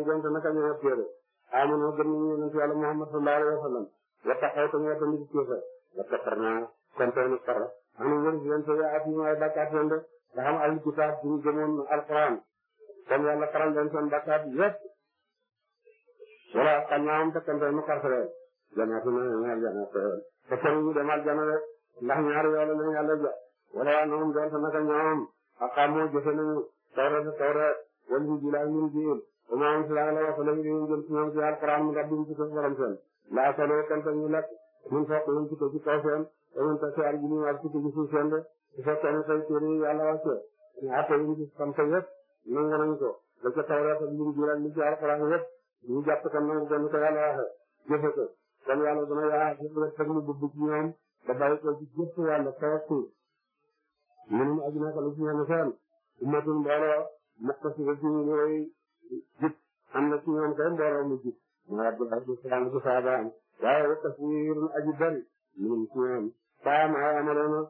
ñu gën ana ngeen ngeen sooy ak ñu ay bakkaat ngeen def nga xam al kitaab bu ñu gëmoon alquran kon yàlla faral leen seen bakkaat yépp wala xam naa am fekkante mu xarfale janaatu na ñaar janaat te kon ñu demal jana rek ndax ñaari yoon la yàlla jox wala ñoom doon sa naka ñoom aqamoo jëfe nañu tawra sa tawra wal injiil ak injiil uma am silaag la wasalam yi ñu jël ci ñoom ci alquran mu rabbi ci ko waram seen laa saloo kan ñu lekk ñu fokk ñu ci ko ci danañ ko si àll bi ñu war si dugg si seen su fekkee ne tey téere yi yàlla wàccee ñu àtte yi ñu gis xam te yëpp nangu nañ ko la ca tawreet ak li mu jural li ci alxuraan yëpp ñu jàpp ko nangu ko ni ko yàlla waxee jëfe ko kon yàlla dana yaa yëpp teg lu bëgg ci ñoom ba bàyyi ko ci jëpp yàlla tawassul mënum aju naka lu ci ñoom seen ummatul mbooloo muqtasida ci ñu lay jub am na ci ñoom kay mbooloo mu jub waaye bu baax bu saaba am waaye wa kasirun aji bari mënum ci ñoom baayam ay amaloon na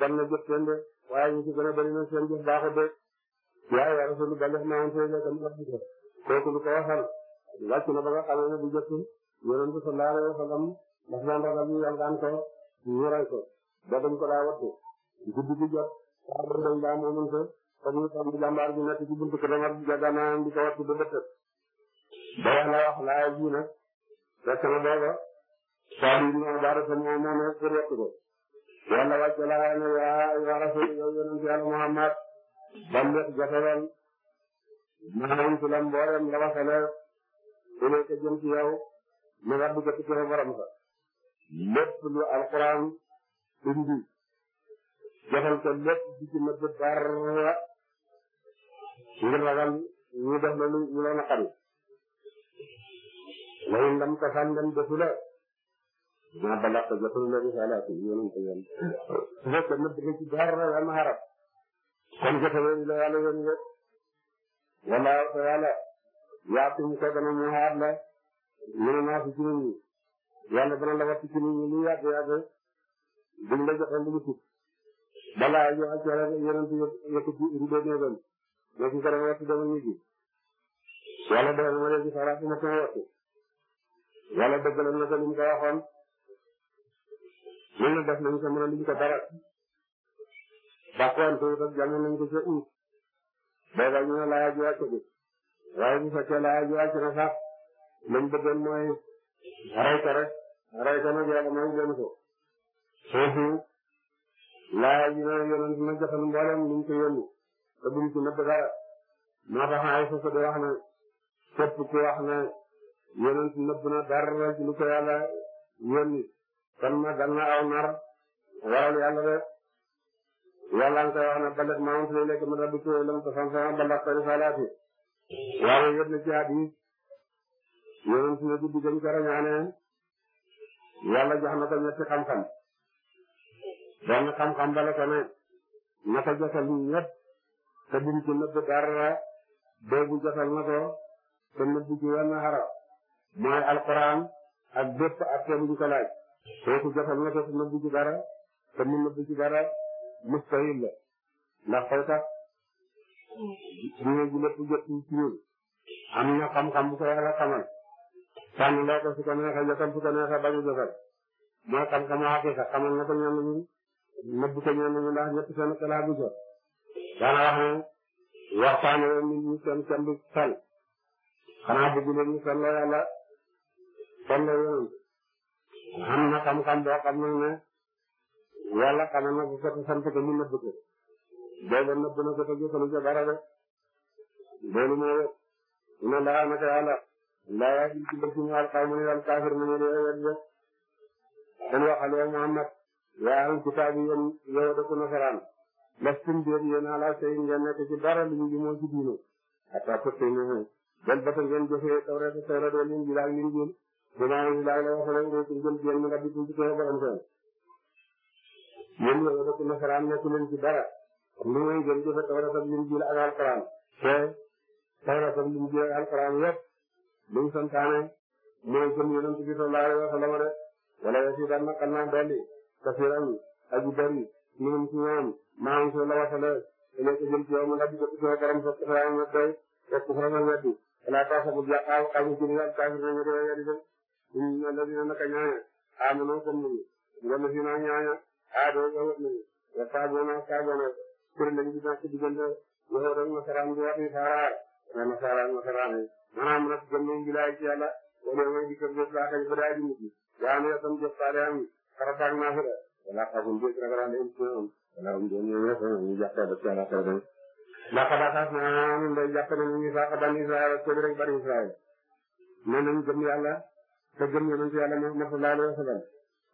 ban na jëf seen de waaye ñu ci gën a bëri na seen jëf baaxut de waaye wa rasulu balligh ma anzalna ilayka kooku lu ko waxal wàcc na ba nga xamee ne bu jëkk yonent bi sallallahu alayhi wa sallam daf daan ragal ñu yàngaan ko ñu rey ko ba dañ ko daa wattu guddi gi jot saa ba dañ daa moomuñ ko te ñu xam ne jàmbaar bi nekk ci buntu ko dama jaganaam di ko wattu ba bëtt ba wax la wax laaya ji nag fekk na booba saa bi ñu baara sa moo moo ne pour wattu ko yàlla wàcce la waaye ne rasul yow yonent yàlla Muhammad bal jotalal maanaam ci la mboolem la waxale ilayka jëm ci yow mi rabbi ko ci kër borom sa lépp lu alquran indi jotal ko lépp di ci mëdd dara ngir ragal ñu def la lu ñu leen a xam lay ndam ko sàndam defu la ma ballaqta jotul risaalaati yonente yoon su fekkee nëbb nga ci dara wala xarab kon jote yooyu la yàlla yónni rek wala yàlla yaatum ko dana ñu xaar la mën naa fi ci nit ñi yàlla la wàcc ci nit ñi lu yàgg yàgg duñ la joxe lu ñu tub balaa ñu ak yàlla yonente yëkk ci rudo néegam ñoo ci kanam wàcc dama ñu ji yàlla dana ma leen di ma ko wàcc yàlla dëggal na ko li waxoon loolu def nañ ko mën a luñ ko dara bàqante yi tam jàng nañ ko ca uut booba ñu ne laaj wàcc bi waaye bu fekkee laaj wàcc na sax lañ bëggoon mooy rey rek rey ko nag yàlla may gën ko foofu laaj yi ne yonent na jotal mboolem luñ ko yónni te buñ ci nëbb dara moo tax ay foofu di wax ne képp ku wax ne yonent nëbb na dara ci lu ko yàlla yónni kon ma dal na aw nar waral yàlla de yàlla nga koy wax ne balag maa ngi fi nekk ma daal di tuur lam tasam sama balag ko risalaati waaye yëpp na ci hadis yonent na ci diggam ko rañaane yàlla jox na ko ñetti xam-xam benn xam-xam bala ko ne na ko jotal ñëpp te bu ci nëbb dara bee bu jotal na ko te nëbb ci wenn xarab mooy alquran ak bépp ak te ko laaj kooku jotal na ko nëbbu ci dara te mu nëbbu ci dara mustahil la ndax fay tax diine ji lépp jot ci ñun am na xam-xam bu ko yàlla xamal sànni loo ko su ko neexee jotal su ko neexee bañu jotal mooy xam-xamu xaqiqa xamal na ko ñenn ñi nëbbu ko ñenn ñi ndax ñëpp seen xalaat bu jot daana wax ne waxtaane leen nit ñi seen kenn du sal xanaa bëgg leen ñu salloo yàlla salloo yonent am na xam-xam boo xam ne yàlla xanaa na ko jot a sant ko ñu nëbb ko boobu nëbb na ko te jotalu ca dara de loolu mooy na laa naka yàlla laa yaa ngi ci bëgg ñu al xaw ma ne al kaafir ma ne la yowet de kon waxal yow Muhammad yaa ngi kitaabu yéen yow dëkk nasaraan lastum déet yéen ala sey ngeen nekk ci dara lu ñu jumoo ci diine ataa ko tey ngeen bel ba ngeen jëfee tawreet tawreet wala injiil ak injiil Soumaré bi daal la wax nag mooy suñu jëm ci yéen ñu ngi ci suñu borom seen yéen ñoo dëkk nasaraan nekk leen ci dara lu may jëm ci fa tawrat ak injiil ak alquran te tawrat ak injiil ak alquran yëpp luñ santaane mooy jëm yonent bi sallallahu alayhi wa sallam de wala yasidan naqal naa dolli kasiran aji bari ñoom ci ñoom maa ngi la wasale nekk jëm ci yow mu nga ci suñu borom sa xalaat nga koy fekk fa nga weddi wala tax bu jàqaaw xamu ci ni nga tax nga di ñun alladina naka ñaaña amanu gëm nañu wala fi naa ñaaña aadoo gëm nañu wa saaboona saaboona kër lañ di nekk diggante yow rek nasaraan bi wax ni saaraar wala nasaraan nasaraan yi maanaam nag gëm nañ bilaay ci yàlla wala ma ngi kër jëf laa kañ ba daal di mujj yaanu itam jëf faale am xarafaak naa fi la wala xagum bi rek la leen ci am wala um doon ñëw rek ñu jàppee ba ci yàlla xel rek laqad axadnaa day jàpp nañu ñu sax bani israel rek bari israel nee nañ gëm yàlla te gëm yonent yàlla Muhammad sallallahu alayhi wa sallam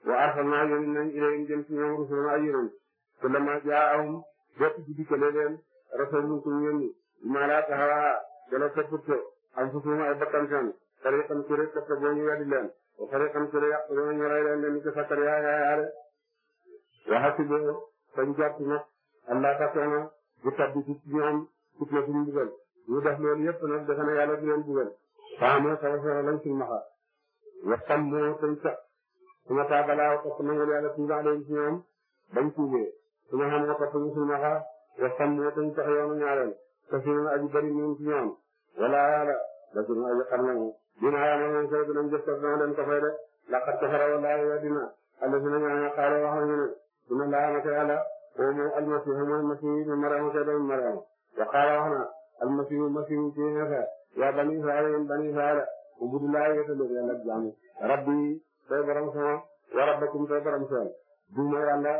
wa arsalnaa yónni nañ ilayhim jëm ci ñoom rusulan ay yonent kullamaa jaa'ahum bépp ci dikkale leen rasulun ku yónni maa laa taxawaa dala toppatko anfusuhum ay bakkan seen fariqan kuré topp boo ñu weddi leen wa fariqan kuré yàquluna ñu rey leen leen ni ko fàttal yaa yaa yaale waxa si boo sañ jàpp ñoom fitna suñu bugal ñu def loolu yëpp nag defe na yàlla di leen bugal faama sawasara lañ silmaxa waxtaan moo koy sax su ma taa balaa wax dëgg nangu yàlla tuuba alayhi ci ñoom bañ tuubee su ma xam wax dëgg suñu naxa waxtaan moo koy sax yoonu ñaareel te suñu aji bëri ñu ci ñoom wala yàlla da suñu aji xam nañu dina yaa moom kay dinañ jëf dana leen ko fay de laqad kafara wallaahi wa dina allah suñu ñaan xaaral wax nañu ne dina laa naka yàlla moom mooy almasihu mooy masihu ñu maram kay dañ maram wa qaala wax na almasihu masihu ci neefa yaa bani israel bani israel ubudu laay wéetal yàlla jaamu rabbi say borom sama wa rabbakum say borom seen duuma yàlla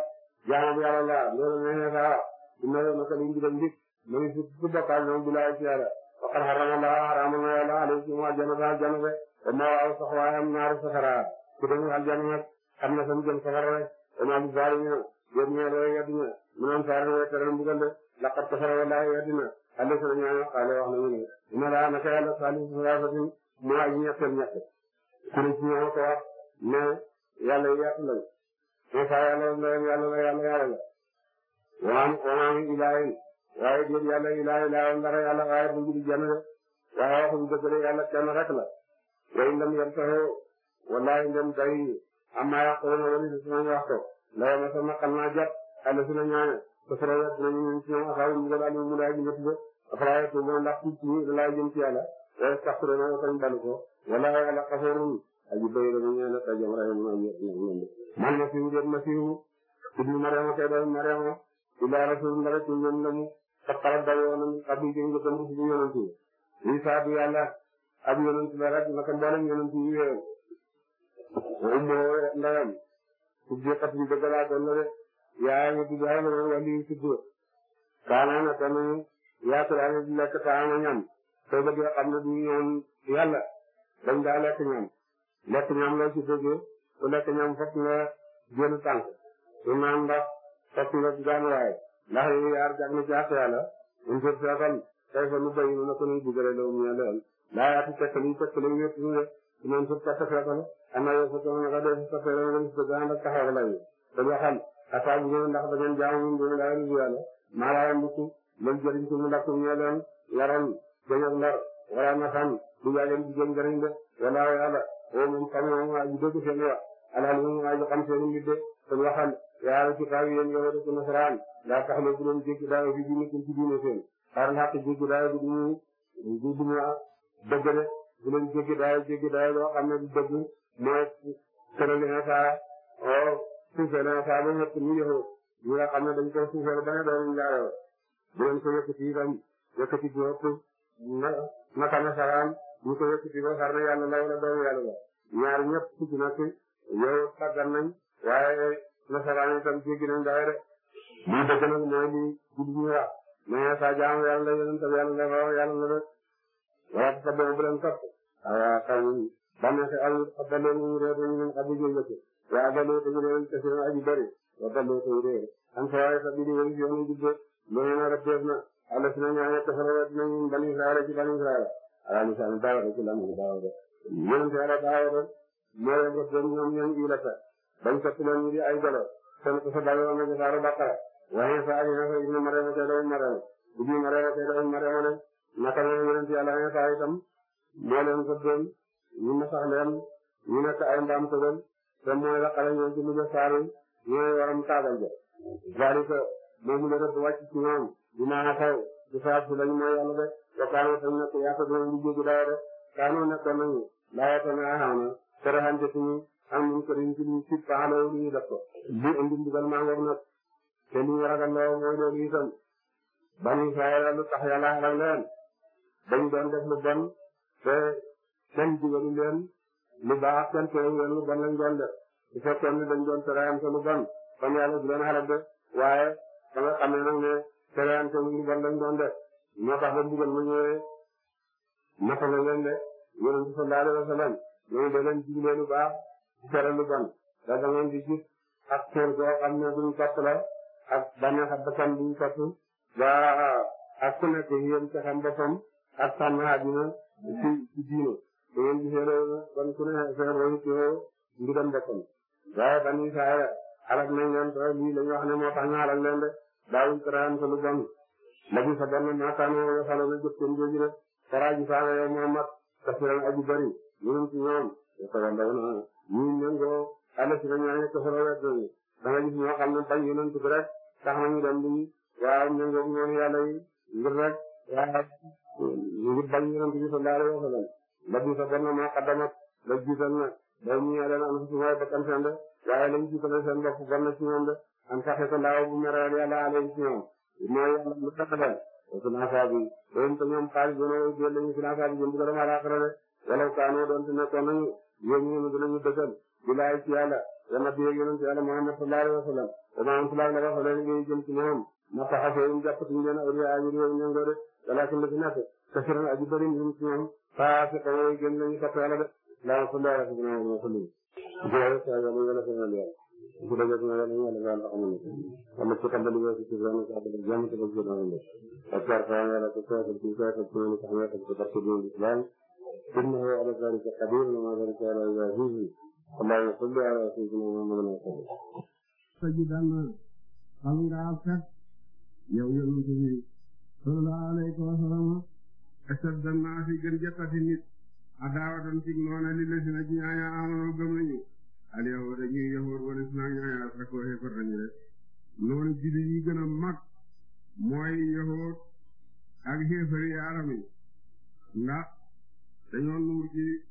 jaamam yàlla laa loolu mooy xeexaa dina leen naka liñ digal nit ma ngi si si bokkaal ñoom bi laay ci yàlla faqad harama laa harama na yàlla alaykum aljana sa aljana be wa ma waaw sax waayam naaru safara ku dem aljana nag xam na sam jëm safara rek wa ma bi zaalimiina yéen ñoo doon yeddina mu naan saa rek teral mbugal de laqad kafara wallaahi yeddina allasina ñoo xaale wax nañu ne dina laa moo ak ñett ak ñett kuréel ñoo ko wax mais yàlla yàq lañ Isa yàlla ndeyam yàlla la yàlla yàlla la. waan waan ilaahin waaye déet yàlla ilaahi laayoon dara yàlla waaye bu jublu jàmm waaye waxuñu dëgg la yàlla kenn rek la. way ndam yem saxoo wallaahi ndam day amaa yàqoon wala ni si ma wax ko ndeyam ak sama xam naa jàpp àll si la ñaane te fara yàq nañu ñun si ñoom asaaru ñu gën a amee mu laaj ñëpp ba afraay tuuba ndax ci ci laay jëm sax dana sañ balu ko wala yàlla xafoorun aji bay la ñu la tajam rahim man masihu jot masihu ibnu mariama kay doon mariama ila rasul ndara ci ñoom la mu taxara dawoo nañ xabi jëm nga tam ci yonent yi saa du yàlla ab yonent la rek naka mboolem yonent yi wéew ummoo ndayam subje xat bi dëgg laa doon la de yaaya nga tudd ay la wali tudd kaana na tanu yaatu la lekk taama ñam tooba joo xam ne du ñoom yàlla dañ daa lekk ñoom la ci déggee ku lekk ñoom fokk nga génn tànk su naan ndax fokk nga jaamuwaay ndax yow yaar jag na jaas yàlla un jour feefan tay fa nu bay nu na ko nuy digale law mu yàlla laa yaati tekkali tekkali ñëpp ñu ne su neen sur katta feefan am na yow fa ko naka def sa feere nga gis dëgg ànd ak taxaw la yi te nga xam ataa bu ngeen ndax da ngeen jaamu ñu ngeen daa yàlla maa laa yàlla mbukk lañ jëriñ jëngal ndar wala nasaan du yàggal di jëm jëriñ de wala yàlla woo moom xam moom waa ji dëgg seen wax alaal la bu leen jéggi daayo fi diine seen ci diine seen xaaral xaq jéggi daayo bi duñu du duñu ah. dëgg de bu leen jéggi daayo jéggi daayo loo xam ne du dëgg mais tëral insa o oh, suufeel insa ba ñëpp ñu yow ñi nga xam ne dañ ko naka nasaraan ñu ko yëkkati ba xar na yàlla la wala doomu yàlla la ñaar ñëpp tukki na ci yow tàggat nañ waaye nasaraan itam jéggi nañ daay rek lii dëgg nag mooy li gudd ñu wax mais sa jaamu yàlla la yonent la waaw yàlla la rek waaw sa doom bu leen topp waaw xam ba nekk al abdaloo ñu réer ñu leen abdi jël ñu leen te seen aji bëri abdaloo te ñu réer am sa sa bi di wëri yoonu jubbe loolu na rek na Allah si na ñu ànd ak taxawal dinañu bani Israël ci bani Israël alaani saa ñu daawoo ci lan ñu daawoo de a ba ñoom ñoom ñu la fekk sa fekk leen ñu di ay golo seen ko sa bàyyi woon na saaru bàqara waxee saa yi naka ibnu Mariama tey dawul Mariama ibnu Mariama tey dawul Mariama ne naka la yéen ci yàlla ne saa itam moo leen ko doon ñu na sax leen ñu nekk ay mbaam tëgal te mooy la xale ñoom ci mujj saari ñooy waram taabal ja zalika dinaa xaw du saa si lañ mooy yàlla rek te kaanu sañ nekk yaakaar naa lu jóge daaw rek kaanu nekkoon nañu laajata naa xaw na terexante suñu am nañ ko dañ ci ñu ci paxaloo lu ñu def ko. li indi ndigal maa ngoog nag te li ñu ragal loo mooy loolu itam bani Israayil lu tax yàlla xaral leen dañ doon def lu bon te kenn digalu leen lu baax kenn teewu leen lu bon lañ doon def bu fekkoon ne dañ doon terexante lu bon kon yàlla du leen xaral de waaye ba nga xamee ne. terewante lu bon lañ doon def ñoo tax ba mbugal ma ñëwee matala leen de yonent sallallahu alayhi wasallam loolu da leen digle lu baax di tere lu bon da ngeen di gis ak xéer goo xam ne duñ topp la ak bànneex ak bakkan duñ topp waa ak ku nekk yéen ca xam boppam ak sànn àddina ci ci diine da ngeen gisee loolu kon ku ne seen royu ci mbiram boppam waaye ban isaaya alak nañ leen te lii lañ wax ne moo tax ñu alak leen de daawul saraan fa lu bon nabi maa gànn naataanoo yoo xam ne dañu jëf seen jooju rek saraaji saana yow Muhammad kasiran aji bari ñun ci ñoom dafa gànn daw na ñun ñangoo ala si la ñaare ko fa la wet nañu da nga gis ñoo xam ne bañ yonent bi tax nañu dem di waaw ñangoo ñoom yàlla yi ngir rek waaw ngi bañ yonent bi sallallahu alayhi wa sallam nabi sa gànn maa xaddamat la jiital na day mu ñaareel am si mooy bakkan seen de waaye lañ jiitale seen bopp bon na ci am sax ko ndaw bu meral yàlla alayhi ci ñoom mooy yàlla mu tax leen silaasaa bi doon te ñoom xaalis dina jël lañu silaasaa bi jëm bu ko dem alaxira de wala kaanoo doon te nekkoon nañu yéen ñi dinañu dëkkal bilaay ci yàlla yana bi yonent yàlla Muhammad sallallahu alayhi wa sallam damaam sila la wax leen ngay jëm ci ñoom ma taxasee ñu jàpp ci ñoom awri ajir yooyu ñangoo de wala ki la fi nekk kasiran aji bëri ñu ci ñoom faa fi xawee gën nañu topp yàlla de la sallallahu alayhi wa sallam bu dee gis nga yàlla ñu ngi leen di xamal ko. wala ci kàddu gi ci suuf daanaka ak yàlla jàmm ci bés bu doon leen. ak yàlla xam nga yàlla ci saa ci ci saa ci ci ñu xam nga ci barke bi ñu islam. innahu ala zalika qadir wa ma zalika ala ilahihi. wallahu yusalli ala sayyidina muhammadin wa sallam. sajidan xam nga fekk yow yonent bi sallallahu alayhi wa sallam ashadda an-naasi gën jëkkati nit adaawatan ci noona li la si na ci ñaaña amanu gëm nañu al yahuud dañuy yahuud wala islam ñooy asrakoo xéefar dañu rek noonu julli yi gën a mag mooy yahuud ak xéefari arab yi ndax dañoo nuur ci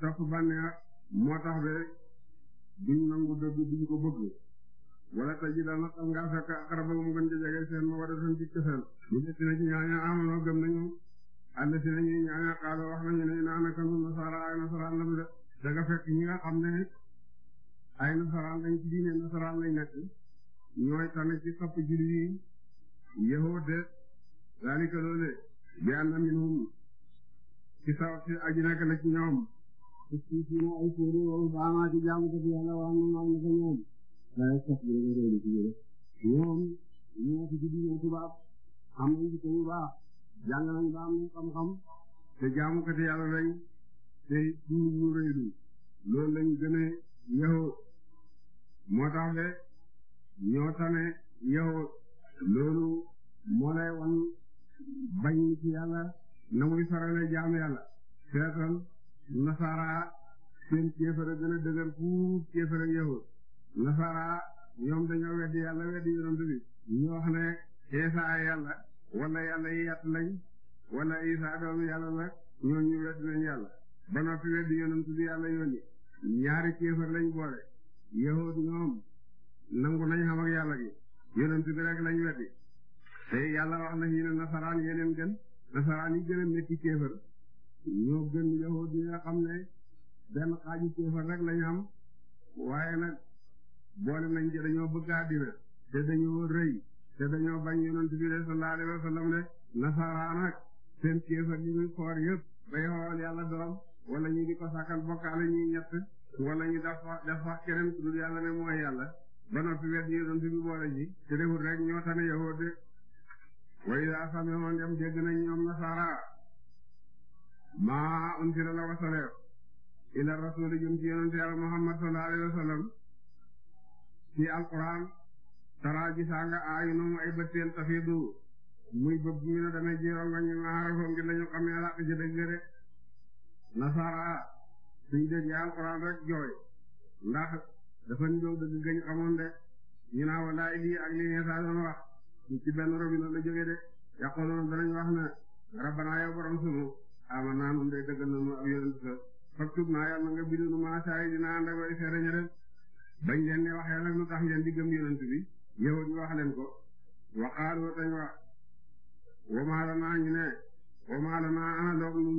topp bànneex moo tax be duñ nangu dëgg duñ ko bëgg wala taji dana xam nga fekk xaraba mu gën jege seen ma wara tan ci cosaan ñu ne dina ci ñaaña amonoo gëm nañu àll si nañuy ñaaña xaalo wax nañu ne naa naka nu nasara ay nasara lam de daga fekk ñi nga xam ne ay nasaraan lañ ci nasaraan lañ nekk ñooy tamit ci sopp julli yi loole bi anna minhum ci saw ci la ci ñoom ci ci na ay suuri waru baama ci jaamu ko yàlla waa ñu naan ko ñoom la sax bi nga yow moo tax de ñoo tane yow loolu moo lay wan bañ ci yàlla na muy farale jaam yàlla seetal nasaraa seen kéefara gën a dëgër fuuf kéefara yahud nasaraa ñoom dañoo weddi yàlla weddi yonent bi ñu ne Isa yàlla wala yàlla yi yàtt lañ wala Isa doomu yàlla la ñoo ñu weddi nañ yàlla ba noppi weddi yonent ñaari kéefar lañ boole yahuud ñoom nangu nañ xam ak yàlla rek lañ weddi te yàlla wax na ñu nasaraan yeneen gën nasaraan yi gën a nekk ci ñoo gën yahuud yi nga xam ne benn xaaju kéefar rek lañ xam waaye nag boole nañ ci dañoo bëgg àddina te dañoo rëy te dañoo bañ yonent bi de sallallahu alayhi wa sallam nasaraan ak seen kéefar yi muy xoor yëpp bay xool yàlla doom wala ñu di ko sàkkal bokkaale ñett wala ñu def def wax keneen ku yàlla ne mooy yàlla ba noppi wet yonent bi boole ji te defut rek dem dégg nañ ñoom nasaara maa unsila la wasaleef ila rasuli jëm ci yonent yàlla muhammad sallallahu alayhi wasallam ci alquran tara ji sanga ayunum ay bëteen tafidu muy bëb mi na dame ji rongoñ mi maara foom gi lañu xam ne dëgg de nasara suñ déggee alxuraan rek jooy ndax dafa ñëw dëgg gañ xamoon de ñu naa wallaay lii ak li Iisaa wax ci benn robinet la jógee de yaquluuna danañ wax ne rabbanaa yow borom sunu aamannaa nun de dëggal nañu ak yonent sa faktubnaa yàlla nga bind nu maa shaahidina ànd ak way seere ña de bañ leen ne waxee nag lu tax ngeen di gëm yonent bi yow wax leen ko waxaaru tañ wax wa maa lanaa ñu ne wa maa lanaa ana doog nun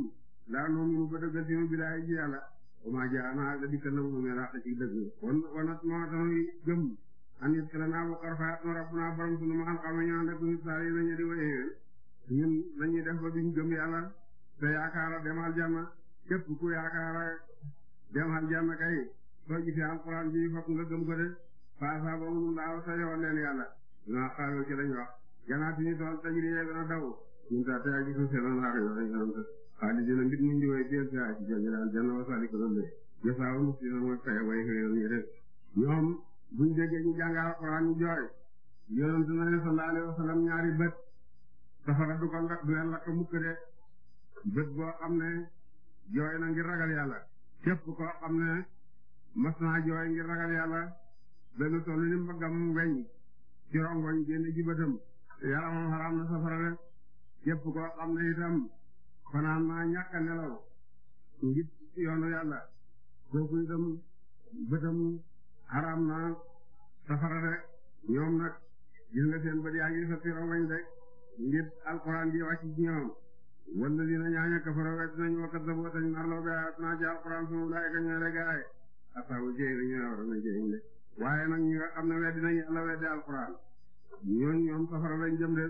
laa noonu ba dëggal sinu bilaay ji yàlla oma ja naa ga dikkal na mu me laa ci dëgg kon wanat moo tax gëm an it kala naa bu xarfaat no rabb naa borom sunu ma xam-xame ñaan rek ñu saari nañu di wéyéen ñun nañuy def ba biñ gëm yàlla te yaakaara dem aljanna képp ku yaakaara dem aljanna kay soo gisee alquran bi fokk nga gëm ko de faasa ba mu laaw sa yoon leen yàlla naa xaaroo ci lañ wax gannaaw fi tool tajriye gën a daw xaalis dina mbir mi ngi woy jël ci jooju daal na sallallahu alayhi wa ñaari bët safara du ko lakk du leen lakk mukk de bët boo xam ne jooy na ngir ragal yàlla képp koo xam ne mas naa jooy ngir ragal yàlla benn tollu ni mbaggam weñ ci rongoñ génn ji bëtam yaramam xaraam na safara de képp koo xam ne itam konaan maa ñàkk nelaw ngir yoonu yàlla kooku itam bëtam haram na safara de ñoom nag gis nga seen bët yaa ngi sotti rongañ de ngir alquran ji wàcc ci ñoom wala dina ñaaña kafaro wet nañ wakkat da boo tañ marloo bi ayat naa ci alquran sunu laay ka ñoo de gaay asaabu jeey ni ñoo war na jeey de waaye nag ñi nga xam ne weddi nañ yàlla weddi alquran ñooñ ñoom safara lañ jëm de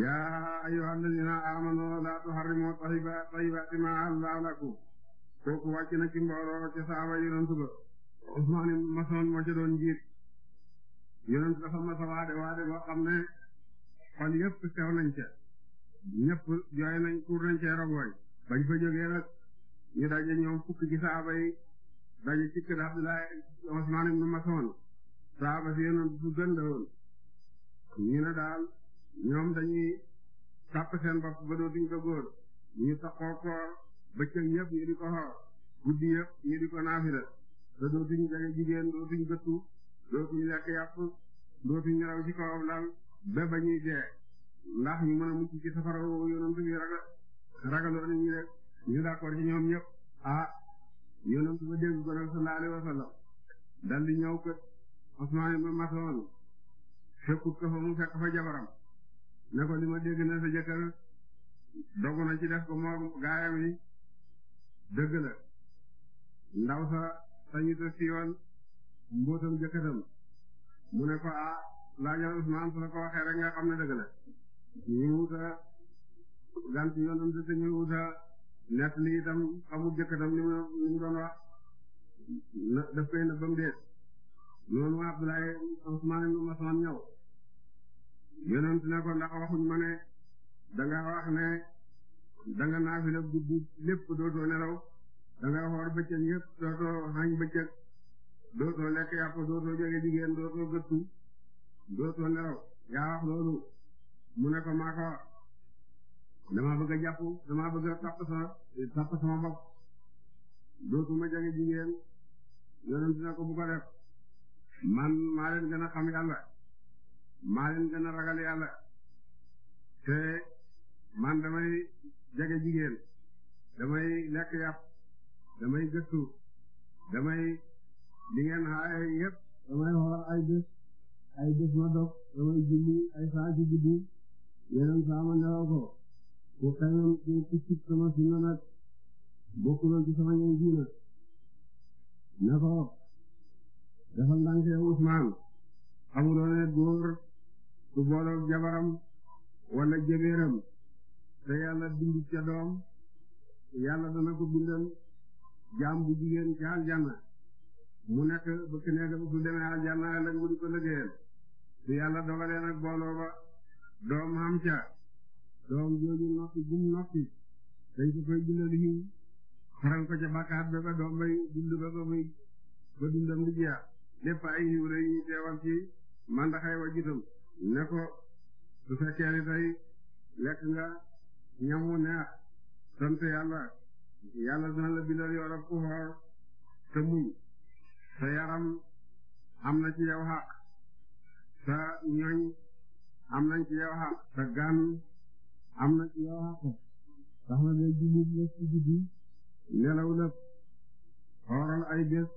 yaa ayyuhal ladina amanu la tuharrimu tayyibati ma ahalla lakum kooku wàcc na ci mbooloo ci saaba yonent ba Usmaan ibn Mas'uud moo ci doon njiit yonent dafa mas a waade waade boo xam ne xol yëpp sew nañ ca ñëpp jooy nañ tuur nañ ca rogooy bañ fa jógee nag ñu daje ñoom fukk ci saaba yi daje ci kër Abdullah Usmaan ibn Mas'uud saaba si yonent bu gën la woon ñu ne daal ñoom dañuy sàpp seen bopp ba dootuñ ko góor ñu taxoo koor bëccëg yëpp ñu di ko guddi yëpp ñu di ko naafila te dootuñ jege jigéen dootuñ gëttu dootuñ lekk yàpp dootuñ nelaw ci kawam daal ba ba ñuy dee ndax ñu mën a mucc ci safara woowu yonent bi ragal ragaloo nañu rek ñu d'accord ci ñoom ñëpp ah yonent ba dégg ko nag sallallahu alayhi wa sallam dal di ñëw fekkut ko fa fekk fa jabaram ne ko ma dégg ne sa jëkkër dogu na ci def ko moom gaayam yi dëgg la ndaw sa sañu ta siiwal mbóotam jëkkëram mu ne ko ah laajal Usmaan su la ko waxee nga xam ne dëgg la ñu wuta gant yoonam te ñu wuta nett li itam xamul jëkkëram li mu doon wax daf koy nëbbam deet noonu Abdoulaye Usmaan ibn Mas'ud ñëw yonent ne ko ndax waxuñ ma ne danga wax ne danga naafila guddi lépp dootoo nelaw danga xoor bëccëg yépp dootoo xañ bëccëg dootoo lekk yàpp dootoo jege jigéen dootoo gëttu dootoo nelaw yaa wax loolu mu ne maa ko dama bëgg a jàpp dama bëgg a tapp sa tapp sama bopp dootuma jege jigéen yonent ne ko bu ko man maa leen gën a xam yàlla maa leen gën a ragal yàlla te man damay jege jigéen damay lekk yàpp damay gëstu damay li ngeen xaaye damay xoor ay bés ay bés ma dog damay julli ay saa ci guddi yeneen saa ku xañoon ku ku cib sama sunna nag bokkuloon sama ñoom diina na ko dafa ndànk Usmaan xamuloon ne góor su booloog jabaram wala jëbeeram te yàlla bind ca doom yàlla dana ko bindal jigéen ca aljanna mu nekk bëkk néegam su demee aljanna ëllëg mu di ko liggéeyal su yàlla dogalee nag booloo ba doom am doom jooju noppi gum noppi dañ ko koy bindal yiw ko ca bàkkaat ba doom bay dund ba ba muy ba dundam di jeex lépp ay yiw la yi teewal ci mandaxay wa ne ko su fekkee ni day lekk nga ñamu neex sant yàlla yàlla dina la bindal yoolab ku xoor te muñ sa yaram am na ci yow xaq sa ñoñ am nañ ci yow xaq sa gan am na ci yow xaq tax na day jullit ne ci guddi nelaw lëpp xooral ay bés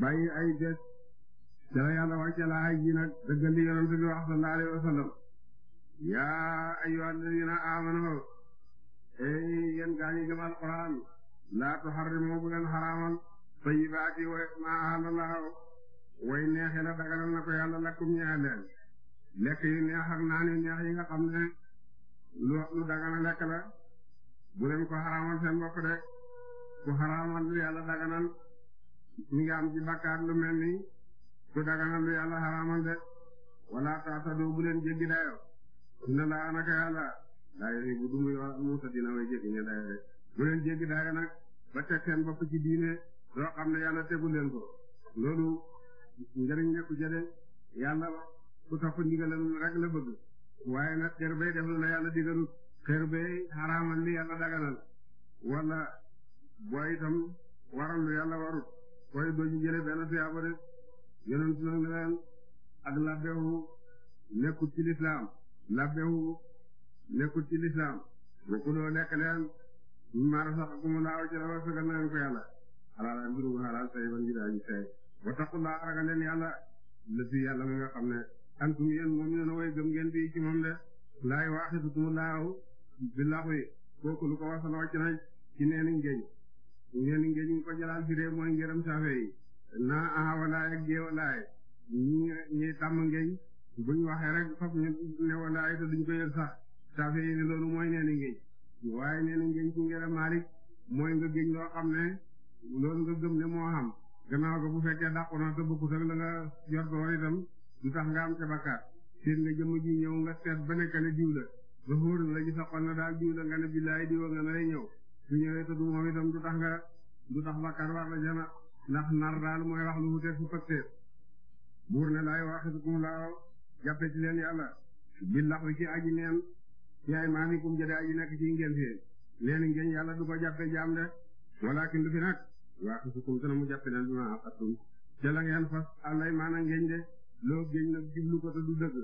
bàyyi ay bés dara yàlla wàcce la ay ji nag dëggal li yonent wax sallallahu wa sallam yaa ayyuhal ladina amanu ey yéen gaa ñi gëm alquran laa tuharrimu bu leen xaraamal tayyibaati wa ma ahalallahu way neexe la daganal na ko yàlla lakum ñeexe lekk yu neex ak naan yi nga xam ne lu dagana lekk la bu leen ko xaraamal seen bopp de ku xaraamal yàlla daganal mi ngi am ci bakkaar lu mel ni du daganal lu yàlla xaraamal de wala taatadu bu leen laa naka yàlla dayo yi bu dumu yoo muusa dina way jéggi dayo de bu leen ba teg diine doo xam ne yàlla tegu leen ko loolu njëriñ nekku jëde yàlla ku topp ndigalam rek la bëgg waaye nag xër def lu la yàlla digalut xër bay xaraamal li yàlla daganal wala boo itam warut koy doo ci jële benn tuyaaba de yonent na leen ak labbewu nekkul ci lislaam labbewu nekkul ci lislaam wakuloo lekk leen mimmaa razaqakumullaahu ci la wërsëgal na leen ko yàlla xalaalan mbir mu xalaal tayyiban ji daaji tey wattaqullaaha ragal leen yàlla lësi yàlla mi nga xam ne antum yéen moom ne na way gëm ngeen bi ci moom de laay waaxitutumullaahu billaxwi kooku lu ko wasaloo ci nañ ci neeni ngeñ neeni ngeñ ko jëlaal fi réew mooy ngërëm safe naa ahawalaay ak jeewalaay ñi ñi tàmm ngéy buñ waxee rek fop ñu newalaay te sax safe yi loolu mooy nee ni waaye nee ni ngéy ci ngela Malik mooy nga géñ loo xam ne loolu nga gëm ne moo xam gannaaw ga bu fekkee dàqu na te bokkut ak la nga yor doon itam du tax nga am ca bakkaar seet nga a ji ñëw nga seet ba nekk ne diw ba xóor la ji sa xol na daal diw nga ne billaay diwa nga ne ñëw su ñëwee te du moom itam du tax nga du tax ndax nar daal mooy wax lu wuteeg su pëgteef buur ne laay waaxitukum la jàppe ci leen yàlla bi lax wi ci aji neen ci ay maanikum jëde aji nekk ci ngeen fii leen ngeen yàlla du jàppe jaam de walakin du fi nag waaxitukum dana mu jàppe leen bi ma àqattum ca la ngeen fas àllay maana ngeen de loo géñ nag jublu ko te du dëgg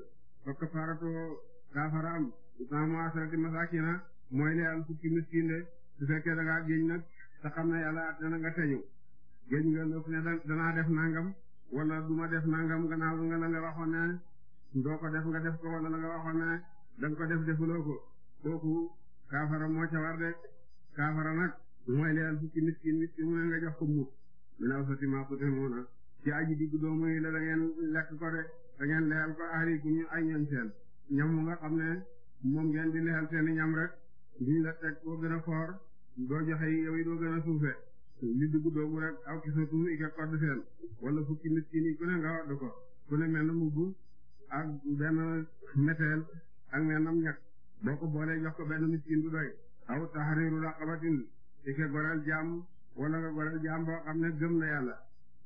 fa kafaratoo kaafaraam isaamu asarati masakina mooy leen fukki miskin de su fekkee da ngaa géñ nag te yàlla at na nga teñu génn nga lépp ne danaa def nangam wala duma def nangam gannaaw nga la waxoon ne doo ko def nga def ko wala nga waxoon ne danga def defuloo ko kooku kaafara moo war de kaafara nag mooy leel fukki miskin miskin mooy nga jox ko mut min awsati maa tut'imuuna ci aji digg doomu yi la da lekk ko de da ngeen lexal ko ahliikum ñu ay ñoñ seen ñam nga xam ne moom ngeen di lexal seen ñam rek duñ la teg koo gën a foor doo joxe yow yi doo gën a suufe li dugg doomu rek aw gis i ka kodd seen wala fukki nit ki ku ne nga wadd ko ku ne mel na mbubb ak benn meteel ak mel nam ñakk boo ko boolee jox ko benn miskin du doy aw tahriru raqabatin i ka goreel jaam wala nga goreel jaam boo xam ne gëm na yàlla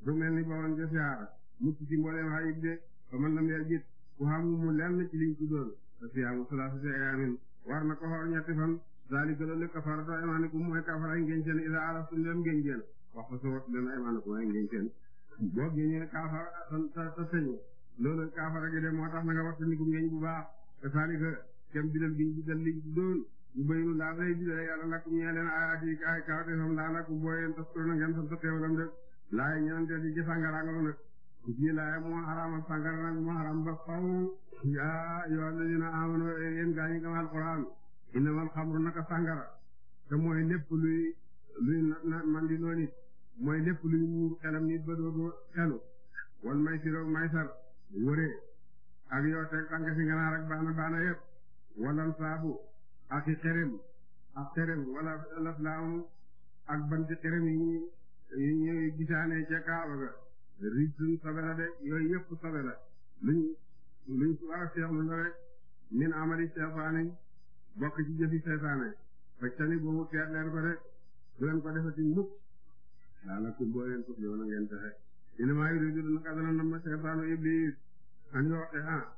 du mel ni ba woon josiaara mucc ci mbooleem ayib de ba mën nam yel ku xam mu lenn ci liñ ci doon a siyaamu salaasati war na ko xoor ñetti fan zalika loolu kafaratu aymanikum mooy kafara ngeen seen ila araftum dem ngeen jël wax ko soo dem aymanikum ay ngeen seen boo génnee kafara ta ta loolu kafara gi de moo tax na nga wattandiku ngeen bu baax te zalika kem bidal gi bidal li doon ñu bayinu laa fay bidal yàlla lakum ñee leen ayaati kaay kaawte sam laa lakum boo yeen taskuruna ngeen sant teewalam de laay ñenante di ci sàngara nga nag ji laay moo xaraamal sàngara nag moo xaraam ba faw yaa yoo la dina amano inna wal xamru naka sàngara te mooy lépp luy luy man mooy lépp luy muur xelam nit ba doodu xelu wal may siroog may sar wëree ak yoo teg tànk si ak baana baana yépp walal saabu ak i xerem ak xerem wala laf laamu ak banti xerem yi yi ñu ga riig suñ sobe de yooyu yépp sobe la luñ luñ war a la rek min amali seexaani bokk ci jëfi seytaane ba cani boobu teer leen ko de bu leen ko defati mukk daanakum boo leen ko yoona ngeen texe inama yuridu naka dana nam seytaanu iblis an yoxe ha ah,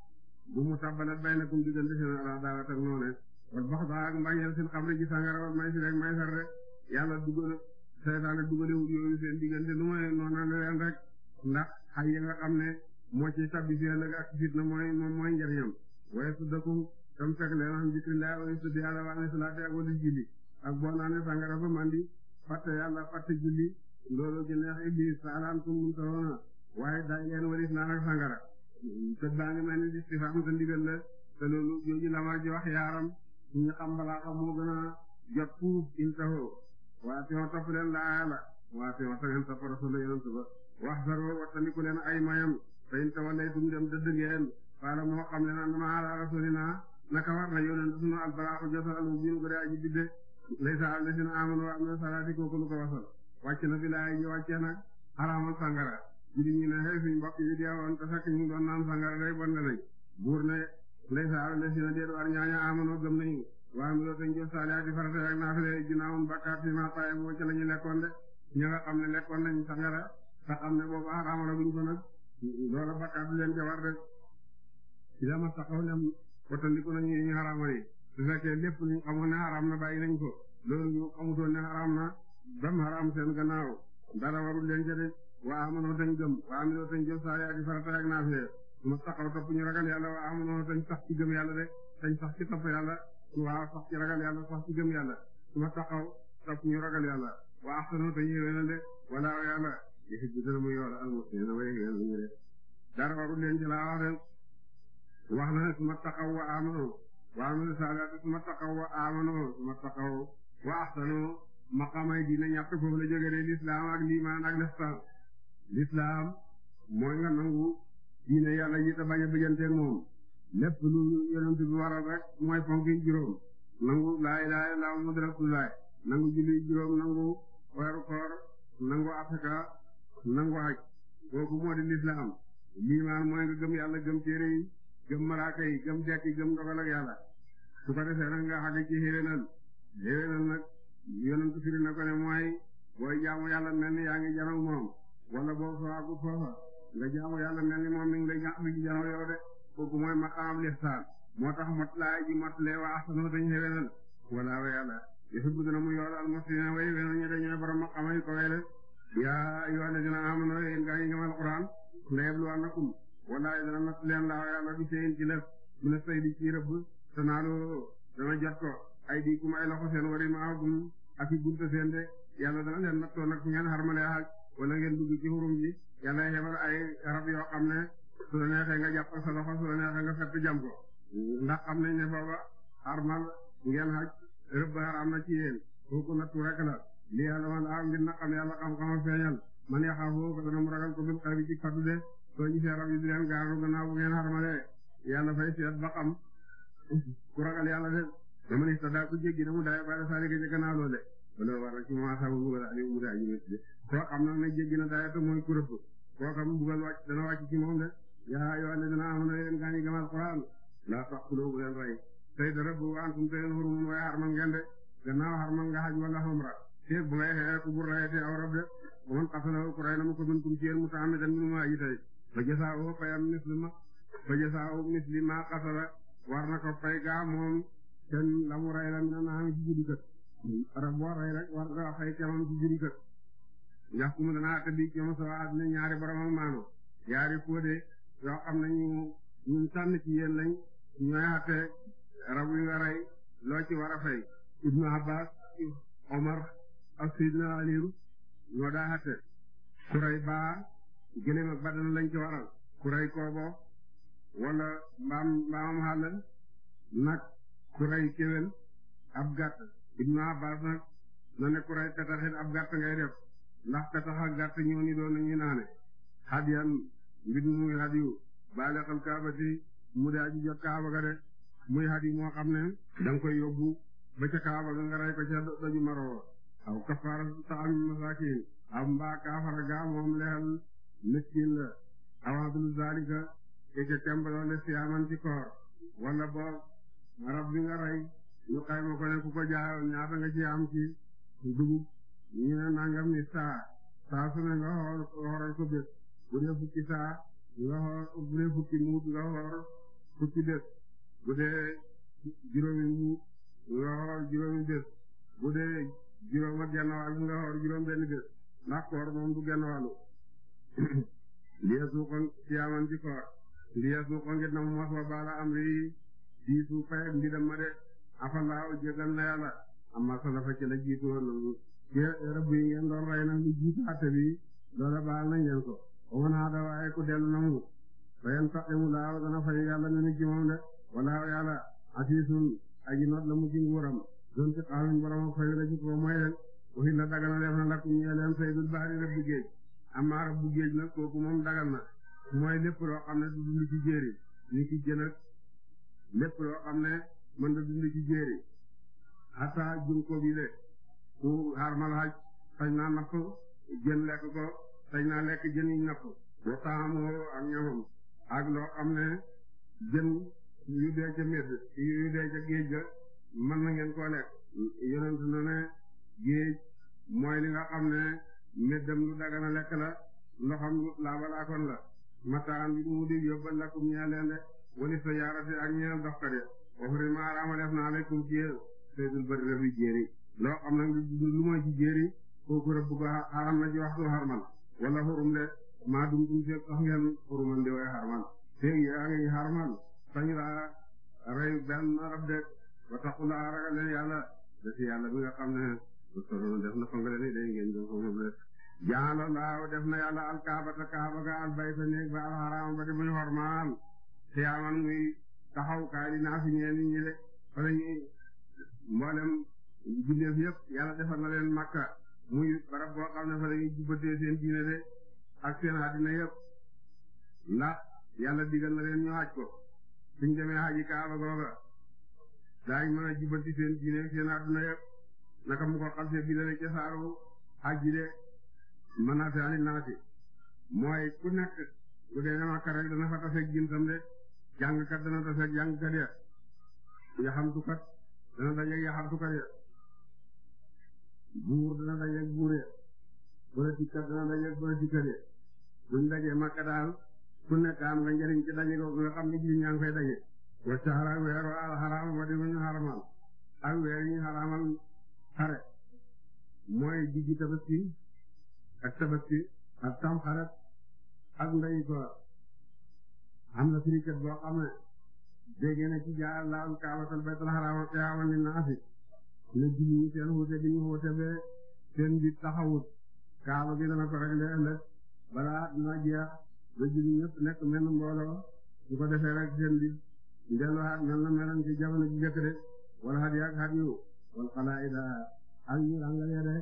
bu mu tabbale baynakum diggante seen ala daawat noone wal bax daa ak mbañeel seen xamri ci sàngara wal may si rek may sar rek yàlla dugal seytaane dugalewul yooyu seen diggante lu may noona leen rek ndax xay nga xam ne moo ci tabbi seen ak fitna mooy moom mooy njariñam waaye su tam fekk leen am bismillah wa tudd yàlla wa sangara ba mandi fàtte yàlla fàtte julli loolu gi neex iblis saalaan kum mun taroona waaye leen waris naan ak sangara te baa ngi mel istifaam te ndigal te loolu jooju la ji wax yaaram ñu xam balaa xam moo a jot pour in taxoo waa si ma topp leen laa yàlla waa si ma sangeen wax saroo wattandiku leen ay mayam te in dem dëdd ngeen faala moo xam leen andama ala rasulina naka war na yonent ko de aji bidde lay sa ale sunu amanu wa amee salaati kooku lu ko wasal wàcc na fi laay ji wàccee nag xaraamal sangara jidi ñi ne xëy suñ mbokk a deewoon te fekk ñu doon naan sangara day bon nañ buur ne lay sa ale sunu deedu war ñaaña amanu gëm nañu waa mi dootañ jëf saalihaati farata ak naafile ginnaawun bakkaat fi maa taay boo ca lekkoon de ña nga xam ne lekkoon nañ sangara te xam ne boobu xaraamala buñ ko nag loola bakkaat leen ca war de ila ma wattandiku nañu yi ñu xaraamal yi su fekkee lépp luñ xamoon ne xaraam na bàyyi nañ ko loolu ñu xamutoon ne xaraam na bam xaraam seen gannaaw dara warul leen ca de waa amanoo tañ gëm waa aminoo tañ jëf saa yaa di farata ak naafee su ma taxaw topp ñu ragal yàlla waa amanoo tañ sax ci gëm yàlla de tañ sax ci topp yàlla waa sax ci ragal yàlla sax ci gëm yàlla su ma taxaw topp ñu ragal yàlla waa axsanoo tañ yéwénal de wala yàlla yéxi bi dana mu yool almuslimin way yéwénal wax na suma taqaw wa amanu wa amilu saalihaati suma taqaw wa amanu suma taqaw wa ahsanu maqamay dina ñàkk foofu la jóge de lislaam ak liimaan ak leftan lislaam mooy nga nangu diine yàlla ji te bañ moom lépp lu yonent bi waral rek mooy fonki juróom nangu laa ilaaha illallaa muhammadu rasuulullaah nangu julli juróom nangu weeru nangu afrika nangu aj kooku moo di lislaam liimaan mooy nga gëm yàlla gëm téere gëm malaaka yi gëm dekki gëm dogal ak yàlla su ko defee nag nga xaga ci xéwénal xéwénal nag yonentu firi na ko ne mooy booy jaamu yàlla mel ni yaa ngi janow moom wala boo faagu foofa nga jaamu yàlla mel ni moom mi ngi lay ñax mi ngi janow yow de kooku mooy maqaamam lixsaan moo tax mot laay ji mot lee wa ahsanu dañ xéwénal wala wa yàlla yuhibbu dana mu yool al muslimina way wénal ñu dañu borom maqaama yu ko wele yaa ayyuhal ladina amanu yéen gaa ngi gëm alquran la yabluwannakum wallaay dana natt leen laa yàlla bi ci lëf mu ne say di ci rëbb te naalo dana jot ko ay di kum ay loxo seen wari ma agum ak i bunta seen de yàlla dana leen nattoo nag fu ngeen xarmalee ak wala ngeen dugg ci xurum ji yàlla xebal ay rab yoo xam ne su la neexee nga jàpp sa loxo su la neexee nga fett jam ko ndax xam nañ ne foofa xarmal ngeen xaj rëbb xaraam na ci yéen kooku nattu rek la lii yàlla man am ngir na xam yàlla xam-xama feeñal man yaxaafu ko dana mu ragal soo gisee rab yi di leen gaaru gannaaw bu ngeen xarmalee yàlla fay seet ba xam ku ragal yàlla de dama ne sax daal ku jéggi na mu daay ba dafa nekk ci gannaaw loole loolu ci moment sax mu buggal Aliou mu daay ñu de koo xam nag ne jéggi na daay te mooy ku rëbb koo xam buggal wàcc dana wàcc ci moom de yaa yoo xam ne dana am na leen gaañu gamal Qur'an laa taqtuluu bu leen tey de rëbb wa antum tey hurum waaye xarmal ngeen de gannaaw xarmal nga xaj wala fa jasaawu fayam misli ma fa jasaawu misli ma xasara war na ko fay gaa moom kenn la la mina naam ci judi kët raf boo rek war nga fay kemam ci judi kët ndax ku mu danaa te bi kema sawa adina ñaari borom ak maano yaari fóode yoo xam ne ñu ñu tànn ci yéen lañ ñooy àtte rab wi nga loo ci war a fay ibnu abbas omar ak sidna aliru ñoo daa àtte ku rey gëléem ak badan lañ ci waral ku rey koobo wala mbaam mbaamam nag ku rey ab gàtt ngay def ndax petax ak gàtt ñoo ni doon nañu naane xadiyan mbir muy hadiyu baale xal kaaba ci mu daa ji jot kaaba ga de muy hadiyu moo xam ne da koy yóbbu ba ca kaaba ga nga rey ko ca doju maroo aw kafaara ta'am masakin moom lexal miskin la awaablu zalika te ca tembaloole siyaaman ci koor wala boog rab bi nga rey ñu xayma ko ne ku ko jaayoon ñaata nga ci am ci dugub ñu ne nangam ni saa saa su nga xool ko bés bu fukki saa nga xool bu fukki muut nga xool fukki bés bu dee muut nga xool juróomi bés bu dee juróom ak genn nga xool juróom benn bés ndax koor moom du genn wàllu liy suuxoon siyaaman ci koor liy suuxoon ngir mos wa baala am rii di suuf fayag mbiram ma de afallaaw jégal na yàlla amma salafa ci la jiitu woon nangu ci yi ngeen doon rey nag lu jiitu àtte bi a baal na ngeen ko woon naa da waaye ku dellu na mu fayan sax mu laaw dana fay yàlla nu ni ci moom de walaaw yàlla asiisun aji noot la mu ci doon ci xaaruñ borom fay la ci ko mooy leen la daganal def na lakku ñu leen saydul baari rëbb amaara bu géej nag kooku moom dagal na mooy lépp loo xam ne du dund ci jéeri ni ci jën lépp loo xam ne mën na ci jéeri hatta jum ko bi le haj sañ naa napp jën lekk ko sañ naa lekk jën yi napp waxtaamoo ak ñamam ak loo xam ne jën yu dee ca medd yu dee ca géej ga mën na ngeen koo lekk yonent na géej mooy li nga xam ne meddam lu dagana lekk la ndoxam lu laabalaakoon la mataan bi mu di yóbbal lakum ñaa leen de wali sa yaarate ak ñeel dox ko de waxuri maaraama def naa aleykum ci yéen saydul bëri la fi jéeri loo xam nag lu mooy ci jéeri kooku rëbb ko xaram na ci waxtul xarman wala xurum de maa dum dum seet sax ngeen xuruman di way xarman teeg yaa ngi xarman sañ laa rey benn rab de wa taxu laa ragal leen yàlla da ci yàlla bi nga xam ne def na kongole ni day ngeen def kongole jaala laaw def na yàlla alkaabata kaaba ga albayta néeg ba alxaraam ba di muy xormaal xiyaaman muy taxaw kaay di naa fi ñeen ñi de fa lañuy mboolem julleef yëpp yàlla defal na leen makka muy barab boo xam ne fa lañuy jubbatee seen diine de ak seen àddina yëpp ndax yàlla digal na leen ñu xaj ko suñ demee xaji kaaba googa daañ mën a jubbati seen diine yëpp naka mu ko xasee bidale ca saaro aji de mën naa fi mooy ku nekk bu dee Makka rek dana fa taseeg jimtam de jàngkat dana taseeg jàngkat ya yaxamtukat dana dajeeg yaxamtukat ya dana dajeeg buur ya politikat dana dajeeg politikat ya buñ dajee Makka daal ku nekk am nga njëriñ ci daje wa cahara weeru al xaraam wa di ñu xaramal ak weer xare mooy diggi tabaski ak tabaski ak tamxarit ak ndeyu koor am na suñu boo xam ne dégg na ci jaar laal kaabatal baytal xaraam xiyaaman li naasi ne julli ñi seen wuute bi ñu wuute be seen bi taxawut kaaba bi dana ko réglé ëllëg balaa dina jeex ba julli ñëpp nekk menn mbooloo su ko defee rek seen bi ndelluwaat mel na meloon ci jamono ji de wala xat yaag wal xalaa'ida ak ñu ràngalee de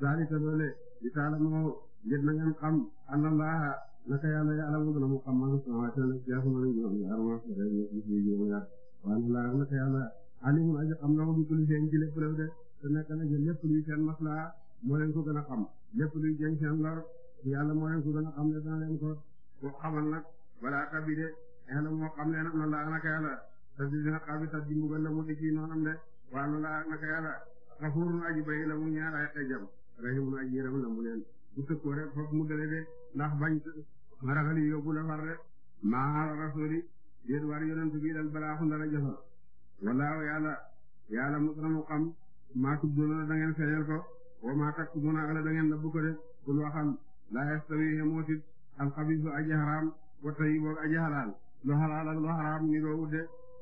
zaalika doole li taalamoo ngir na ngeen xam anallaha naka yàlla ya'lamu dana mu xam man samaawaati wal ardi asamaan juróom ñaar maa sore ñetti si juróom ñaar waaye laa naka yàlla alimun aji xam na ko bi kulli seen ci lépp lépp de te nekk na jël lépp luy seen maslaa moo leen ko gën a xam lépp luy jëñ seen lor yàlla moo leen ko gën a xam ne dana leen ko ko xamal nag balaa kabide yàlla moo xam leen am na laa naka yàlla te dina xabi tat di mbugal la mu di ci noonam de waanu laa naka yàlla xafuurun aji bay la mu ñaar ay xejam rahimun aji yërëm mu leen bu sëkkoo rek mu dale de ndax bañ ma ragal yi yóbbu la far de maa rasuli war yonent bi dal balaaxu ndara jëfal wallaahu yàlla yàlla mos na mu xam maa tubduna da ngeen feeñal ko wa maa taktumuna ala da ngeen nëbb ko de kul waxal laa yastawi hemootit alxabiisu aji xaraam wa tayyibu aji xalaal lu xalaal lu xaraam ni doo wudde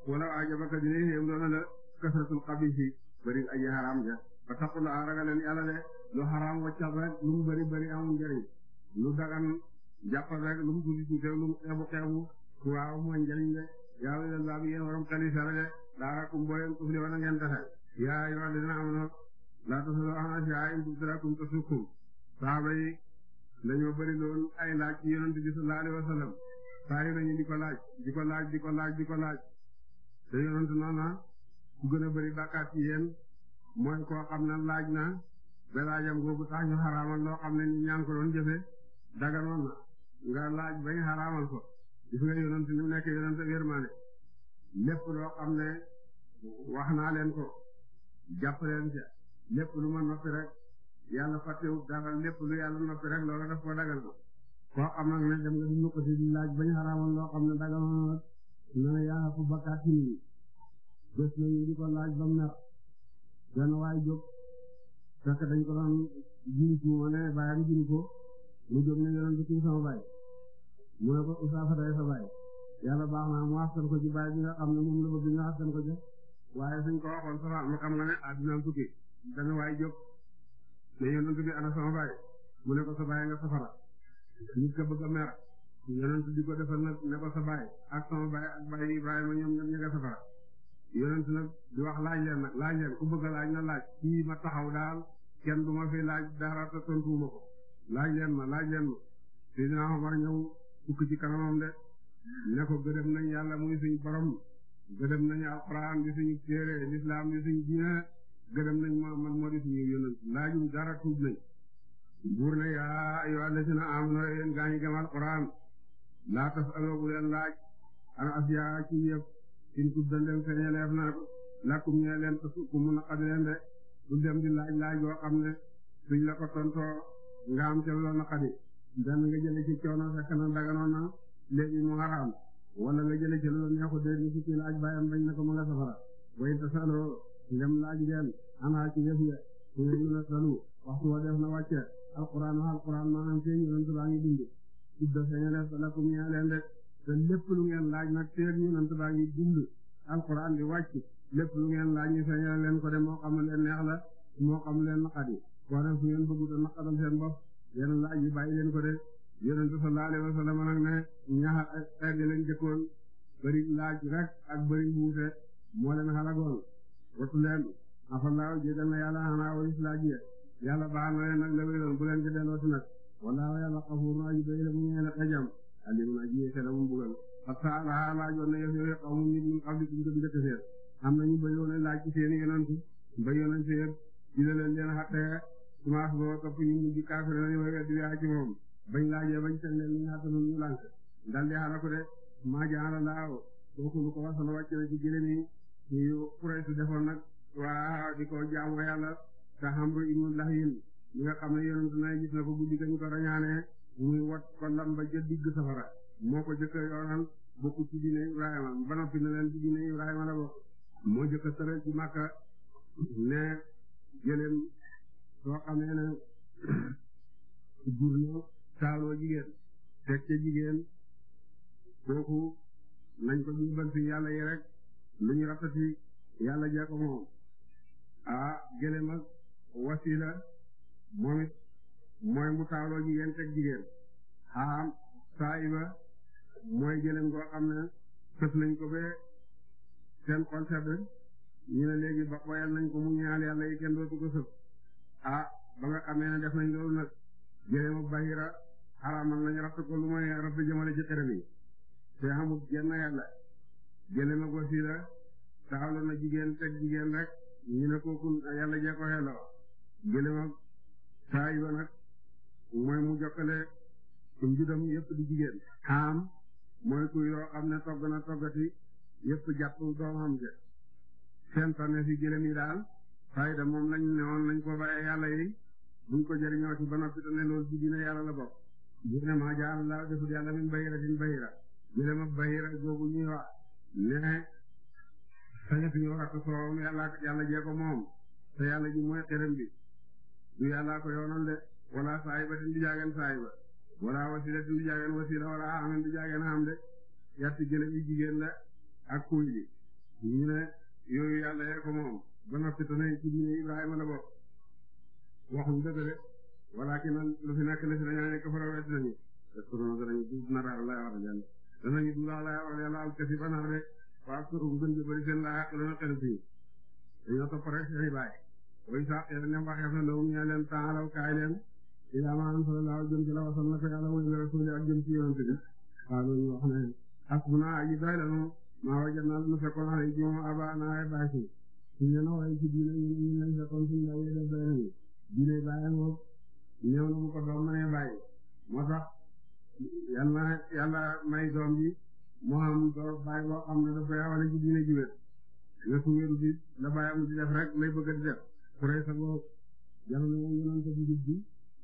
wala ajabaka dina xéem doona kasratul xabiisi bëri aji xaraam ja ba taxul a ragaleen yàlla de lu xaraam waccal rek lu mu bëri bëri amul njëriñ lu dagan jàppal rek lu mu tuuti tuuti lu mu xeebu xeebu waaw mooy njëriñ de yàlla de laa bi yéen waram xali sara de daara kum booyam tuf li wala ngeen defe yaa yoo dina amono laa tasalo ana si aa in tubdarakum tasukum saaba yi dañoo bëri loon ay laaj ci yonent bi sallallahu alayhi wasallam saa yu nañu di ko laaj di ko laaj di ko laaj di ko laaj ku gën a bëri bàkkaat ci yéen mooy koo xam ne laaj na ba laajam googu tax ñu xaraamal loo xam ne ñaan ko doon jëfe daganoon na nga laaj bañ xaraamal ko gis nga yonent ni mu nekk yonent yërmande lépp loo xam wax naa leen ko lépp lu ma noppi rek yàlla fàttewu dara lépp lu yàlla noppi rek loola daf ko dagal ko koo xam nag ne dem nga si ko si laaj bañ xaraamal loo xam ne daganoon na na yaa fu bàkkaat ci nit bés nañu di ko laaj ba mu nar benn waay jóg fekk dañ ko doon jiitu mu ne bàyyam jiitu ko mu jóg ne yoroon ci kii sama baay mu ne ko Ousseynou Fatal sa baay yàlla baax na mu askan ko ci baay bi nga xam ne moom la bëgg nga askan ko ci waaye suñ ko waxoon sax mu xam nga ne àdduna tukki benn waay jóg ne yonent bi ana sama baay mu ne ko sa baay nga safara nit ka bëgg a mer yonent di ko defal nag ne ko sa baay ak sama baay ak baay Ibrahima ñoom ñoom ña nga safara. yonent nag di wax laaj leen nag laaj leen a laaj na taxaw daal kenn du fi laaj dara te tontuuma ko laaj leen ma laaj leen ma Seydina Omar ñëw fukk ci kanamam de ne ko gërëm nañ yàlla muy suñu borom gërëm nañu alxuraan di suñu téere lislaam di suñu diine gërëm nañ Muhammad moo di suñu yonent laajum dara tuub nañ buur ne yaa ayyuhal lazina aamanu yéen gaañu gëm alxuraan laa tas'alu bu laaj an asiyaa ci yëpp in tubdandem feñeleef naa ko lakkum ñee leen te ku mun a xadi leen di laaj laaj boo xam ne suñ la ko tontoo nga ca loolu na xadi dan nga jële ci coono fekk na daganoon na léegi mu xaraam wala nga jële ci neexu de ni ci laaj bàyyam bañ na ko mu nga safara way tasaloo ndem laaj ngeen anaa ci yëf ya su ngeen salu waxtu wa def na wàcce alquran wa alquran maanaam feeñ yonent baa ngi bind tubda feñeleef te lakkum ñee leen de te lépp lu ngeen laaj nag teeg ñu nant baa ngi dund alquran di wàcc lépp lu ngeen laaj ñu feeñal leen ko de moo xam leen neex la moo xam leen naqadi wala su ngeen a da naqadal seen bopp yéen laaj yi bàyyi leen ko de yonent sallallahu alayhi wa sallam nag ne ñaxa xeet leen jëkkoon bëri laaj rek ak bëri wuute moo leen xalagoon wattu leen afallaaw jégal na yàlla xanaa wayus laaj yi yàlla baax na leen nag la wéeroon bu leen ci delloosi nag wallaahu yàlla xafuur alimun aji yee kada mun bugal hatta lahaa laajoon na yee xawmu nit min qabli kum ko njëkk seen am nañu bayoon a laaj ci seen yonent bayoon a seen dina leen leen hatta sumaas boo topp ñu mujj kaafir nañu way weddi yaa ci moom bañ laajee bañ seen leen ñu hatta ñu lànk dal di xala ko de maa jaala laaw kooku lu ko wasal wàcc na ci jërëmi yu Quraysh defoon nag waa di ko jaamu yàlla te Amru ibnu Lahiin mi nga xam ne yonent na gis na ko guddi gañ ko rañaane muy wat kollam ba jël digg safara moo ko jëkk yoonal bokk ci diine Ibrahima na leen ci diine la bokk moo jëkk tëral ci Makka ne gëléem soo xamee ne jur jigéen teg ca jigéen kooku nañ ko jubal fi yàlla yi rek lu ñu rafeti yàlla jee moom ah gëléem wasila moom mooy mu taaloo ji yéen teg jigéen xaam saayiba mooy jëleen goo xam ne sëf nañ ko ba seen léegi ba boyal nañ ko mu ñaal yàlla yi kenn dootu ko sëf ba nga amee ne def nañ nag jëleemu bahira xaraamal nañ ratt ko lu mooy ratt jëmale ci xerem yi te xamut genn yàlla jëleema gosiira taxaloon na jigéen teg jigéen rek ñu ne kooku yàlla jee ko xeloo jëleema saayiba nag mooy mu jokkale njudam yëpp di jigéen xaam mooy ku yoo xam ne togg na toggati yëpp jàpp doomam de seen tane fi gëlëm yi daal fayda moom lañ ne woon ko bàyyee yàlla yi buñ ko jëriñoo ci ba noppi te ne dina yàlla la bokk ne maa jaal la defut yàlla min bayira din bayira gëlëm ak bayira googu ñuy wax ne sañatuñu wax ak soowam yàlla yàlla jee ko moom te yàlla mooy xërëm bi du yàlla ko yoonal de wala saahibatin du jaageen saahiba wala wala amin du jaageen am de yatti gën a bi jigéen la ak kuuy bi ñu ne yooyu yàlla yee ko moom ba noppi tane ci diine Ibrahima la bokk waxuñ dëgg de walakin lu fi nekk la si dañoo nekk fara wet nañu yaskuruna danañu duub na rax lay wax yàlla danañu duub lay wax yàlla al kasi banar de laa yàq dana xel fii dañoo topp rek seen i baay way sax yàlla ne waxeef na lawum leen temps law kaay leen ila ma anzalallahu jëm ci la wasal na ko yàlla mooy rasul ak jëm ci yonent bi xaaral ñu wax ne asbuna aji doy lanu ma wajat naa lanu fekkoon xale ci moom aba na ay baasi ñu ne na waaye ci diine ñu ñu lañ fekkoon suñu ndaw yi def doy nañu diine bàyyi moom néew na mu ko doom mënee bàyyi moo tax yàlla yàlla may doom bi moo am doom bàyyi boo xam ne dafa yaawale ci diine jiwét nga su wéru bi la bàyyi mu di def rek lay bëgg di def presa boo jamono yonent bi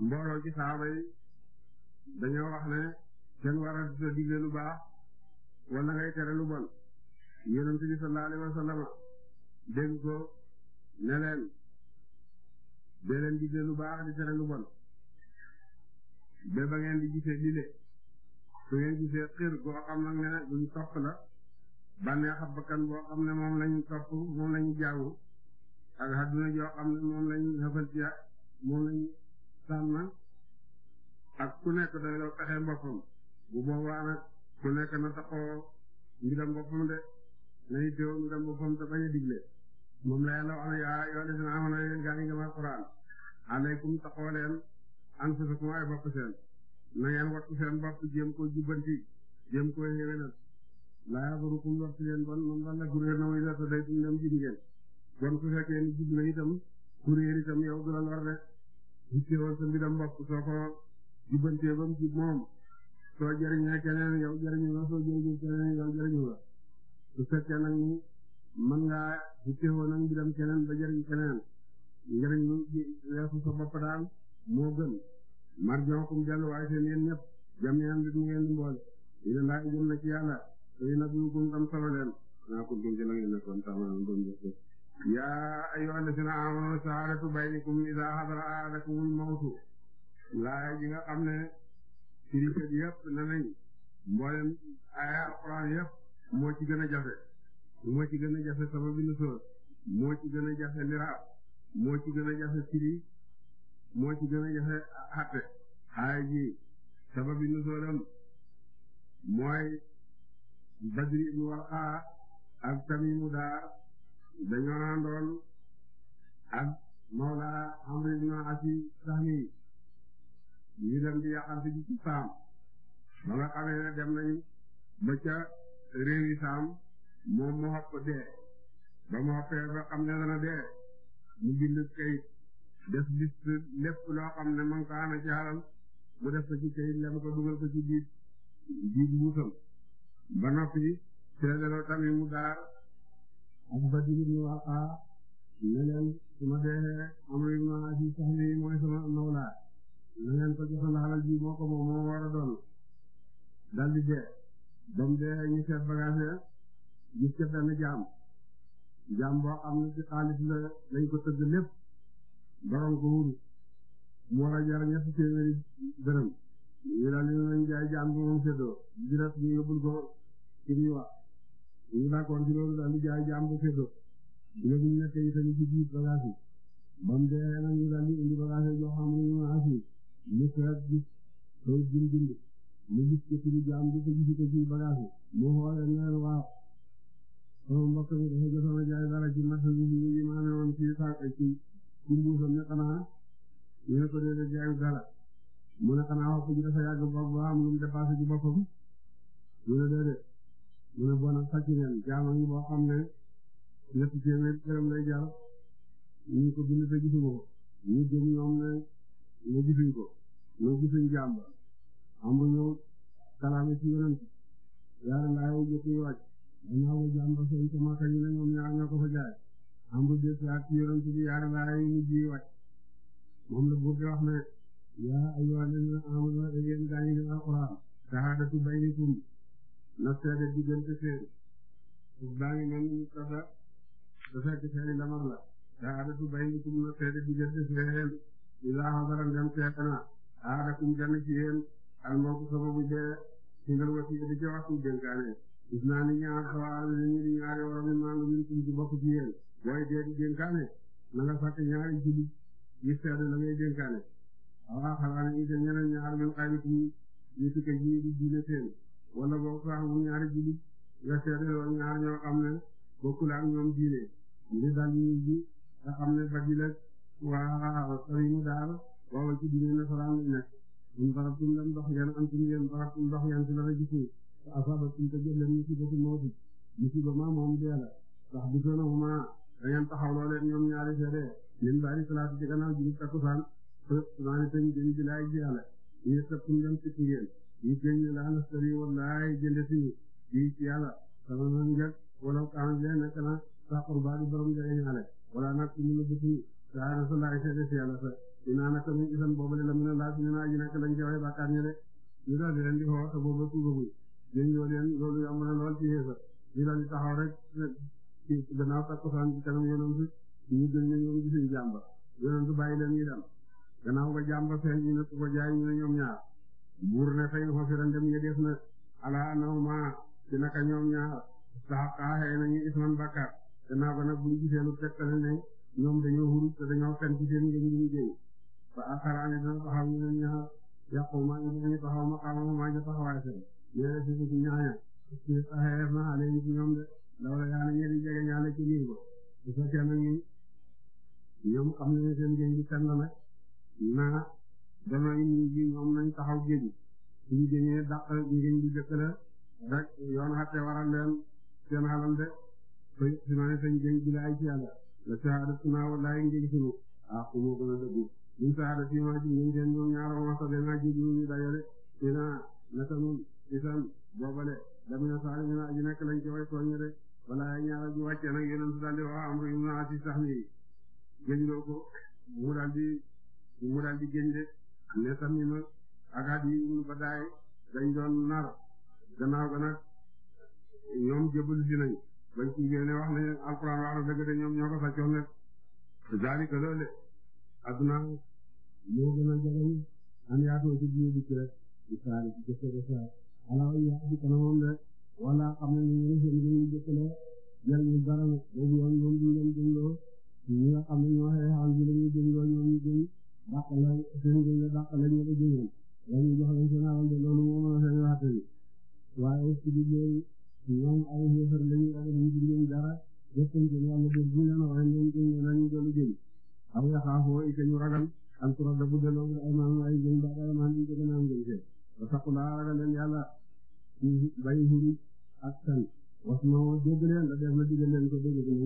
mbooloo ci saaba yi dañoo wax ne kenn war digle lu baax wala ngay tere lu bon yonent bi sallallahu alayhi wa sallam dégg ko ne leen leen digle lu baax di tere lu bon ba ba ngeen di gisee lile su ngeen gisee xir goo xam ne duñ topp la bànneex ab bakkan boo xam ne moom lañu topp moom lañu jaamu ak àdduna joo xam ne moom lañu xëfal ci moom lañu sànna ak ku nekk day doo pexe mboppam bu boobaa nag ku nekk na taxoo mbiram boppam de nay teew mbiram boppam te bañ a digle moom la yàlla wax na yaa yoo def na amoon na leen gaa ngi ngëm alxuraan alaykum taxoo leen an fusakum ay bopp seen na ngeen wattu seen bopp jéem ko jubbanti jéem ko xéwénal laa yadurukum waxtu leen bon moom ban la kuréel na muy def day tum dem jib ngeen bon ku fekkee ni jib na itam kuréel itam yow du la lor rek di teewal sa mbiram bopp soo ko jubbantee ba mu jub moom soo jëriñee keneen yow jëriñu la soo jëriñu keneen yow jëriñu la su fekkee nag ni mën ngaa di teewoo nag mbiram keneen ba jëriñ keneen njëriñ lu weesu sa bopp daal moo seen yéen ñëpp jam yeen li ngeen di mboole yéen daal jëm na ci yàlla tey nag ñu gum dam solo leen ko dunde la yaa ayyuhal lazina aamanu shahadatu baynikum izaa hadara ahadakumul mawtu laaya ji nga xam ne sirikat yëpp na nañ mboolem aaya alxuraan yëpp moo ci gën a jafe moo ci gën a jafe sababu nusuul moo ci gën a jafe miraab moo ci gën a jafe siri moo ci gën a jafe xatte aaya ji sababu nusuulam mooy Badri ibnu Warqa ak Tamiimu Daar dañoo àndoon ak Mawla Amri ibn Asi Sahmi ñu dem di yàqante ji ci saam ba nga xamee ne dem nañu ba réew yi saam moom mu xob ko dee ba mu xoppee xam ne dana dee mu bind kayit def list lépp loo xam ne man kaa ci alal mu def ko ci kayit lem ko dugal ko ci biir biir mbuusam ba noppi ci tamit mu daar ak ba digg ñu wax ah ne leen su ma dee amul ma ci sax ni mooy sama mawla ne leen ko joxoon alal ji moo ko moom moo war a doon dal di dee ba mu dee ñu seet bagage gis ca benn jaam jaam boo am na ci xaalis la lañ ko tëgg lépp borom ko wul mu war a jar ñetti téeméeri dërëm ñu daal di nañ jaay jaam bi moom séddoo di def ñu yóbbul ko ci ñuy wax ñu d'accord ci loolu daal di jaay jaam bu seddoo léegi ñu nekk itam ci biir bagage yi ba mu dee nag ñu daal di indi bagage yoo xam ne ñu asi mu seet gis koy jëm jënd mu gis ko suñu jaam bi ko gisi ko ci bagage yi mu xoole neen waaw sama mbokk mi dafa jotoon a jaay dara ci marché bi ñu ma amee woon ci sa ci ci mbuusam ne xanaa ñu ne ko dee jaayu dara mu ne xanaa wax ko ji dafa yàgg ba am lu mu dépassé ci boppam ñu ne déedéet mu ne bon ak sàcc leen jaama ngi boo xam ne ñetti téeméer këram lay jar ñu ko bind te gisuñu ko ñu jëm ñoom ne ñu gisuñ ko ñu gisuñ jaam ba amuñu kalaame ci yeneen yàlla naa yow jëkk yi wàcc dinaa woo jaam ba seen sama kañ la ñoom ñaar ñoo na bi diggante seen suuf baa ngi mel ni tasa dafa ci seeni lamar la daadatu baynikum na seede diggante seen ilaa xabara ndem teexe na aadakum kenn ci yéen almawtu sababu dee singal wasiya di ca waxtu dénkaane gis naa ni ñaar xawaar ni ñu di ñaari woromi maandu min tum ci bokk ci yéen booy dee di dénkaane na nga fàtte ñaari julli yi seede la ngay dénkaane awaa xalaane ita ñeneen ñaar min xayrikum ñu tukka ji di diine seen wala boo ko amul ñaari jullit nga seede woon ñaar ñoo xam ne bokkul ak ñoom diine ngir dal ñuy ji nga xam ne fajilak waa sëriñu daal booba ci diine nasaraan lañ nekk in darabtum lam dox ngeen am suñu yéen darabtum dox ngeen si dara gisee asabatum te jël leen musiba si mawti musiba ma moom dee la ndax bu soona huma da ngeen taxaw looleen ñoom ñaari seede min bari salaatu ci gannaaw jullit takkusaan naani tañ jëm bilaay ci yàlla ñi sëptum dem sikki ngeen ñu jënd la nastari wallaay jënd si di ci yàlla sama man njëkk na sa qurbaa di borom njëriñ xale wala nag ñu ne bisi saa na sa laay seede si yàlla sa dinaa naka mi isan boobale la mu ne laa si ñu naa ji nekk lañ ci way bàkkaar ñu de ñu daal di leen di xoo sa booba tuubaguñ ñun ñoo leen loolu yomb na lool ci yeesa ñu daal di taxaw rek ci gannaaw takkusaan kanam yoonam si ñu gën ñu ñu ñu ñaar buur ne fay xafiran dem yëgees na ala nawma ci naka ñoom ñaar sax xaaxee nañu isman bakkaar te naa ba nag buñ gisee lu tekkale ne ñoom dañoo hurut te dañoo fen ci seen ngeen ñu liggéey fa ma ja taxawaay na xale yi ñoom de lawla yaa na ñeeri jege ñaale ci ko su fekkee nag ñoom xam seen ngeen di kenn la nag naa dama indi ji ñoom nañ taxaw géej suñu génnee dàq ngeen di jëkk la rek yoon xatte waral leen seen xalam de su ma ne sañ géej bi la ay ci yàlla la sahaada su naa wallaay ngeen sunu ah ku moo a dëggu ñun sahaada fii maa ci ngeen seen ñoom ñaar ma sa benn géej isan boobale damina saali mina nekk lañ ci way tooñ rek wallaay ñaar ju wàccee nag yeneen su daldi waa amru ibn asi sax nii géej loo ko mu daldi mu daldi ne tamit ak at yi ñu ba nar gannaaw ga nag ñoom jébal si nañ bañ ci génne wax ne alxuraan wax na dëgg de ñoom ñoo ko sàccoon nag zalika loole adduna moo gën a jagañ an yaatoo ci biir saar ala yaa di kanamam rek wala ne ñu ngi seen ñu jëkkële jël ñu dara boobu yoon ñoom ñu leen baax la seen baax la ñu la jëlee dañuy jox leen seen alal de loolu moom seen xarit yi waaye ci biir ñoom ay yéefar lañu dara ñu jëlee dara def seen jëlee yàlla de bu leen waxee ñoom ñu nañu dellu jëli aw yaxaafoo it ñu ragal an turada bu delloo ngir ay maam ay jëm baada ay maam ñu jëlee naam jëm see ba taqulaa ragal leen yàlla ci bay huru ak san wasma dégg leen la def la digal leen ko dégg leen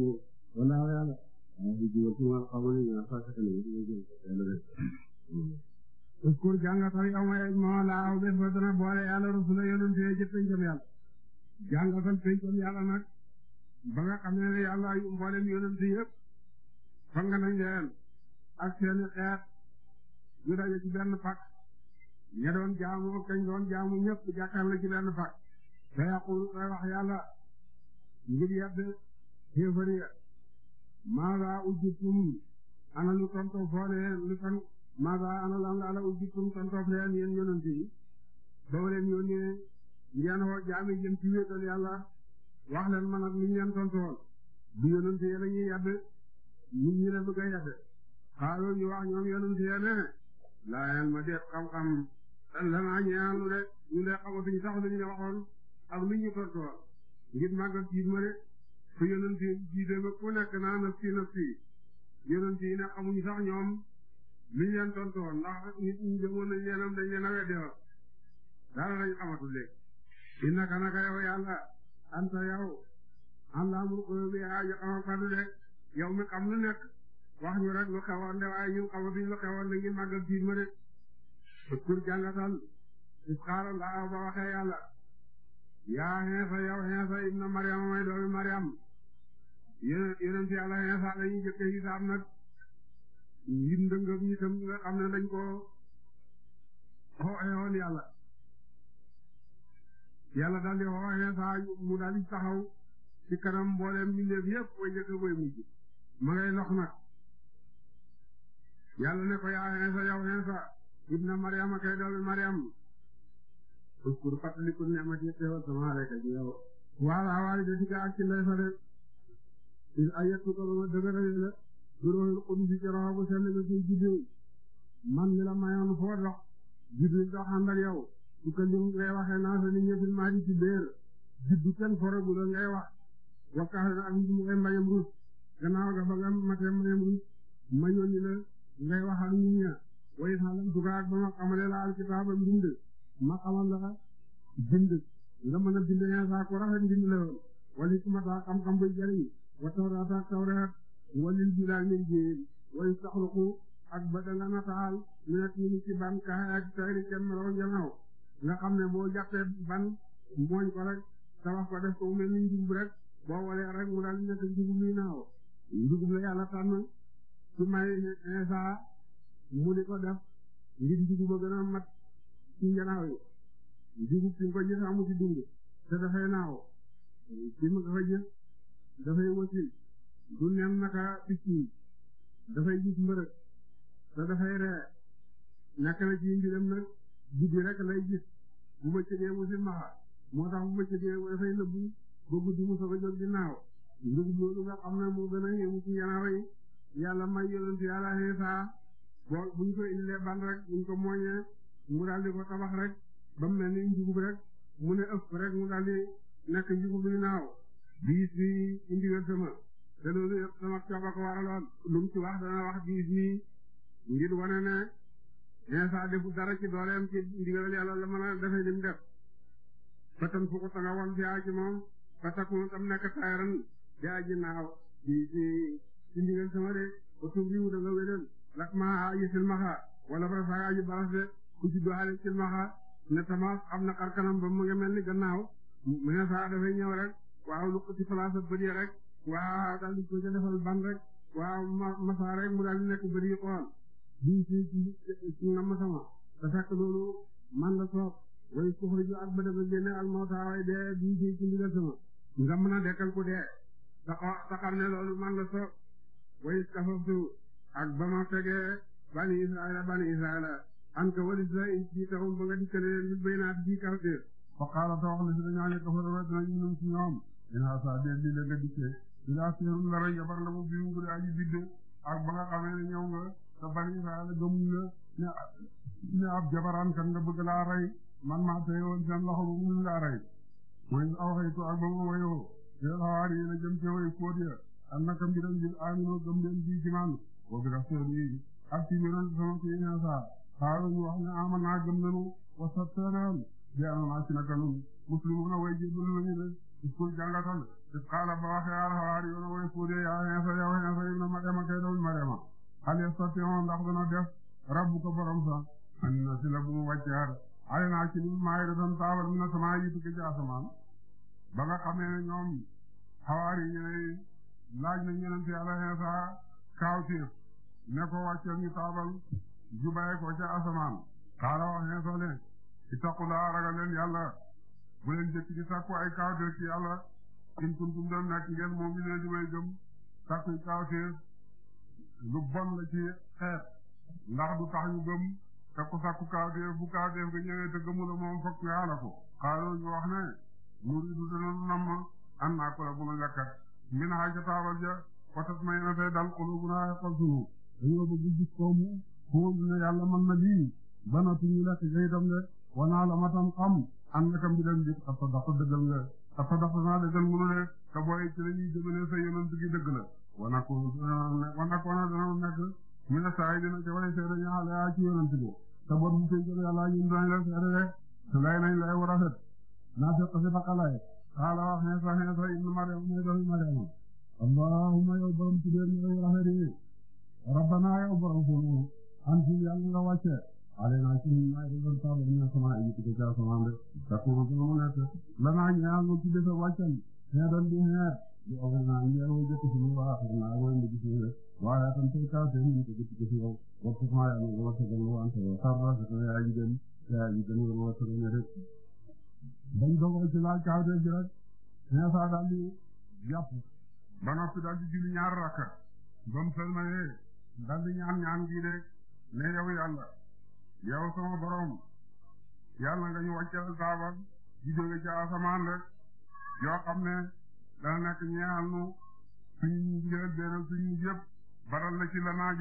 wala yàlla uskur jàngatal yow ma moo laaw bés ba dana boole yàlla rusula yonente ci pencam yàlla jàngatal pencam yàlla nag ba nga xam ne yàlla yu mboolem yonente yëpp fanga nañ leen ak seeni xeet ñu daje ci benn pak ña doon jaamu kañ doon jaamu ñëpp jàkkaar la ci benn pak te yaqul wax yàlla ngir yedd xéefari maaga ujjibtum ana lu tonto foo leen lu maaga ana lan la ujjibtum tontoof leen yéen yonent yi doo leen yónnee ngeen woo jaami jëm ci wéetal yàlla wax leen man ak li ñu leen tontool du yonent yi la ñuy yàdd nit ñi la bëgg a yàdd xaaloo ñu wax ñoom yonent yi ne laayeen ma def xam-xam lanaa ñeaan lu de ñu de xamatuñu sax lu ñu waxoon ak lu ñu tontool ngir màggal tiit ma su yonent yi jiite ba ku nekk naa nafsi nafsi yonent yi ne amuñ sax ñoom luñ leen tontoo ndax nit ñi demoon nañ leenam dañ leen a weddi woon dara lañ xamatul léegi innaka naka yow yàlla anta yow allamul qulubi yaa ji xama kadu de yow mi xam lu nekk wax ñu rek lu xewoon de waaye ñun xamatuñ lu xewoon da ngeen màggal diir ma de pour jàngatal isxaara laa ba waxee yàlla yaa xeesa yow xeesa ibna mariam may doomi mariam yéen yéen ci yàlla xeesa lañu jëkke xisaab nag ngir ndëngëm ñi tam nga xam ne dañ ko xooxewoon yàlla yàlla daal di xoo xeesa mu daal di taxaw ci kanam mboolem mbindeef yépp way njëkk way mujj ma ngay lox nag yàlla ne ko yaa xeesa yow xeesa ibna mariam kay doomi mariam pour fàttaliku ne ma ci teewal sama alayka ci yow wala wala de ci ga ak ci lay fa rek il ayatu ko ma dëgëral la durool qum ci jara bu sel la ci jiddi man mi la mayoon foo dox jiddi dox ànd ak yow su ko lim ngay waxee naa sa nit ñëpp maa di ci béer jiddu kenn foragu la ngay wax wakkaale ak mu ngay mbayam ruus gannaaw ga ba nga matee mbayam ruus ma yónni la ngay wax ak nit ña way xalam su ko ak ba ma xamale la alkitaaba mbind ma xamal la bind nga mën a bind insa ko rafet bind la woon wali kuma taa xam-xam buy jëriñ wa tawraata ak tawraat walil jilaal min jiil way ak ba danga nataal ne tiini ci ban kaay ak tayri kenn raw njanaw nga xam ne boo jàppee ban mooñ ko rek te wax ko def ko mu mel ni njugub rek boo walee rek mu la yàlla tànn su may insa mu ko def ngir njugub a gën a mat ci njanaaw yi njugub fi nga ko gis amu ci dund te dafay naaw fi nga ko gis dafay wasin du nen naka picc yi dafay gis mbërëg te dafay ree nekk na ci mbiram nag guddi rek lay gis bu bëccëgee wasin maxa moo tax bu bëccëgee dafay nëbbu ba guddi mu soog a jóg di naaw njugub loolu nga xam ne moo gën a yéemu ci njanaaw yi yàlla may yonent yàlla xeesaa boo buñ ko indilee ban rek buñ ko mooñee mu daal di ko tabax rek ba mu mel ni njugub rek mu ne ëpp rek mu daal di nekk njugub yu naaw biis bi indi wér te loolu yëpp sama cooba ko waraloon lu mu ci wax dana wax biis bi ngir wane ne Insa defu dara ci dooleem ci ndigal yàlla la mën a defee li mu def fatan fu ko ta nga won fi aji moom fatakun tam nekk tayran di aji naaw biis bi ci ndigal sama de ba tuub bi mu lak ma aji silmaxa wala fa saaga aji baras de ku judduwaale silmaxa ne tamaas am na xarkanam ba mu ngi mel ni gannaaw mu ne saa dafay ñëw rek waaw lu ko ci place bët yi rek waaw daal di ko ca defal ban rek waaw mu daal di nekk bëri xool di ci ci ci ngam sama te fekk loolu man la soob way tuxriju ak ba dafa génne almawta way dee di ci ci ndigal a man la soob way kafaftu ak ba ma bani israila bani israila an ka walis la ci taxul ba nga dikkale leen bil baynaat ji kawteef fa qaala ta wax na si dañaañe kafarwa dinañu num si ñoom inaa dee li la nga dikkee bilaa sihum la rey yabar la mu biu bu aji ak ba nga xamee ne ñëw nga te bani israila la ne ne ab jabaraan kan nga bëgg man maa ak ba ma wayoo teel xawaar yi la jëm te way kóot ya am naka mbiram bi aminoo gëm leen ci man boobu daf seen yi ak ci mbiram sama ci inaa saa xaaral ñu wax ne amoon naa gëm nañu wasap teelal bi muslimu na way ji bu ni maa yi doon taabal mi na sama yi tukki ci asamaan ba nga xamee ne ñoom xawaari yi ne ne ko wàcceel ñu taabal ju bàyyi ko ca asamaan xaala wax ne soo leen ittaqulaa ragal leen yàlla bu leen jëkk di sàkku ay kawteef ci yàlla in kuntum doon nekk ngeen moom dina di way gëm sàkku kawteef lu bon ci xeet ndax du tax ñu gëm te ku sàkku kawteef bu kawteef nga ñëwee gëmula moom fokk nga ko xaaloo wax ne nuriidu danañu namm an naa ko la bu nu lekkat min xaaj ca taabal ja watat may na fee dal xulubunaa xol sunu dañoo bëgg gis koomu wóolu ne yàlla mën na lii ba noppi ñu lekk de wanaa la ma tam xam an naka mbiram jëf a sadaqa dëggal nga a sadaqa naa dëggal munu ne te booy ci la ñuy jëmale sa yonent gi dëgg la wanak wanak wana dana mi na saay dina ca way seere ñaala ci yonent bi te bor bu fay jël yàlla ñun dañ la seere rek te lay nañ lay war a fet naa fekk si faqalay xaala wax xeesa xeesa ibnu mariam allahumma yow borom ci déer ñu lay rafet rabbana yow borom sunu am ci yàlla nga wàcce ale naa ci ñaay réewal taw bi nga sama ay ci ca sama ambe ta ko ko mo na ta la na ñaan lu ci defa wàccal ne doon di xeer yo ko na ñeewu jëkk ci mu wax na woon ni ci ñu wala tan tay ka seen ni ci ci ci yow wax ko ma ya no wax ko no an ko sarra ko ya yi dem ya yi dem no wax ko ne rek dañ do ko ci laal ka de jël ne sa dal di yàpp ba noppi dal di julli ñaar rakka bam salmané dal di ñaan ñaan gi rek ne yow yàlla yow sama borom yàlla nga ñu wàccal saabal di jóge ca asamaan rek yoo xam ne dana nekk ñeexal nu suñu njël benn suñu yëpp baral la ci lanaa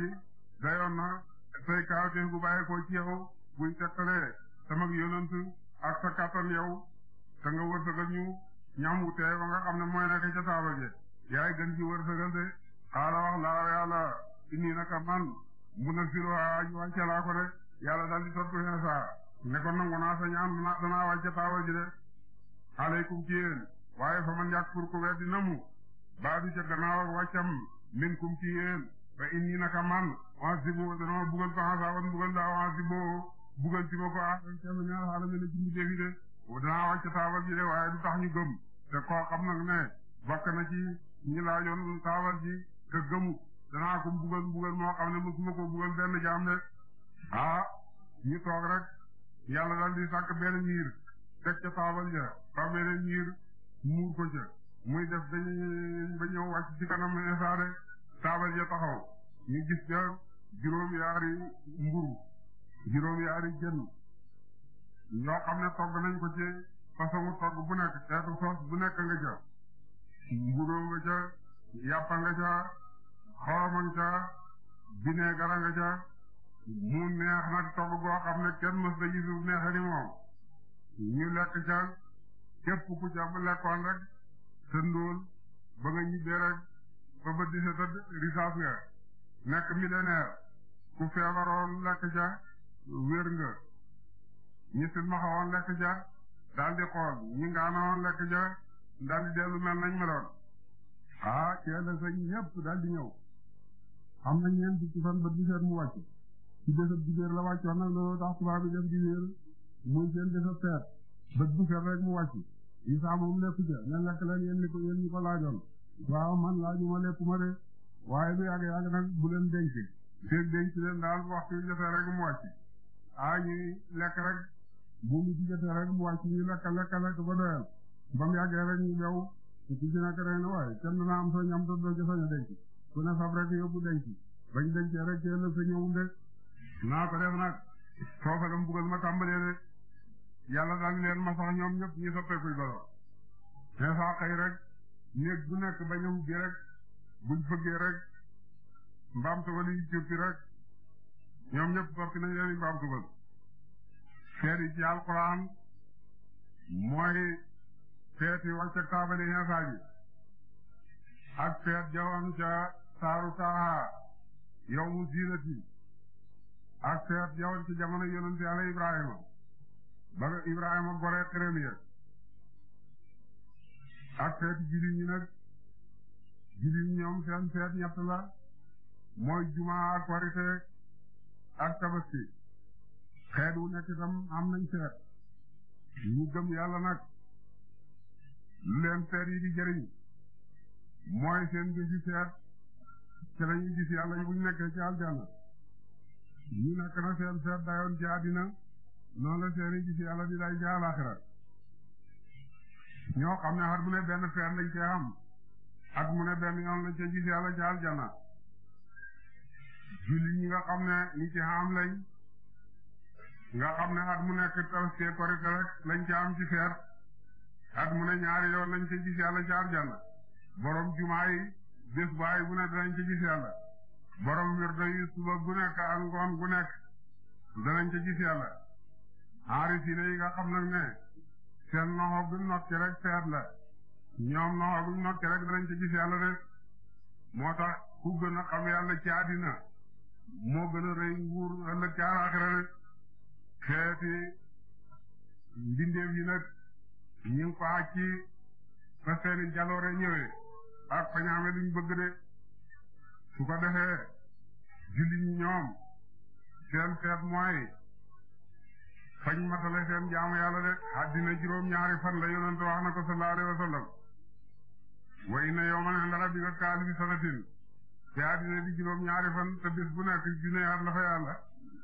dayoon na say kaawteef gu bàyyi ko ci yow buñ tekkalee sama yonent ak sa kattan yow te ñu ñam wu tee ba xam ne mooy nekk ca saabal ji yaay gën ci wërsëgal de xaala wax laa yàlla inni naka man mun na siroo ñu wàcce laa ko de yàlla daal di tontu Insa ne ko nangu naa sa ñaan danaa wàcce taawal ji de aleykum ci yéen waaye fa man yàkkur ku weddi namu baadu ca gannaaw ak wàccam minkum ci yéen fa inni naka man on sibo bugal ko Insa bugal daa on bugal ci ah, ma ko asan cami ñaar xaala me ne ci ñu defi de danaa wàcce taawal ji de waaye du tax ñu gëm te koo nag ne bokk na ci ñi laajoon taawal ji ka danaa ko mbugal moo xam ne mosuma ko mbugal benn jaam ne ah ñu toog rek yàlla daal di benn ñiir teg ca taabal ja ba ñiir muur ko ca muy def dañuy ba ñëw wàcc ci kanam Isaa de taabal ja taxaw ñu gis ca juróom yaari mburu juróom yaari jën yoo xam ne togg nañ ko ci façon togg bu nekk soos bu nga ca mburu nga ca yàppa nga ca xoomañ ca bineegara nga ca mu neex nag togg goo xam ne kenn mës da gisu neexe ni ñu lekk ca képp ku ca lekkoon rek te ba nga ñibbee rek ba ba di sa tëdd risaas nga ku feebaroon lekk ca wér nga ñi si lekk ca daal xool ñi ngaanawoon lekk ca daal dellu mel nañ meloon ah ci ëllëg sa ñëpp daal ñëw am na ñeent ci fan ba di mu wàcc ci bésab dibéer la wàcc wax nag loolu tax tubaab bi def mu muy seen bésab feet bët bu set rek mu wàcc Isaa moom lekk ja ne lekk leen yéen ñi ko yéen ñi ko laajoon waaw man laajuma lekkuma de waaye bu yàgg yàgg nag bu leen denc feeg denc leen daal waxtu bi jotee rek mu wàcc ah lekk rek bu mu ci jotee mu wàcc ñu lekk lekk lekk ba doyal ba mu yàggee rek ñu bew ci ci nag ren waaye kenn dana ku ne fab rek yóbbu denc bañ denc rek ci ëllëg sa naa ko def nag foofa dama bëggoon ma tàmbalee rek yàlla daal leen ma ñoom ñëpp ñu soppeekuy balo mais saa xëy rek néeg bu nekk bañ a rek buñ fëggee rek mbaam tugal yi cëppi rek ñoom ñëpp soppi nañ leen mbaam tugal feet yi ci alquran mooy feet yi wàcc taabale yi ak feet jawam ca taarukaha yawmu zinati ak seet jawal ci jamono yonent Yàlla Ibrahima ba Ibrahima goree xërëm ya ak seet jullit ñi nag jullit ñoom seen seet ñett la mooy jumaa ak korite ak tabaski xeet wu nekk am nañ seet ñu gëm yàlla nag lu leen seet yi di jëriñ mooy seen seet ci la ñuy gis yàlla yi bu ñu nekkee ci aljanna ñu nekk na seen seet dayoon ci àddina noonu la seen i gis yàlla di day ci àlaxira ñoo xam ne at mu ne benn feer lañ cee am at mu ne benn yoon lañ cee gis yàlla ci aljanna julli ñi nga xam ne ñi ci am lañ nga xam ne at mu nekk tabaski korite rek lañ ci am ci feer at mu ne ñaari yoon lañ cee gis yàlla ci aljanna borom jumaa bés bu ay bu ne danañ ci gis yàlla borom wirdo yi suba gu nekk ak gu nekk danañ ci gis yàlla aarifine yi nga xam nag ne seen noxo bu nokki rek seet la ñoom noxo bu nokki rek danañ ci gis yàlla rek moo tax ku gën a xam yàlla ci àddina moo gën a rëy nguur ëllëg ci àllaaxira rek xeeti mbindeef yi nag ñu ngi ko àcc ba seeni jaloore ñëwee ak fañaame luñ bëgg de su ko defee jullit ñi ñoom seen seet mooy fañ matale seen jaamu yàlla de àddina juróom ñaari fan la yonent wax na ko sallallahu alayhi wa sallam wa inna yawman inda rabbika ka'alfi sanatin te àddina di juróom ñaari fan te bés bu nekk junne at la fa yàlla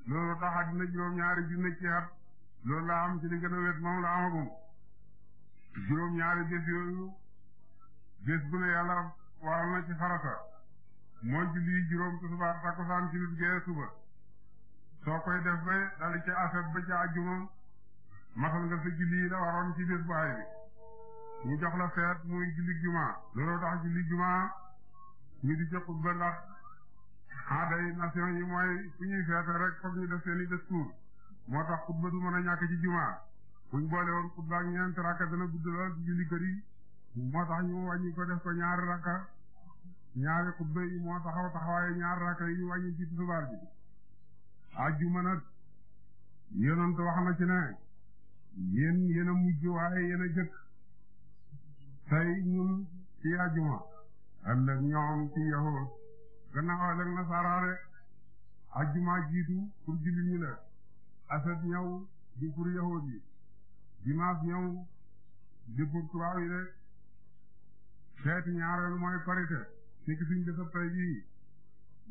loolu tax àddina juróom ñaari junne ci at loolu la am ci li gën a wet moom la amagum juróom ñaari bés yooyu bés bu ne yàlla waral ci farata mooy julli juróom tisbaar takkusaan timis gee suba soo koy def ba dali ca afet ba ca àjjuma matal nga sa julli la waroon ci bés bu ay bi ñu jox la feet muy julli juma looloo tax julli juma ñu di ca xutba ndax aaday nation yi mooy fu ñuy feete rek foog ñu def seen i discours moo tax xutba du mën a ñàkk ci juma buñ boole woon xutba ak ñeent rakka dana gudd lool ci julli kër moo tax ñu wàññi ko def ko ñaari rakka ñaari xutba yi moo taxaw taxawaayu ñaari rakka yi ñu wàññi ci tusubaar bi ajjuma nag yonent wax na ci ne yéen a mujj waaye yéen a jëkk tey ñun ci ajjuma ëllëg ñoom ci yahood gannaaw ëllëg na saaraare ajjuma jiitu pour julli ñu la aset ñëw di pour yahood yi dimanche ñëw feeti ñaareelu mooy korite ni ki suñ bésab tey bii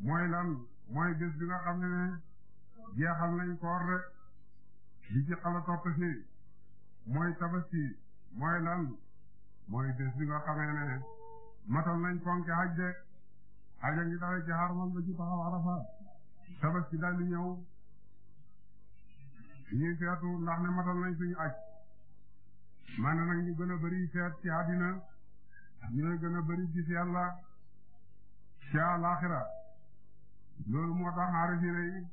mooy lan mooy bés bi nga xam ne ne jeexal nañ koor de li ci xala topp si mooy tabaski mooy lan mooy bés bi nga xamee ne matal nañ konke haj de haj ngi dale ci xarmal ba ci taxaw Arafa tabaski daal di ñëw ñuy feetu ndax ne matal nañ suñu aj man nag ñu gën a bari feet ci àddina ñooy gën a bari gis yàlla ca moo tax aarifina yi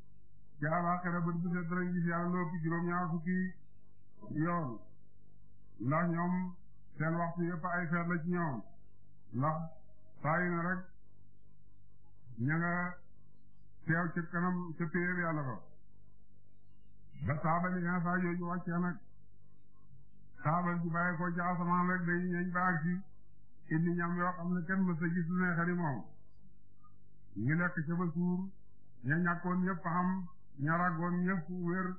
ca alaxira bët bu set danañ gis yàlla loo fi juróom yoon ndax ñoom seen waxtu yëpp ay feet la ci ñoom ndax saa rek ña teew ca kanam ca péyéer yàlla ba saabali nga saa yooyu wàccee nag saabal ci ko ca asamaan rek day ñeñ ba indi ñam yoo xam ne kenn mës a gis lu ne xari moom lekk ca ba ña ñàkkoon ñëpp xam ña ragoon ñëpp wér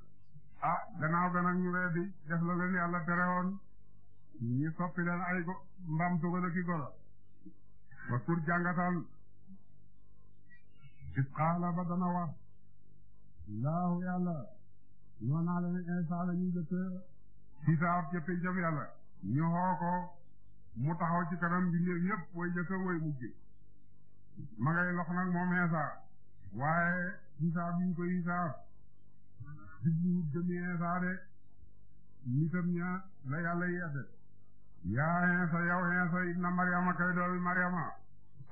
ah gannaaw ga nag ñu weddi def la leen yàlla terewoon ay go mbaam tugal ki golo ba suur jàngatal is xaala ba dana wax laahu yàlla ñoo naa leen insa la ñuy dëkk ci saab ca péncam yàlla ñu mu taxaw ci kanam mbindeef yëpp way jëkk way mujj ma lox nag moom Iisaa waaye Iisaa bi ñu ko Iisaa jublu jëmi Iisaa de nitam ña la yàlla yedde yaa Iisaa yow Iisaa ibna Maryama kay doomi Maryama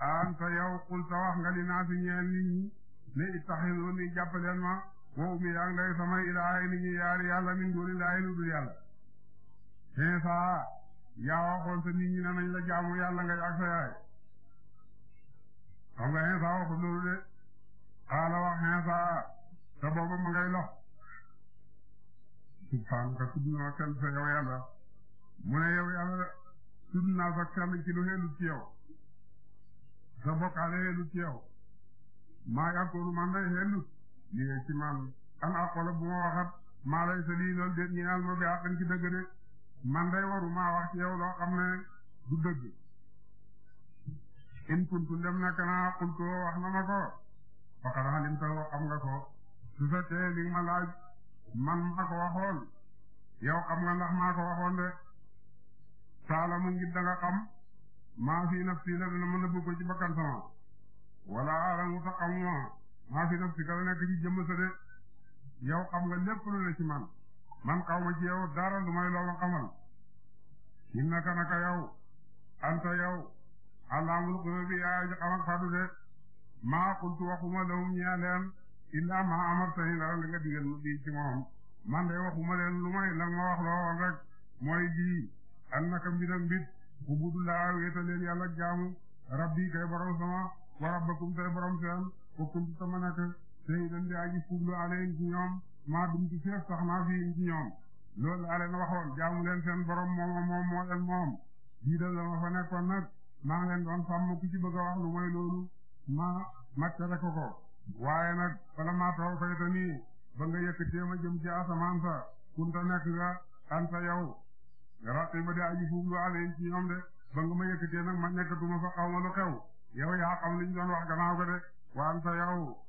anta yow qulta wax nga li naasi ñeel nit ñi ne ittaxizuuni jàppaleen ma wa ummiya ak nday samay ilaahay nit ñi yaari yàlla min duuni laahi lu dul yàlla yaa waxoon te nit ñi ne nañ la jaamu yàlla nga ak sa yaay xam nga Insa waxul loolu de xaala wax Insa te boobu ma ngay lox subhaanaka tudd naa kenn sa yow yàlla mu ne yow yàlla tudd naa sa kenn ci lu xeelut ci yow sa bokkaale xeelut ci yow maa yàkkoonu man day xeelut li ci man an aqola bu ma man day waruma wax ci yow loo xam ne du in kuntu dem na kana xultu wax na ma ko faqad alimtahu xam nga ko su fekkee li ma laaj man maa ko waxoon yow xam nga ndax maa ko waxoon de taalamu ngir da nga xam maa fi nafsi la dana mën a bëgg ko ci bakkan sama wala aalamu ta xam ma maa fi nafsi ka la nekk ci jëmm sa de yow xam nga lépp lu ne ci man man xaw ma ci yow dara lu may loolu xamal innaka naka yow anta yow allaamul xuyubi yaay ji xam ak fadu de maa xultu waxuma lahum ñaa leen illaa maa amartani dara li nga digal mu bii ci moom man de waxuma leen lu may la nga wax loo woon rek mooy bii annaka mbiram mbit ubudulaa wéeta leen yàlla jaamu rabbi kay borom sama wa rabbakum kay borom seen wa kuntu sama nekk te idan di aji fuglu alayhim ci ñoom maa dum ci seef sax maa fi ci ñoom loolu laa leen waxoon jaamu leen seen borom moom moom moo leen moom lii la ma fa nekkoon nag maa ngi leen doon sàmm ku ci bëgg a wax lu mooy loolu ma ma tere ko ko waaye nag bala maa taw fay te nii ba nga yëkkatee ma jëm ci asamaan sa kunta nekk nga anta yow raxi ba di aji fuuf lu ale ci ñoom de ba nga ma yëkkatee nag ma nekkatuma fa xaw lu xew yow yaa xam liñ doon wax gannaaw ko de wa anta yow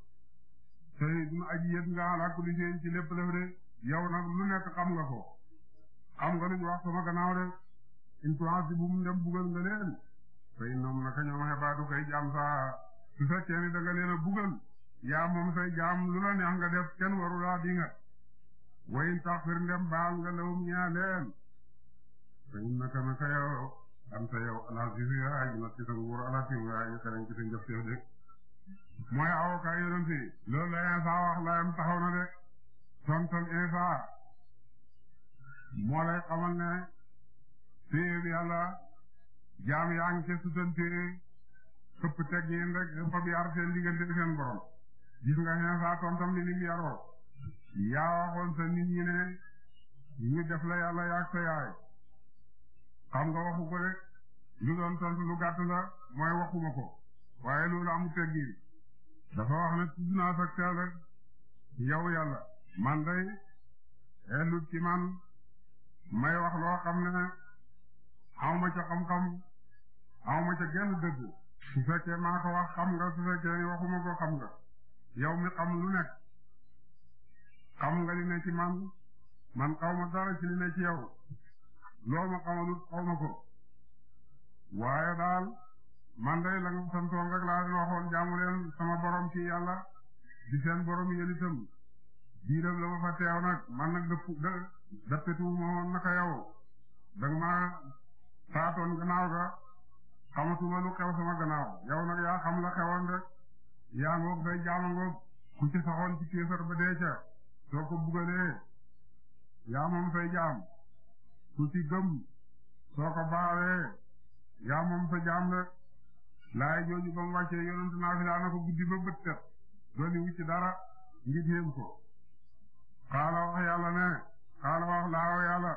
sëy dina aji yëg nga ala kulli ci lépp lëf de yow nag lu nekk xam nga ko xam nga lu ñu wax sama de in tuwaasi bu mu nga leen sëy ñoom naka ñoom xebaatu kay jaam saa su fekkee ni da nga leen a bugal yaa moom say jaam lu la neex nga def kenn warulaa di nga way in ndem baal nga lawum ñaa leen sëy naka naka yow am sa yow ala si si ay na ci nguur ala si yaa ay na ci sa njëf de mooy avocat yonent yi loolu la Insa wax layam taxaw na de tonton Insa moo lay xamal ne téye bi yàlla jaam yaa ngi ca sutante këpp teg yéen rek fab yar seen diggante seen borom gis nga Insa tontam ni nim yaroo yaa waxoon sa nit ñi ne ñu def la yàlla yaag sa yaay xam nga waxu ko rek lu doon tontu lu gàtt la mooy waxuma ko waaye loolu amu teggin dafa wax ne tudd naa sa kër rek yow man day ellut ci man may wax loo xam ne aw ma ca xam-xam aw ma ca genn dëgg su fekkee maa wax xam nga su fekkee waxuma ko xam nga yow mi xam lu nekk xam nga li ne ci man man xaw ma dara ci li ne ci yow loo ma xamalut xaw ma ko waaye daal man day la nga santoon rek laa leen waxoon jaamu leen sama borom ci yàlla di seen borom yéen itam la ma fa teew nag man nag dëpp dë woon naka yow da nga saatoon gannaaw ga xamatuma lu xew sama gannaaw yow nag yaa xam la xewoon rek yaa ngoog day jaama ngoog ku ci saxoon ci kéefar ba dee soo ko bugalee yaa moom say jaam ku ci gëm soo ko baalee yaa moom sa jaam rek laay jooju ba mu wàccee yonentu naa fi laa na ko guddi ba bët set dooli wu dara ngir yéem ko xaala wax yàlla ne xaala wax laaw yàlla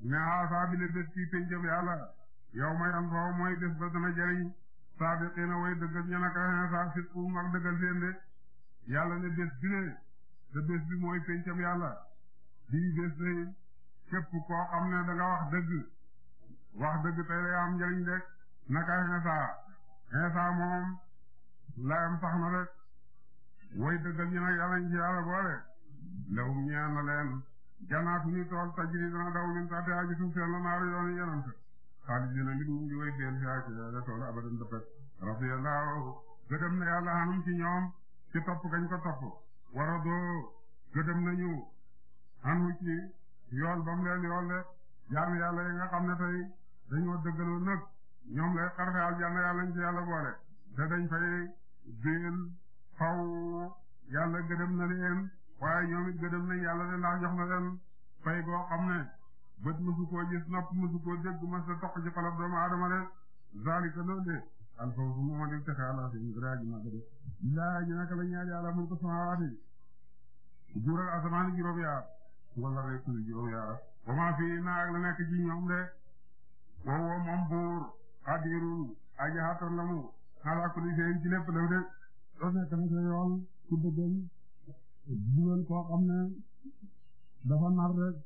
ne aasaa bi le bés ci pénjëf yàlla yow ma yan foofu mooy bés ba dana jëriñ saabiqiina way dëggal ña naka xeen saa fit um ak dëggal seen de yàlla ne bés bi ne te bés bi mooy pénjëf yàlla bii bés day képp koo xam ne da wax dëgg wax dëgg tey day am njëriñ de naka xeen saa Iisaa moom layam sax na rek way dëggal ñi nag yàlla ñu ci boole lawum ñeel na leen janaatu ni tool tajiri dana daw min taate aji suuf seen la naaru yoonu yenante xaalidina mbir ñu ngi way beel fiaa ci la tool abadan dëppet radiyallahu gëdëm na yàlla hanum ci ñoom ci topp gañ ko topp wara doo gëdëm nañu hanu ci yool ba mu yool de jaam yàlla yi nga xam ne tey dañoo dëggaloo nag ñoom lay xarfe aljanna yàlla ñu ci yàlla boole te dañ fay biil faw yàlla gëdëm na leen waaye ñoom it gëdëm nañ yàlla de ndax jox na leen fay goo xam ne bët mësu koo gis nopp mësu koo dégg mas a toq ci xolab doomu aadama de zalika loolu de alfawzu moo di texe àla sin graji màgg de laa ñu naka la ñaari yàlla mun ko samawaati jural asamaan juróom yaar wala rek juróom yaar wa maa fii naa ak la nekk ci ñoom de wow moom buur xadirun aji xaatoon na mu xalaa kulli seen ci lépp lëw de loolu nekk na sa yoon ku bëggal dugal koo